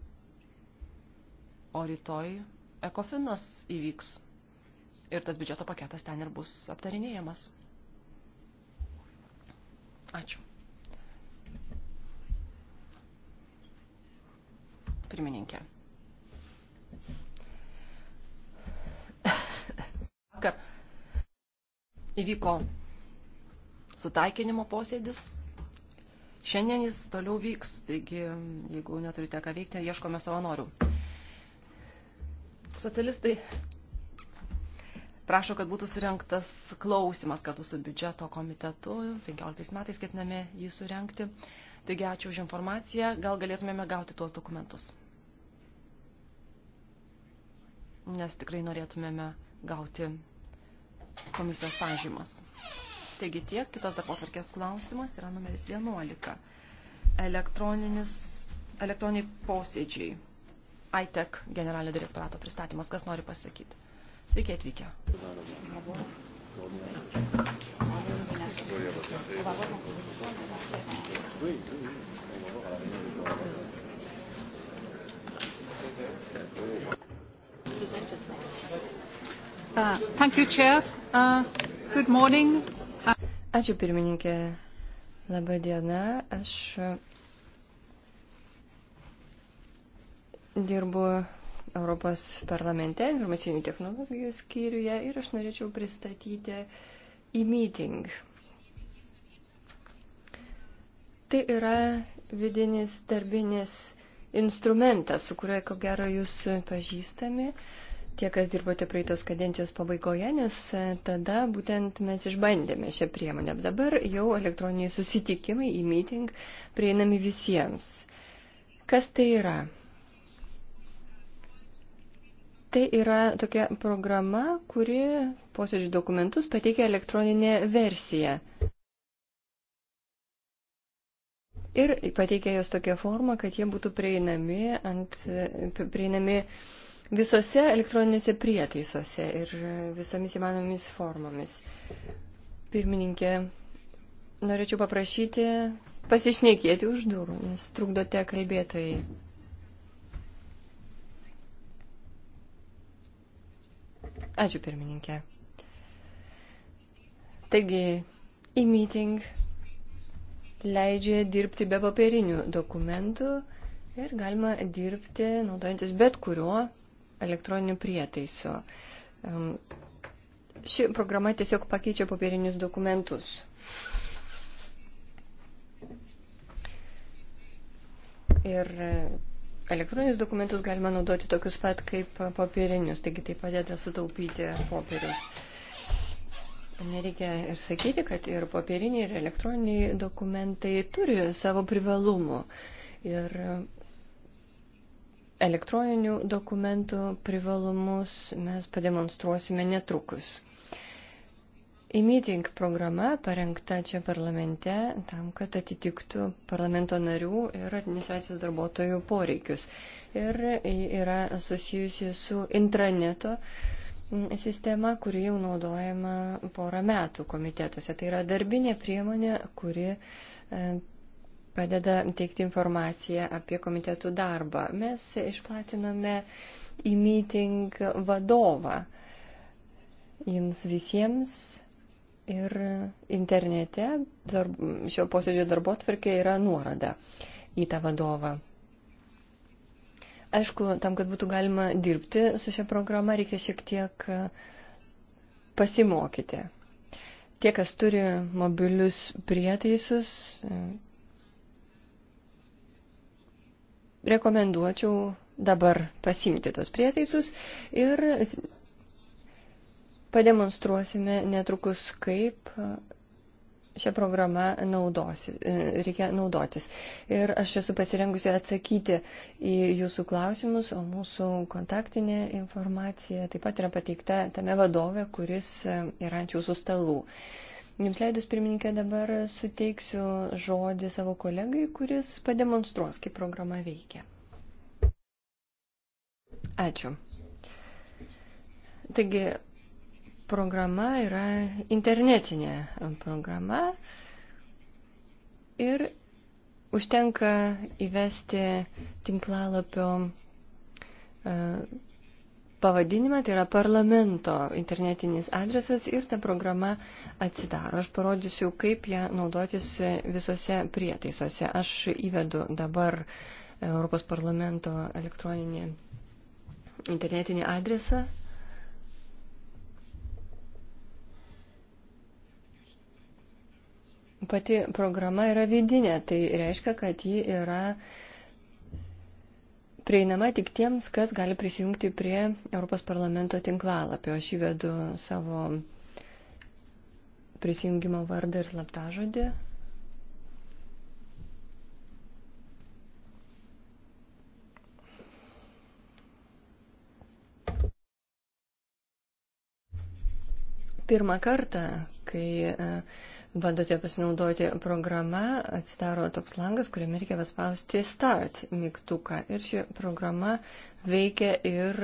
O rytoj ekofinas įvyks. Ir tas biudžeto paketas ten ir bus aptarinėjamas. Ačiū. Pirmininkė. Vakar įvyko sutaikinimo posėdis. Šiandien jis toliau vyks, taigi jeigu neturite ką veikti, ieškome savanorių. Socialistai prašo, kad būtų surinktas klausimas kartu su biudžeto komitetu. 15 metais ketiname jį surenkti. Taigi ačiū už informaciją. Gal galėtumėme gauti tuos dokumentus? Nes tikrai norėtumėme gauti komisijos pažymas. Taigi tiek, kitas darbotvarkės klausimas yra numeris 11. Elektroninis, elektroniniai posėdžiai. ITEC generalinio direktorato pristatymas. Kas nori pasakyti? Sveiki atvykę. Uh, thank you, Chair. Uh, good morning. Ačiū pirmininkė. Labą dieną. Aš dirbu Europos parlamente informacinių technologijų skyriuje ir aš norėčiau pristatyti e-meeting. Tai yra vidinis darbinis instrumentas, su kuriuo, ko gero, jūs pažįstami, tie, kas dirbote praeitos kadencijos pabaigoje, nes e, tada būtent mes išbandėme šią priemonę. Dabar jau elektroniniai susitikimai į e meeting prieinami visiems. Kas tai yra? Tai yra tokia programa, kuri posėdžių dokumentus pateikia elektroninė versija. Ir pateikia jos tokią formą, kad jie būtų prieinami, ant, prieinami visose elektroninėse prietaisuose ir visomis įmanomis formomis. Pirmininkė, norėčiau paprašyti pasišnekėti už durų, nes trukdote kalbėtojai. Ačiū pirmininkė. Taigi, e-meeting leidžia dirbti be papirinių dokumentų ir galima dirbti naudojantis bet kuriuo elektroniniu prietaisu. Ši programa tiesiog pakeičia papirinius dokumentus. Ir elektroninius dokumentus galima naudoti tokius pat kaip popierinius, taigi tai padeda sutaupyti popierius. Nereikia ir sakyti, kad ir popieriniai, ir elektroniniai dokumentai turi savo privalumų. Ir elektroninių dokumentų privalumus mes pademonstruosime netrukus. E-meeting programa parengta čia parlamente tam, kad atitiktų parlamento narių ir administracijos darbuotojų poreikius. Ir yra susijusi su intraneto sistema, kuri jau naudojama porą metų komitetuose. Tai yra darbinė priemonė, kuri e, padeda teikti informaciją apie komitetų darbą. Mes išplatinome e-meeting vadovą jums visiems Ir internete darb, šio posėdžio darbo tvarkė yra nuoroda į tą vadovą. Aišku, tam, kad būtų galima dirbti su šia programa, reikia šiek tiek e, pasimokyti. Tie, kas turi mobilius prietaisus, e, rekomenduočiau dabar pasimti tos prietaisus ir pademonstruosime netrukus, kaip šią programą naudosi, e, reikia naudotis. Ir aš esu pasirengusi atsakyti į jūsų klausimus, o mūsų kontaktinė informacija taip pat yra pateikta tame vadove, kuris e, yra ant jūsų stalų. Jums leidus pirmininkė dabar suteiksiu žodį savo kolegai, kuris pademonstruos, kaip programa veikia. Ačiū. Taigi, programa yra internetinė programa ir užtenka įvesti tinklalapio e, pavadinime, tai yra parlamento internetinis adresas ir ta programa atsidaro. Aš parodysiu, kaip ją naudotis visose prietaisuose. Aš įvedu dabar Europos parlamento elektroninį internetinį adresą pati programa yra vidinė, tai reiškia, kad ji yra prieinama tik tiems, kas gali prisijungti prie Europos parlamento tinklalapio. Aš įvedu savo prisijungimo vardą ir slaptažodį. Pirmą kartą, kai uh, bandote pasinaudoti programą, atsidaro toks langas, kuriame reikia paspausti Start mygtuką. Ir ši programa veikia ir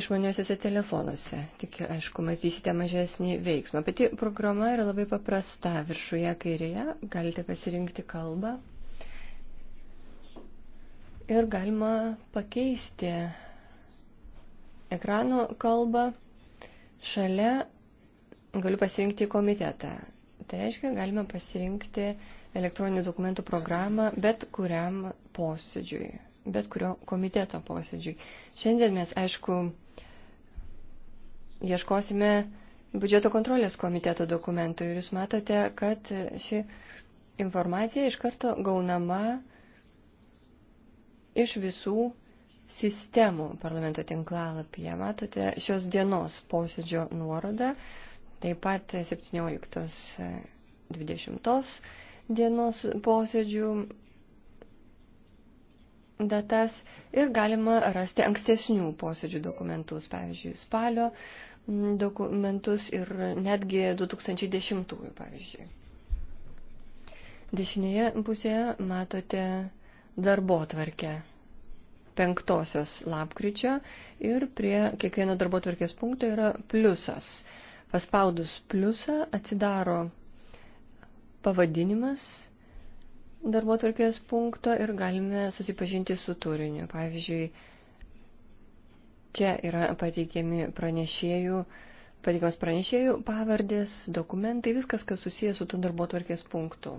išmaniuosiuose telefonuose. Tik, aišku, matysite mažesnį veiksmą. Pati programa yra labai paprasta. Viršuje kairėje galite pasirinkti kalbą. Ir galima pakeisti ekrano kalbą. Šalia galiu pasirinkti komitetą. Tai reiškia, galime pasirinkti elektroninių dokumentų programą bet kuriam posėdžiui, bet kurio komiteto posėdžiui. Šiandien mes, aišku, ieškosime biudžeto kontrolės komiteto dokumentų ir jūs matote, kad ši informacija iš karto gaunama iš visų sistemų parlamento tinklalapyje. Matote šios dienos posėdžio nuorodą. Taip pat 17.20 dienos posėdžių datas ir galima rasti ankstesnių posėdžių dokumentus, pavyzdžiui, spalio dokumentus ir netgi 2010, pavyzdžiui. Dešinėje pusėje matote darbo tvarkę penktosios lapkričio ir prie kiekvieno darbo tvarkės punkto yra pliusas Paspaudus pliusą atsidaro pavadinimas darbo tvarkės punkto ir galime susipažinti su turiniu. Pavyzdžiui, čia yra pateikiami pranešėjų, pateikiamas pranešėjų pavardės, dokumentai, viskas, kas susijęs su tuo darbo tvarkės punktu.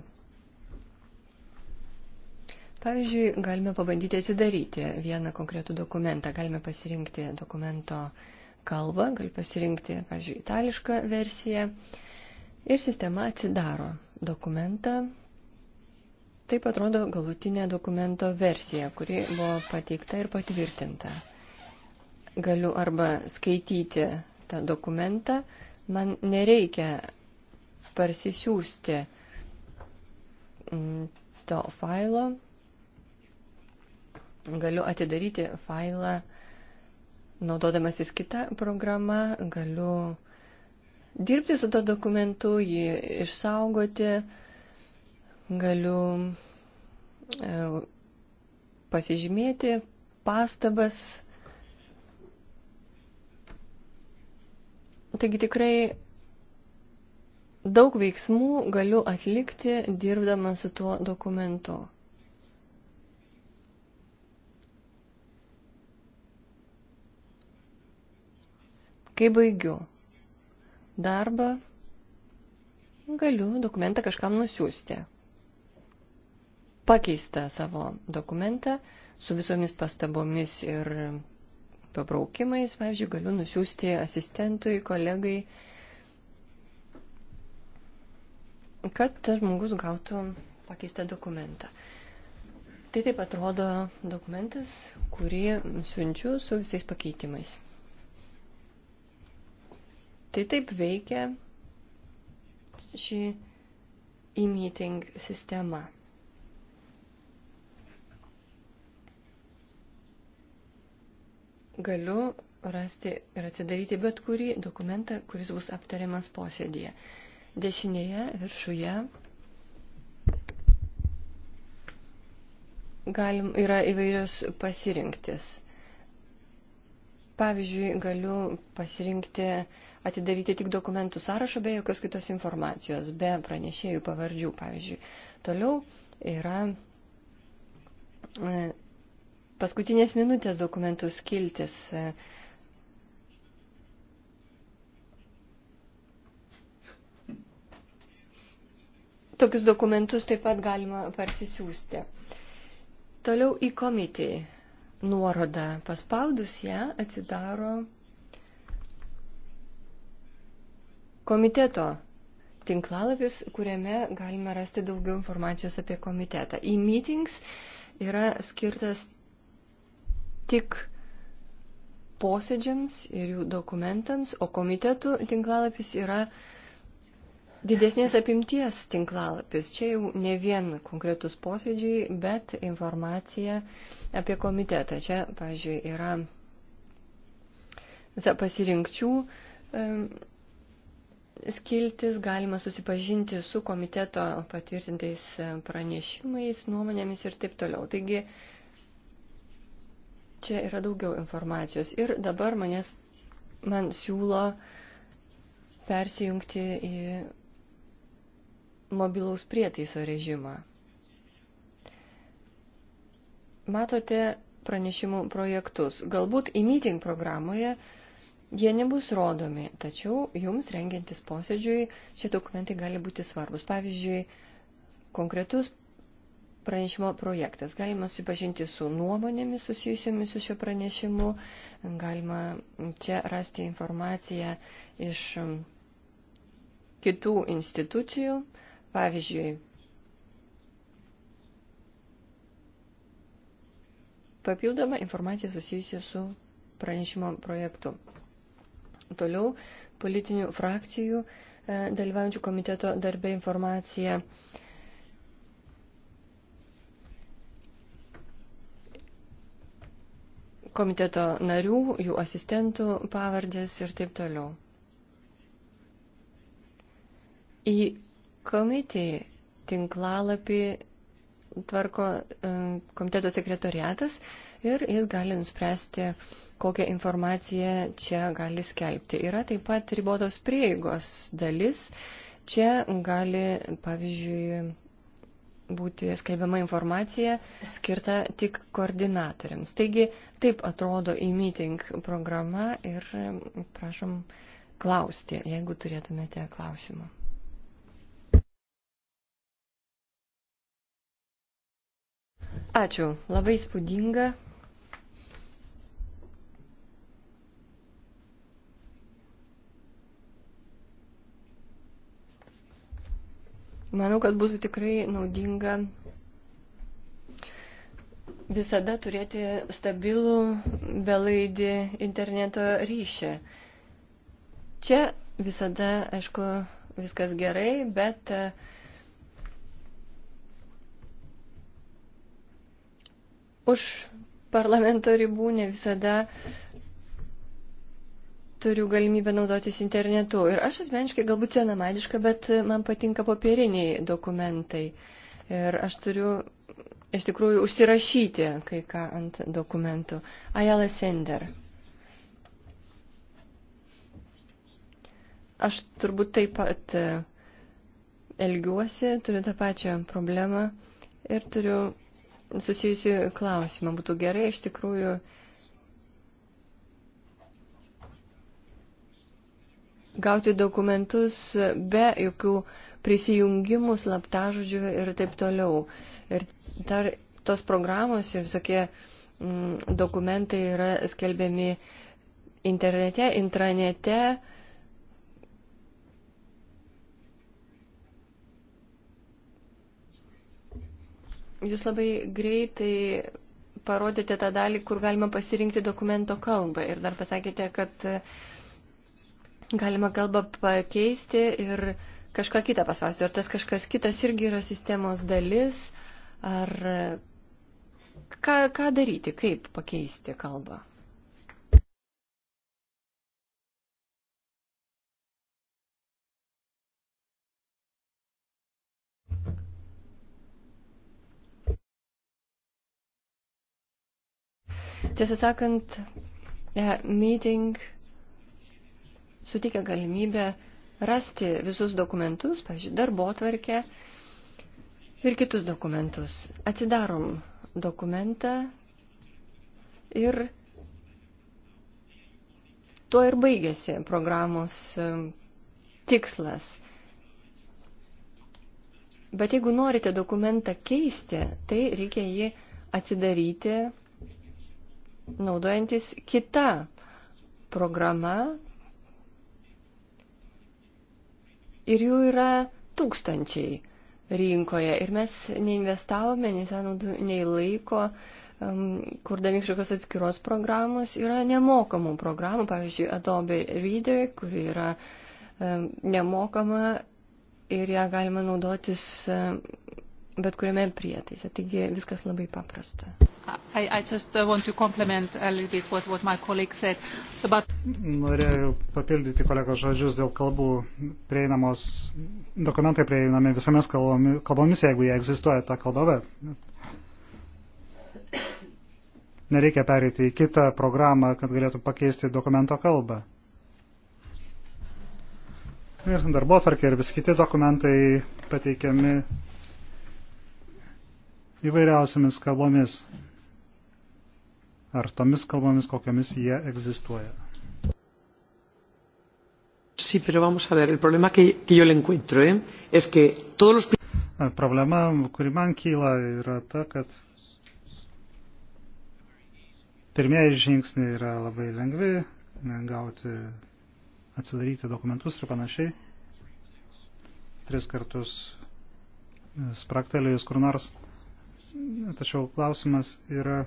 Pavyzdžiui, galime pabandyti atsidaryti vieną konkretų dokumentą, galime pasirinkti dokumento uh, kalbą, gali pasirinkti, pavyzdžiui, itališką versiją ir sistema atsidaro dokumentą. Taip atrodo galutinė dokumento versija, kuri buvo pateikta ir patvirtinta. Galiu arba skaityti tą dokumentą, man nereikia parsisiųsti mm, to failo, galiu atidaryti failą naudodamasis kitą programą, galiu dirbti su to dokumentu, jį išsaugoti, galiu e, pasižymėti pastabas. Taigi tikrai daug veiksmų galiu atlikti dirbdama su tuo dokumentu. Kai baigiu darbą, galiu dokumentą kažkam nusiųsti. Pakeistą savo dokumentą su visomis pastabomis ir pabraukimais, pavyzdžiui, galiu nusiųsti asistentui, kolegai, kad tas žmogus gautų pakeistą dokumentą. Tai taip atrodo dokumentas, kurį siunčiu su visais pakeitimais. Tai taip veikia ši e-meeting sistema. Galiu rasti ir atsidaryti bet kurį dokumentą, kuris bus aptariamas posėdėje. Dešinėje viršuje galim, yra įvairios pasirinktis pavyzdžiui, galiu pasirinkti atidaryti tik dokumentų sąrašą be jokios kitos informacijos, be pranešėjų pavardžių, pavyzdžiui. Toliau yra e, paskutinės minutės dokumentų skiltis. Tokius dokumentus taip pat galima parsisiųsti. Toliau į e komitį nuorodą. Paspaudus ją atsidaro komiteto tinklalapis, kuriame galime rasti daugiau informacijos apie komitetą. E-meetings yra skirtas tik posėdžiams ir jų dokumentams, o komitetų tinklalapis yra uh, didesnės apimties tinklalapis. Čia jau ne vien konkretus posėdžiai, bet informacija apie komitetą. Čia, pažiūrėjau, yra visa pasirinkčių skiltis, galima susipažinti su komiteto patvirtintais e, pranešimais, nuomonėmis ir taip toliau. Taigi, čia yra daugiau informacijos. Ir dabar manęs, man siūlo persijungti į mobilaus prietaiso režimą. Matote pranešimų projektus. Galbūt e-meeting programoje jie nebus rodomi, tačiau jums rengiantis posėdžiui šie dokumentai gali būti svarbus. Pavyzdžiui, konkretus pranešimo projektas. Galima susipažinti su nuomonėmis susijusiamis su šio pranešimu, galima čia rasti informaciją iš kitų institucijų, Pavyzdžiui, papildoma informacija susijusi su pranešimo projektu. Toliau politinių frakcijų e, dalyvaujančių komiteto darbė informacija. Komiteto narių, jų asistentų pavardės ir taip toliau. Į Komitijai tinklalapį tvarko e, komiteto sekretoriatas ir jis gali nuspręsti, kokią informaciją čia gali skelbti. Yra taip pat ribotos prieigos dalis. Čia gali, pavyzdžiui, būti skelbiama informacija skirta tik koordinatoriams. Taigi, taip atrodo e-meeting programa ir e, prašom klausti, jeigu turėtumėte klausimą. Ačiū, labai spūdinga. Manau, kad būtų tikrai naudinga visada turėti stabilų belaidį interneto ryšį. Čia visada, aišku, viskas gerai, bet uh, už parlamento ribų ne visada turiu galimybę naudotis internetu. Ir aš asmeniškai galbūt senamadiška, bet man patinka popieriniai dokumentai. Ir aš turiu iš tikrųjų užsirašyti kai ką ant dokumentų. Ajala Sender. Aš turbūt taip pat e, elgiuosi, turiu tą pačią problemą ir turiu susijusių klausimą. Būtų gerai iš tikrųjų gauti dokumentus be jokių prisijungimų, slaptažodžių ir taip toliau. Ir dar tos programos ir visokie mm, dokumentai yra skelbiami internete, intranete. Jūs labai greitai parodėte tą dalį, kur galima pasirinkti dokumento kalbą ir dar pasakėte, kad e, galima kalbą pakeisti ir kažką kitą pasvasti. Ar tas kažkas kitas irgi yra sistemos dalis? Ar e, ką, ką daryti, kaip pakeisti kalbą? Tiesą sakant, e, meeting suteikia galimybę rasti visus dokumentus, pavyzdžiui, darbo tvarkę ir kitus dokumentus. Atsidarom dokumentą ir tuo ir baigėsi programos e, tikslas. Bet jeigu norite dokumentą keisti, tai reikia jį atsidaryti naudojantis kita programa. Ir jų yra tūkstančiai rinkoje. Ir mes neinvestavome nei sąnaudų, nei laiko, kurdami kažkokios atskiros programos. Yra nemokamų programų, pavyzdžiui, Adobe Reader, kuri yra nemokama ir ją galima naudotis bet kuriame prietaise. Taigi viskas labai paprasta. I, I just want to compliment a little bit what, what my colleague said about... Norėjau papildyti kolegos žodžius dėl kalbų prieinamos, dokumentai prieinami visomis kalbomis, kalbomis jeigu jie egzistuoja ta kalba. Nereikia pereiti į kitą programą, kad galėtų pakeisti dokumento kalbą. Ir darbo tvarkė ir vis kiti dokumentai pateikiami įvairiausiamis kalbomis ar tomis kalbomis, kokiamis jie egzistuoja. Sí, pero vamos a ver, el problema que, que yo le encuentro ¿eh? es que todos los... Problema, kuri man kyla, yra ta, kad pirmieji žingsniai yra labai lengvi, gauti, atsidaryti dokumentus ir panašiai. Tris kartus spraktelėjus kur nors Tačiau klausimas yra,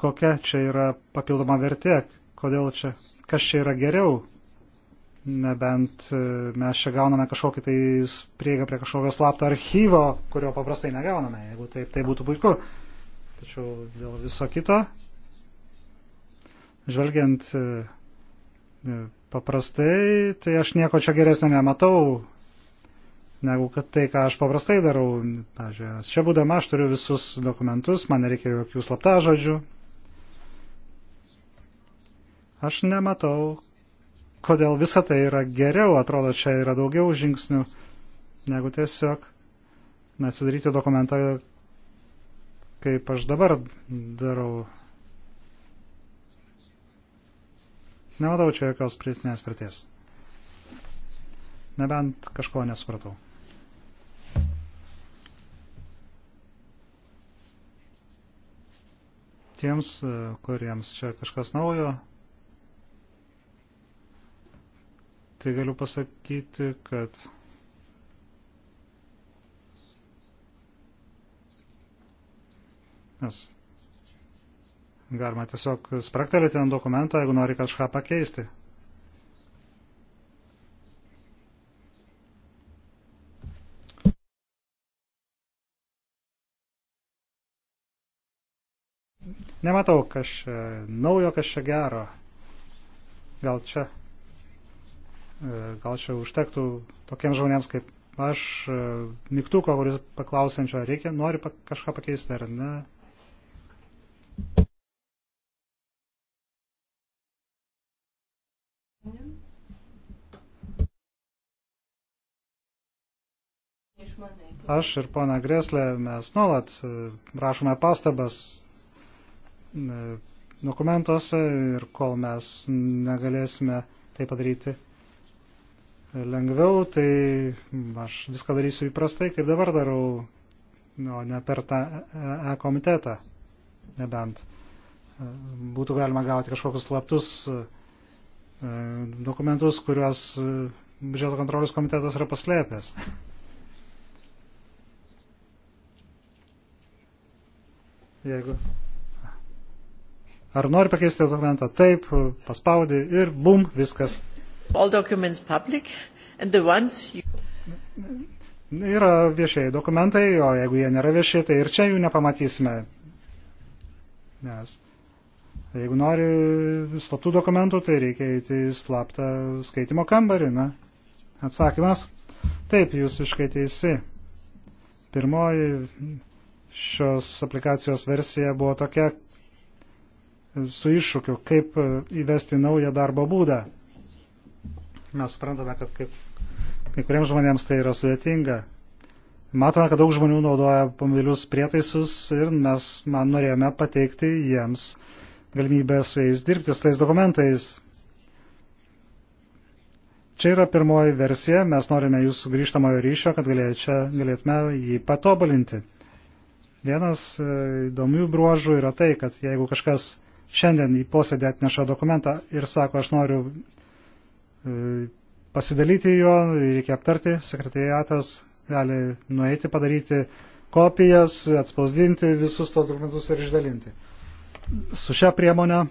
kokia čia yra papildoma vertė, kodėl čia, kas čia yra geriau, nebent e, mes čia gauname kažkokį tai prieigą prie kažkokio slapto archyvo, kurio paprastai negauname, jeigu taip, tai būtų puiku. Tačiau dėl viso kito, žvelgiant e, e, paprastai, tai aš nieko čia geresnio nematau negu kad tai, ką aš paprastai darau. Pavyzdžiui, čia būdama aš turiu visus dokumentus, man nereikia jokių slaptažodžių. Aš nematau, kodėl visa tai yra geriau, atrodo, čia yra daugiau žingsnių, negu tiesiog atsidaryti dokumentą, kaip aš dabar darau. Nematau čia jokios pritinės vertės. Nebent kažko nesupratau. tiems, e, kuriems čia kažkas naujo. Tai galiu pasakyti, kad mes galima tiesiog spraktelėti ant dokumentą, jeigu nori kažką pakeisti. Nematau, kas čia naujo, kas čia gero. Gal čia, e, gal čia užtektų tokiems žmonėms kaip aš e, mygtuko, kuris paklausančio, reikia, nori pa, kažką pakeisti ar ne. Aš ir pana Greslė mes nuolat e, rašome pastabas dokumentuose ir kol mes negalėsime tai padaryti lengviau, tai aš viską darysiu įprastai, kaip dabar darau, o ne per tą E komitetą, nebent būtų galima gauti kažkokius slaptus e, dokumentus, kuriuos e, biudžeto kontrolės komitetas yra paslėpęs. Jeigu Ar nori pakeisti dokumentą? Taip, paspaudi ir bum, viskas. All documents public and the ones you... Yra viešieji dokumentai, o jeigu jie nėra viešieji, tai ir čia jų nepamatysime. Nes jeigu nori slaptų dokumentų, tai reikia eiti į slaptą skaitimo kambarį. Na, atsakymas. Taip, jūs visiškai teisi. Pirmoji šios aplikacijos versija buvo tokia, su iššūkiu, kaip e, įvesti naują darbo būdą. Mes suprantame, kad kaip, kai kuriems žmonėms tai yra sudėtinga. Matome, kad daug žmonių naudoja mobilius prietaisus ir mes man norėjome pateikti jiems galimybę su jais dirbti, su tais dokumentais. Čia yra pirmoji versija, mes norime jūsų grįžtamojo ryšio, kad galėtume jį patobulinti. Vienas e, įdomių bruožų yra tai, kad jeigu kažkas šiandien į posėdį atneša dokumentą ir sako, aš noriu e, pasidalyti jo, reikia aptarti, sekretariatas gali nueiti, padaryti kopijas, atspausdinti visus tos dokumentus ir išdalinti. Su šia priemonė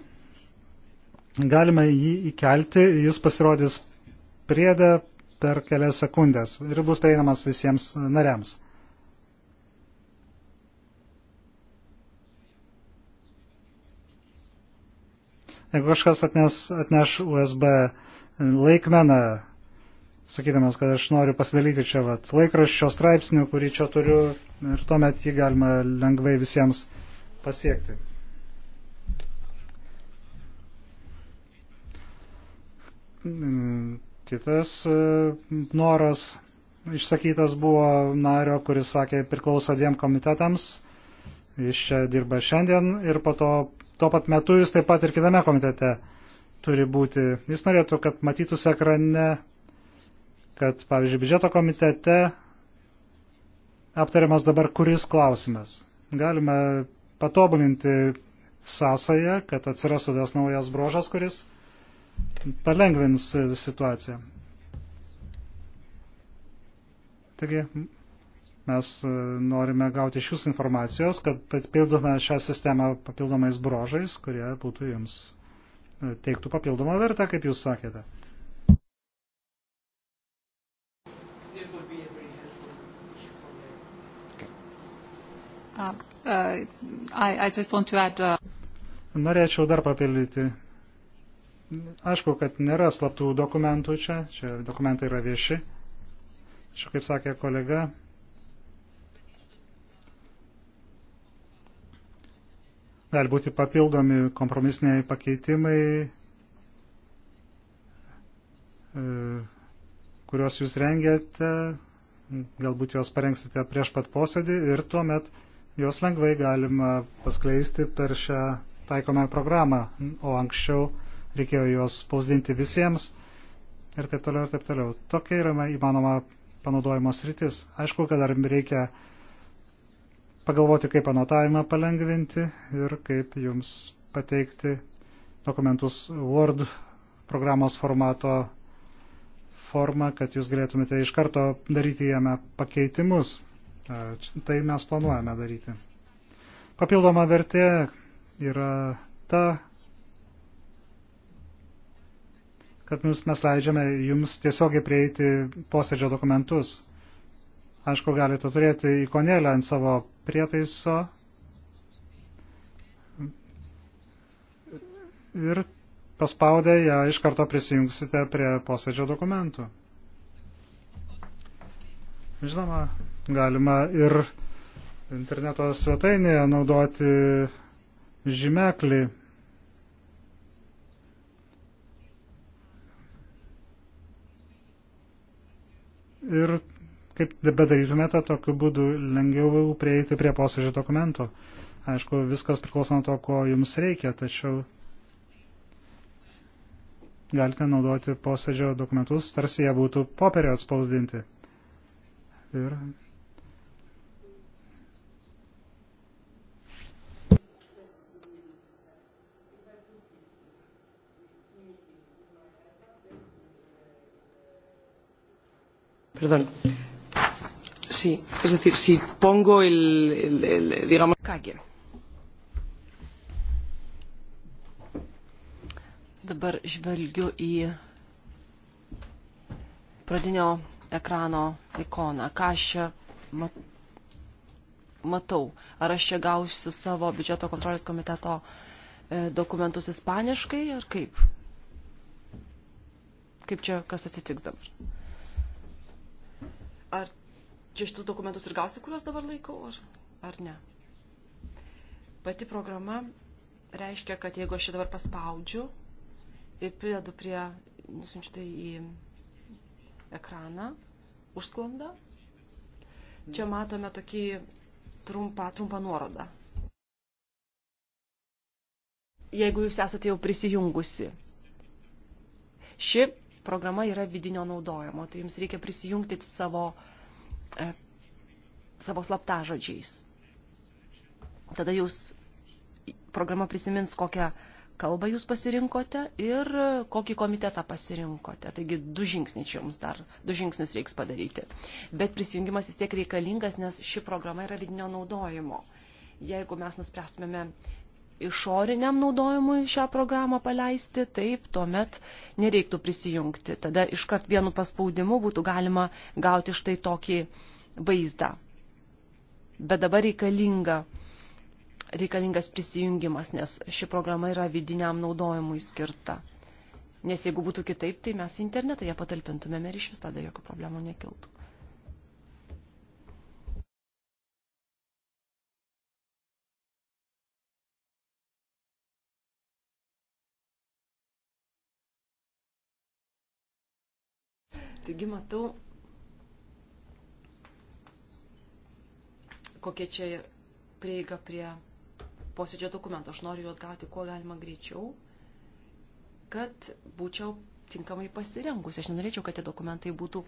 galima jį įkelti, jis pasirodys priedę per kelias sekundės ir bus prieinamas visiems nariams. Jeigu kažkas atnes, atneš USB laikmeną, sakydamas, kad aš noriu pasidalyti čia vat, laikraščio straipsnių, kurį čia turiu ir tuomet jį galima lengvai visiems pasiekti. Kitas e, noras išsakytas buvo nario, kuris sakė priklauso dviem komitetams. Jis čia dirba šiandien ir po to tuo pat metu jis taip pat ir kitame komitete turi būti. Jis norėtų, kad matytųsi ekrane, kad, pavyzdžiui, biudžeto komitete aptariamas dabar kuris klausimas. Galime patobulinti sąsąją, kad atsirastų tas naujas brožas, kuris palengvins situaciją. Taigi, Mes e, norime gauti iš jūsų informacijos, kad papildome šią sistemą papildomais brožais, kurie būtų jums e, teiktų papildomą vertę, kaip jūs sakėte. Uh, uh, I, I just want to add, uh... Norėčiau dar papildyti. Aišku, kad nėra slaptų dokumentų čia, čia dokumentai yra vieši. Čia, kaip sakė kolega, gali būti papildomi kompromisiniai pakeitimai, e, kuriuos jūs rengiate, galbūt juos parengsite prieš pat posėdį ir tuomet juos lengvai galima paskleisti per šią taikomą programą, o anksčiau reikėjo juos spausdinti visiems ir taip toliau ir taip toliau. Tokia yra įmanoma panaudojimo sritis. Aišku, kad dar reikia pagalvoti, kaip anotavimą palengvinti ir kaip jums pateikti dokumentus Word programos formato formą, kad jūs galėtumėte iš karto daryti jame pakeitimus. Tai mes planuojame daryti. Papildoma vertė yra ta, kad mes leidžiame jums tiesiogiai prieiti posėdžio dokumentus Aišku, galite turėti ikonėlę ant savo prietaiso. Ir paspaudę ją iš karto prisijungsite prie posėdžio dokumentų. Žinoma, galima ir interneto svetainėje naudoti žymeklį. Ir kaip bedarytumėte, tokiu būdu lengviau prieiti prie posėdžio dokumento. Aišku, viskas priklauso nuo to, ko jums reikia, tačiau galite naudoti posėdžio dokumentus, tarsi jie būtų popierio atspausdinti. Ir Perdón. Sí, es decir, si pongo el, el, el digamos. Kągi. Dabar žvelgiu į pradinio ekrano ikoną. Ką aš čia mat, matau? Ar aš čia gausiu savo biudžeto kontrolės komiteto e, dokumentus ispaniškai ar kaip? Kaip čia kas atsitiks dabar? Ar čia šitus dokumentus ir gausi, kuriuos dabar laikau, ar, ar ne? Pati programa reiškia, kad jeigu aš čia dabar paspaudžiu ir pridedu prie, nusinčiu tai į ekraną, užsklandą, čia matome tokį trumpą, trumpą nuorodą. Jeigu jūs esate jau prisijungusi. Ši programa yra vidinio naudojimo, tai jums reikia prisijungti savo uh, e, savo slaptažodžiais. Tada jūs programa prisimins, kokią kalbą jūs pasirinkote ir kokį komitetą pasirinkote. Taigi du žingsnius jums dar, du žingsnius reiks padaryti. Bet prisijungimas vis tiek reikalingas, nes ši programa yra vidinio naudojimo. Jeigu mes nuspręstumėme išoriniam naudojimui šią programą paleisti, taip, tuomet nereiktų prisijungti. Tada iškart vienu paspaudimu būtų galima gauti štai tokį vaizdą. Bet dabar reikalinga, reikalingas prisijungimas, nes ši programa yra vidiniam naudojimui skirta. Nes jeigu būtų kitaip, tai mes internetą ją patalpintumėme ir iš vis tada jokių problemų nekiltų. Taigi matau, kokia čia prieiga prie posėdžio dokumento. Aš noriu juos gauti kuo galima greičiau, kad būčiau tinkamai pasirengus. Aš nenorėčiau, kad tie dokumentai būtų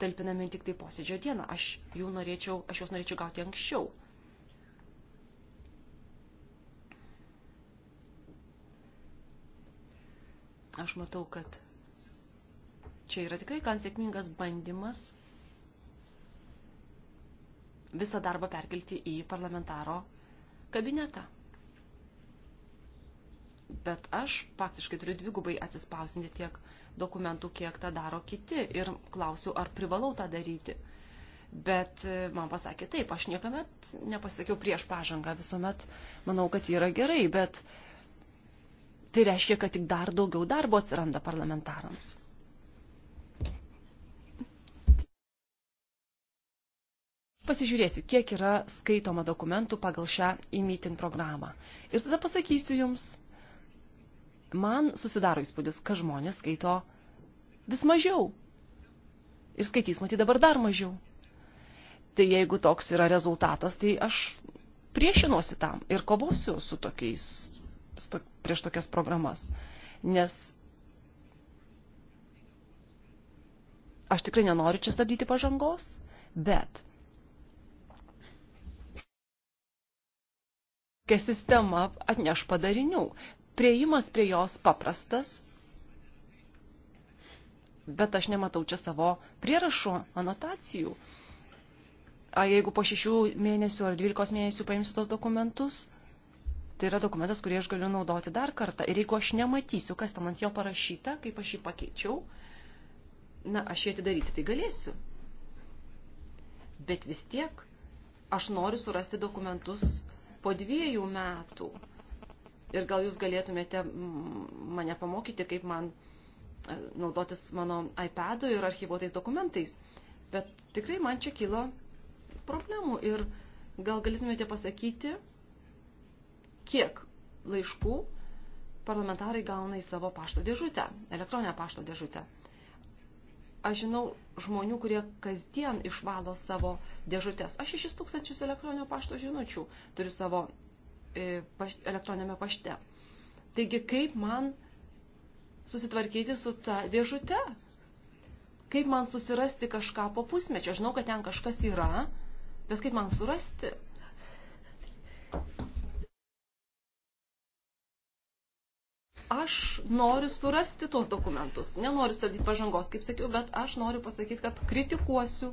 talpinami tik tai posėdžio dieną. Aš, jų norėčiau, aš juos norėčiau gauti anksčiau. Aš matau, kad Čia yra tikrai gan sėkmingas bandymas visą darbą perkelti į parlamentaro kabinetą. Bet aš faktiškai turiu dvigubai atsispausinti tiek dokumentų, kiek tą daro kiti ir klausiu, ar privalau tą daryti. Bet e, man pasakė, taip, aš niekuomet nepasakiau prieš pažangą, visuomet manau, kad yra gerai, bet tai reiškia, kad tik dar daugiau darbo atsiranda parlamentarams. pasižiūrėsiu, kiek yra skaitoma dokumentų pagal šią e-meeting programą. Ir tada pasakysiu jums, man susidaro įspūdis, kad žmonės skaito vis mažiau. Ir skaitys, matyt, dabar dar mažiau. Tai jeigu toks yra rezultatas, tai aš priešinuosi tam ir kovosiu su tokiais, su to, prieš tokias programas. Nes aš tikrai nenoriu čia stabdyti pažangos, bet kokia sistema atneš padarinių. Prieimas prie jos paprastas, bet aš nematau čia savo prierašų, anotacijų. A jeigu po šešių mėnesių ar dvylikos mėnesių paimsiu tos dokumentus, tai yra dokumentas, kurį aš galiu naudoti dar kartą. Ir jeigu aš nematysiu, kas ten ant jo parašyta, kaip aš jį pakeičiau, na, aš jį atidaryti tai galėsiu. Bet vis tiek aš noriu surasti dokumentus po dviejų metų. Ir gal jūs galėtumėte mane pamokyti, kaip man e, naudotis mano iPad'u ir archyvuotais dokumentais. Bet tikrai man čia kilo problemų ir gal galėtumėte pasakyti, kiek laiškų parlamentarai gauna į savo pašto dėžutę, elektroninę pašto dėžutę. Aš žinau žmonių, kurie kasdien išvalo savo dėžutės. Aš 6 tūkstančius elektroninio pašto žinučių turiu savo e, paš, elektroninėme pašte. Taigi, kaip man susitvarkyti su ta dėžute? Kaip man susirasti kažką po pusmečio? Žinau, kad ten kažkas yra, bet kaip man surasti? aš noriu surasti tuos dokumentus. Nenoriu stabdyti pažangos, kaip sakiau, bet aš noriu pasakyti, kad kritikuosiu.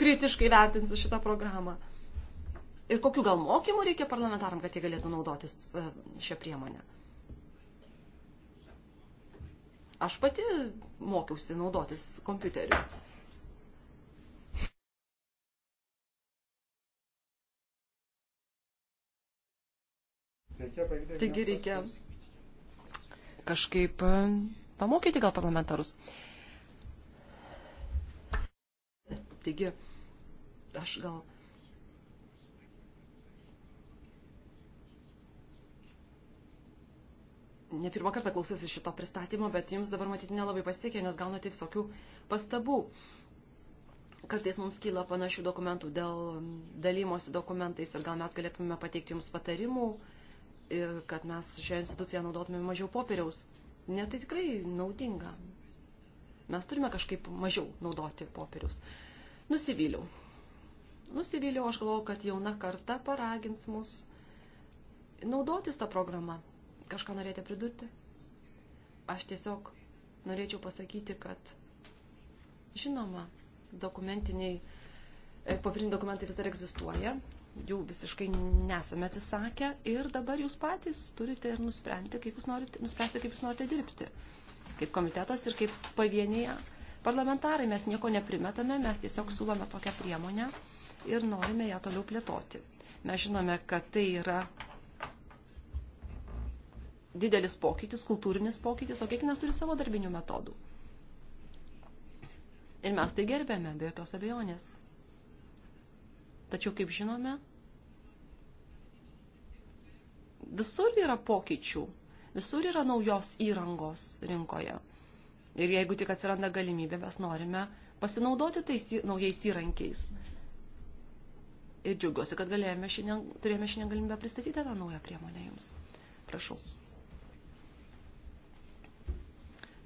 Kritiškai vertinsiu šitą programą. Ir kokiu gal mokymu reikia parlamentaram, kad jie galėtų naudotis e, šią priemonę. Aš pati mokiausi naudotis kompiuteriu. Taigi reikia kažkaip e, pamokyti gal parlamentarus. Taigi, aš gal. Ne pirmą kartą klausiausi šito pristatymo, bet jums dabar matyti nelabai pasiekė, nes gaunate visokių pastabų. Kartais mums kyla panašių dokumentų dėl dalymosi dokumentais ir gal mes galėtume pateikti jums patarimų, uh, kad mes šią instituciją naudotume mažiau popieriaus. Ne, tai tikrai naudinga. Mes turime kažkaip mažiau naudoti popieriaus. Nusivyliau. Nusivyliau, aš galvoju, kad jauna karta paragins mus naudotis tą programą. Kažką norėjote pridurti? Aš tiesiog norėčiau pasakyti, kad žinoma, dokumentiniai, e, pagrindiniai dokumentai vis dar egzistuoja, jų visiškai nesame atsisakę ir dabar jūs patys turite ir nuspręsti, kaip jūs norite, nuspręsti, kaip jūs norite dirbti. Kaip komitetas ir kaip pavienyje parlamentarai mes nieko neprimetame, mes tiesiog siūlome tokią priemonę ir norime ją toliau plėtoti. Mes žinome, kad tai yra didelis pokytis, kultūrinis pokytis, o kiekvienas turi savo darbinių metodų. Ir mes tai gerbėme, be jokios abejonės. Tačiau, kaip žinome, visur yra pokyčių, visur yra naujos įrangos rinkoje. Ir jeigu tik atsiranda galimybė, mes norime pasinaudoti tais naujais įrankiais. Ir džiugiuosi, kad galėjome šiandien, turėjome šiandien galimybę pristatyti tą naują priemonę jums. Prašau.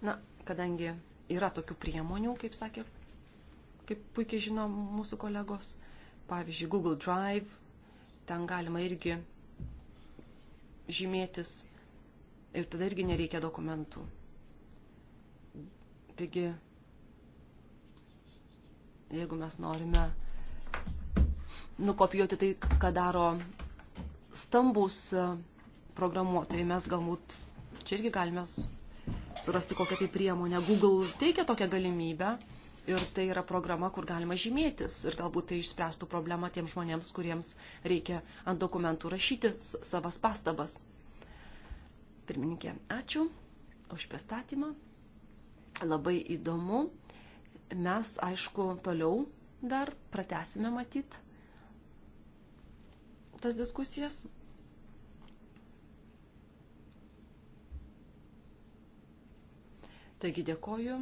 Na, kadangi yra tokių priemonių, kaip sakė, kaip puikiai žino mūsų kolegos, pavyzdžiui, Google Drive, ten galima irgi žymėtis ir tada irgi nereikia dokumentų. Taigi, jeigu mes norime nukopijuoti tai, ką daro stambus e, programuotojai, mes galbūt čia irgi galime surasti kokią tai priemonę. Google teikia tokią galimybę Ir tai yra programa, kur galima žymėtis ir galbūt tai išspręstų problemą tiem žmonėms, kuriems reikia ant dokumentų rašyti savas pastabas. Pirmininkė, ačiū už pristatymą. Labai įdomu. Mes, aišku, toliau dar pratesime matyt tas diskusijas. Taigi dėkoju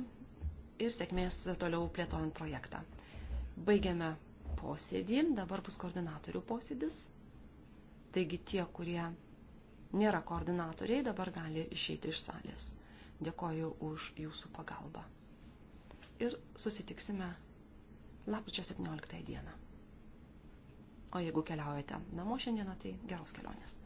ir sėkmės toliau plėtojant projektą. Baigiame posėdį, dabar bus koordinatorių posėdis. Taigi tie, kurie nėra koordinatoriai, dabar gali išeiti iš salės. Dėkoju už jūsų pagalbą. Ir susitiksime lapkričio 17 dieną. O jeigu keliaujate namo šiandieną, tai geros kelionės.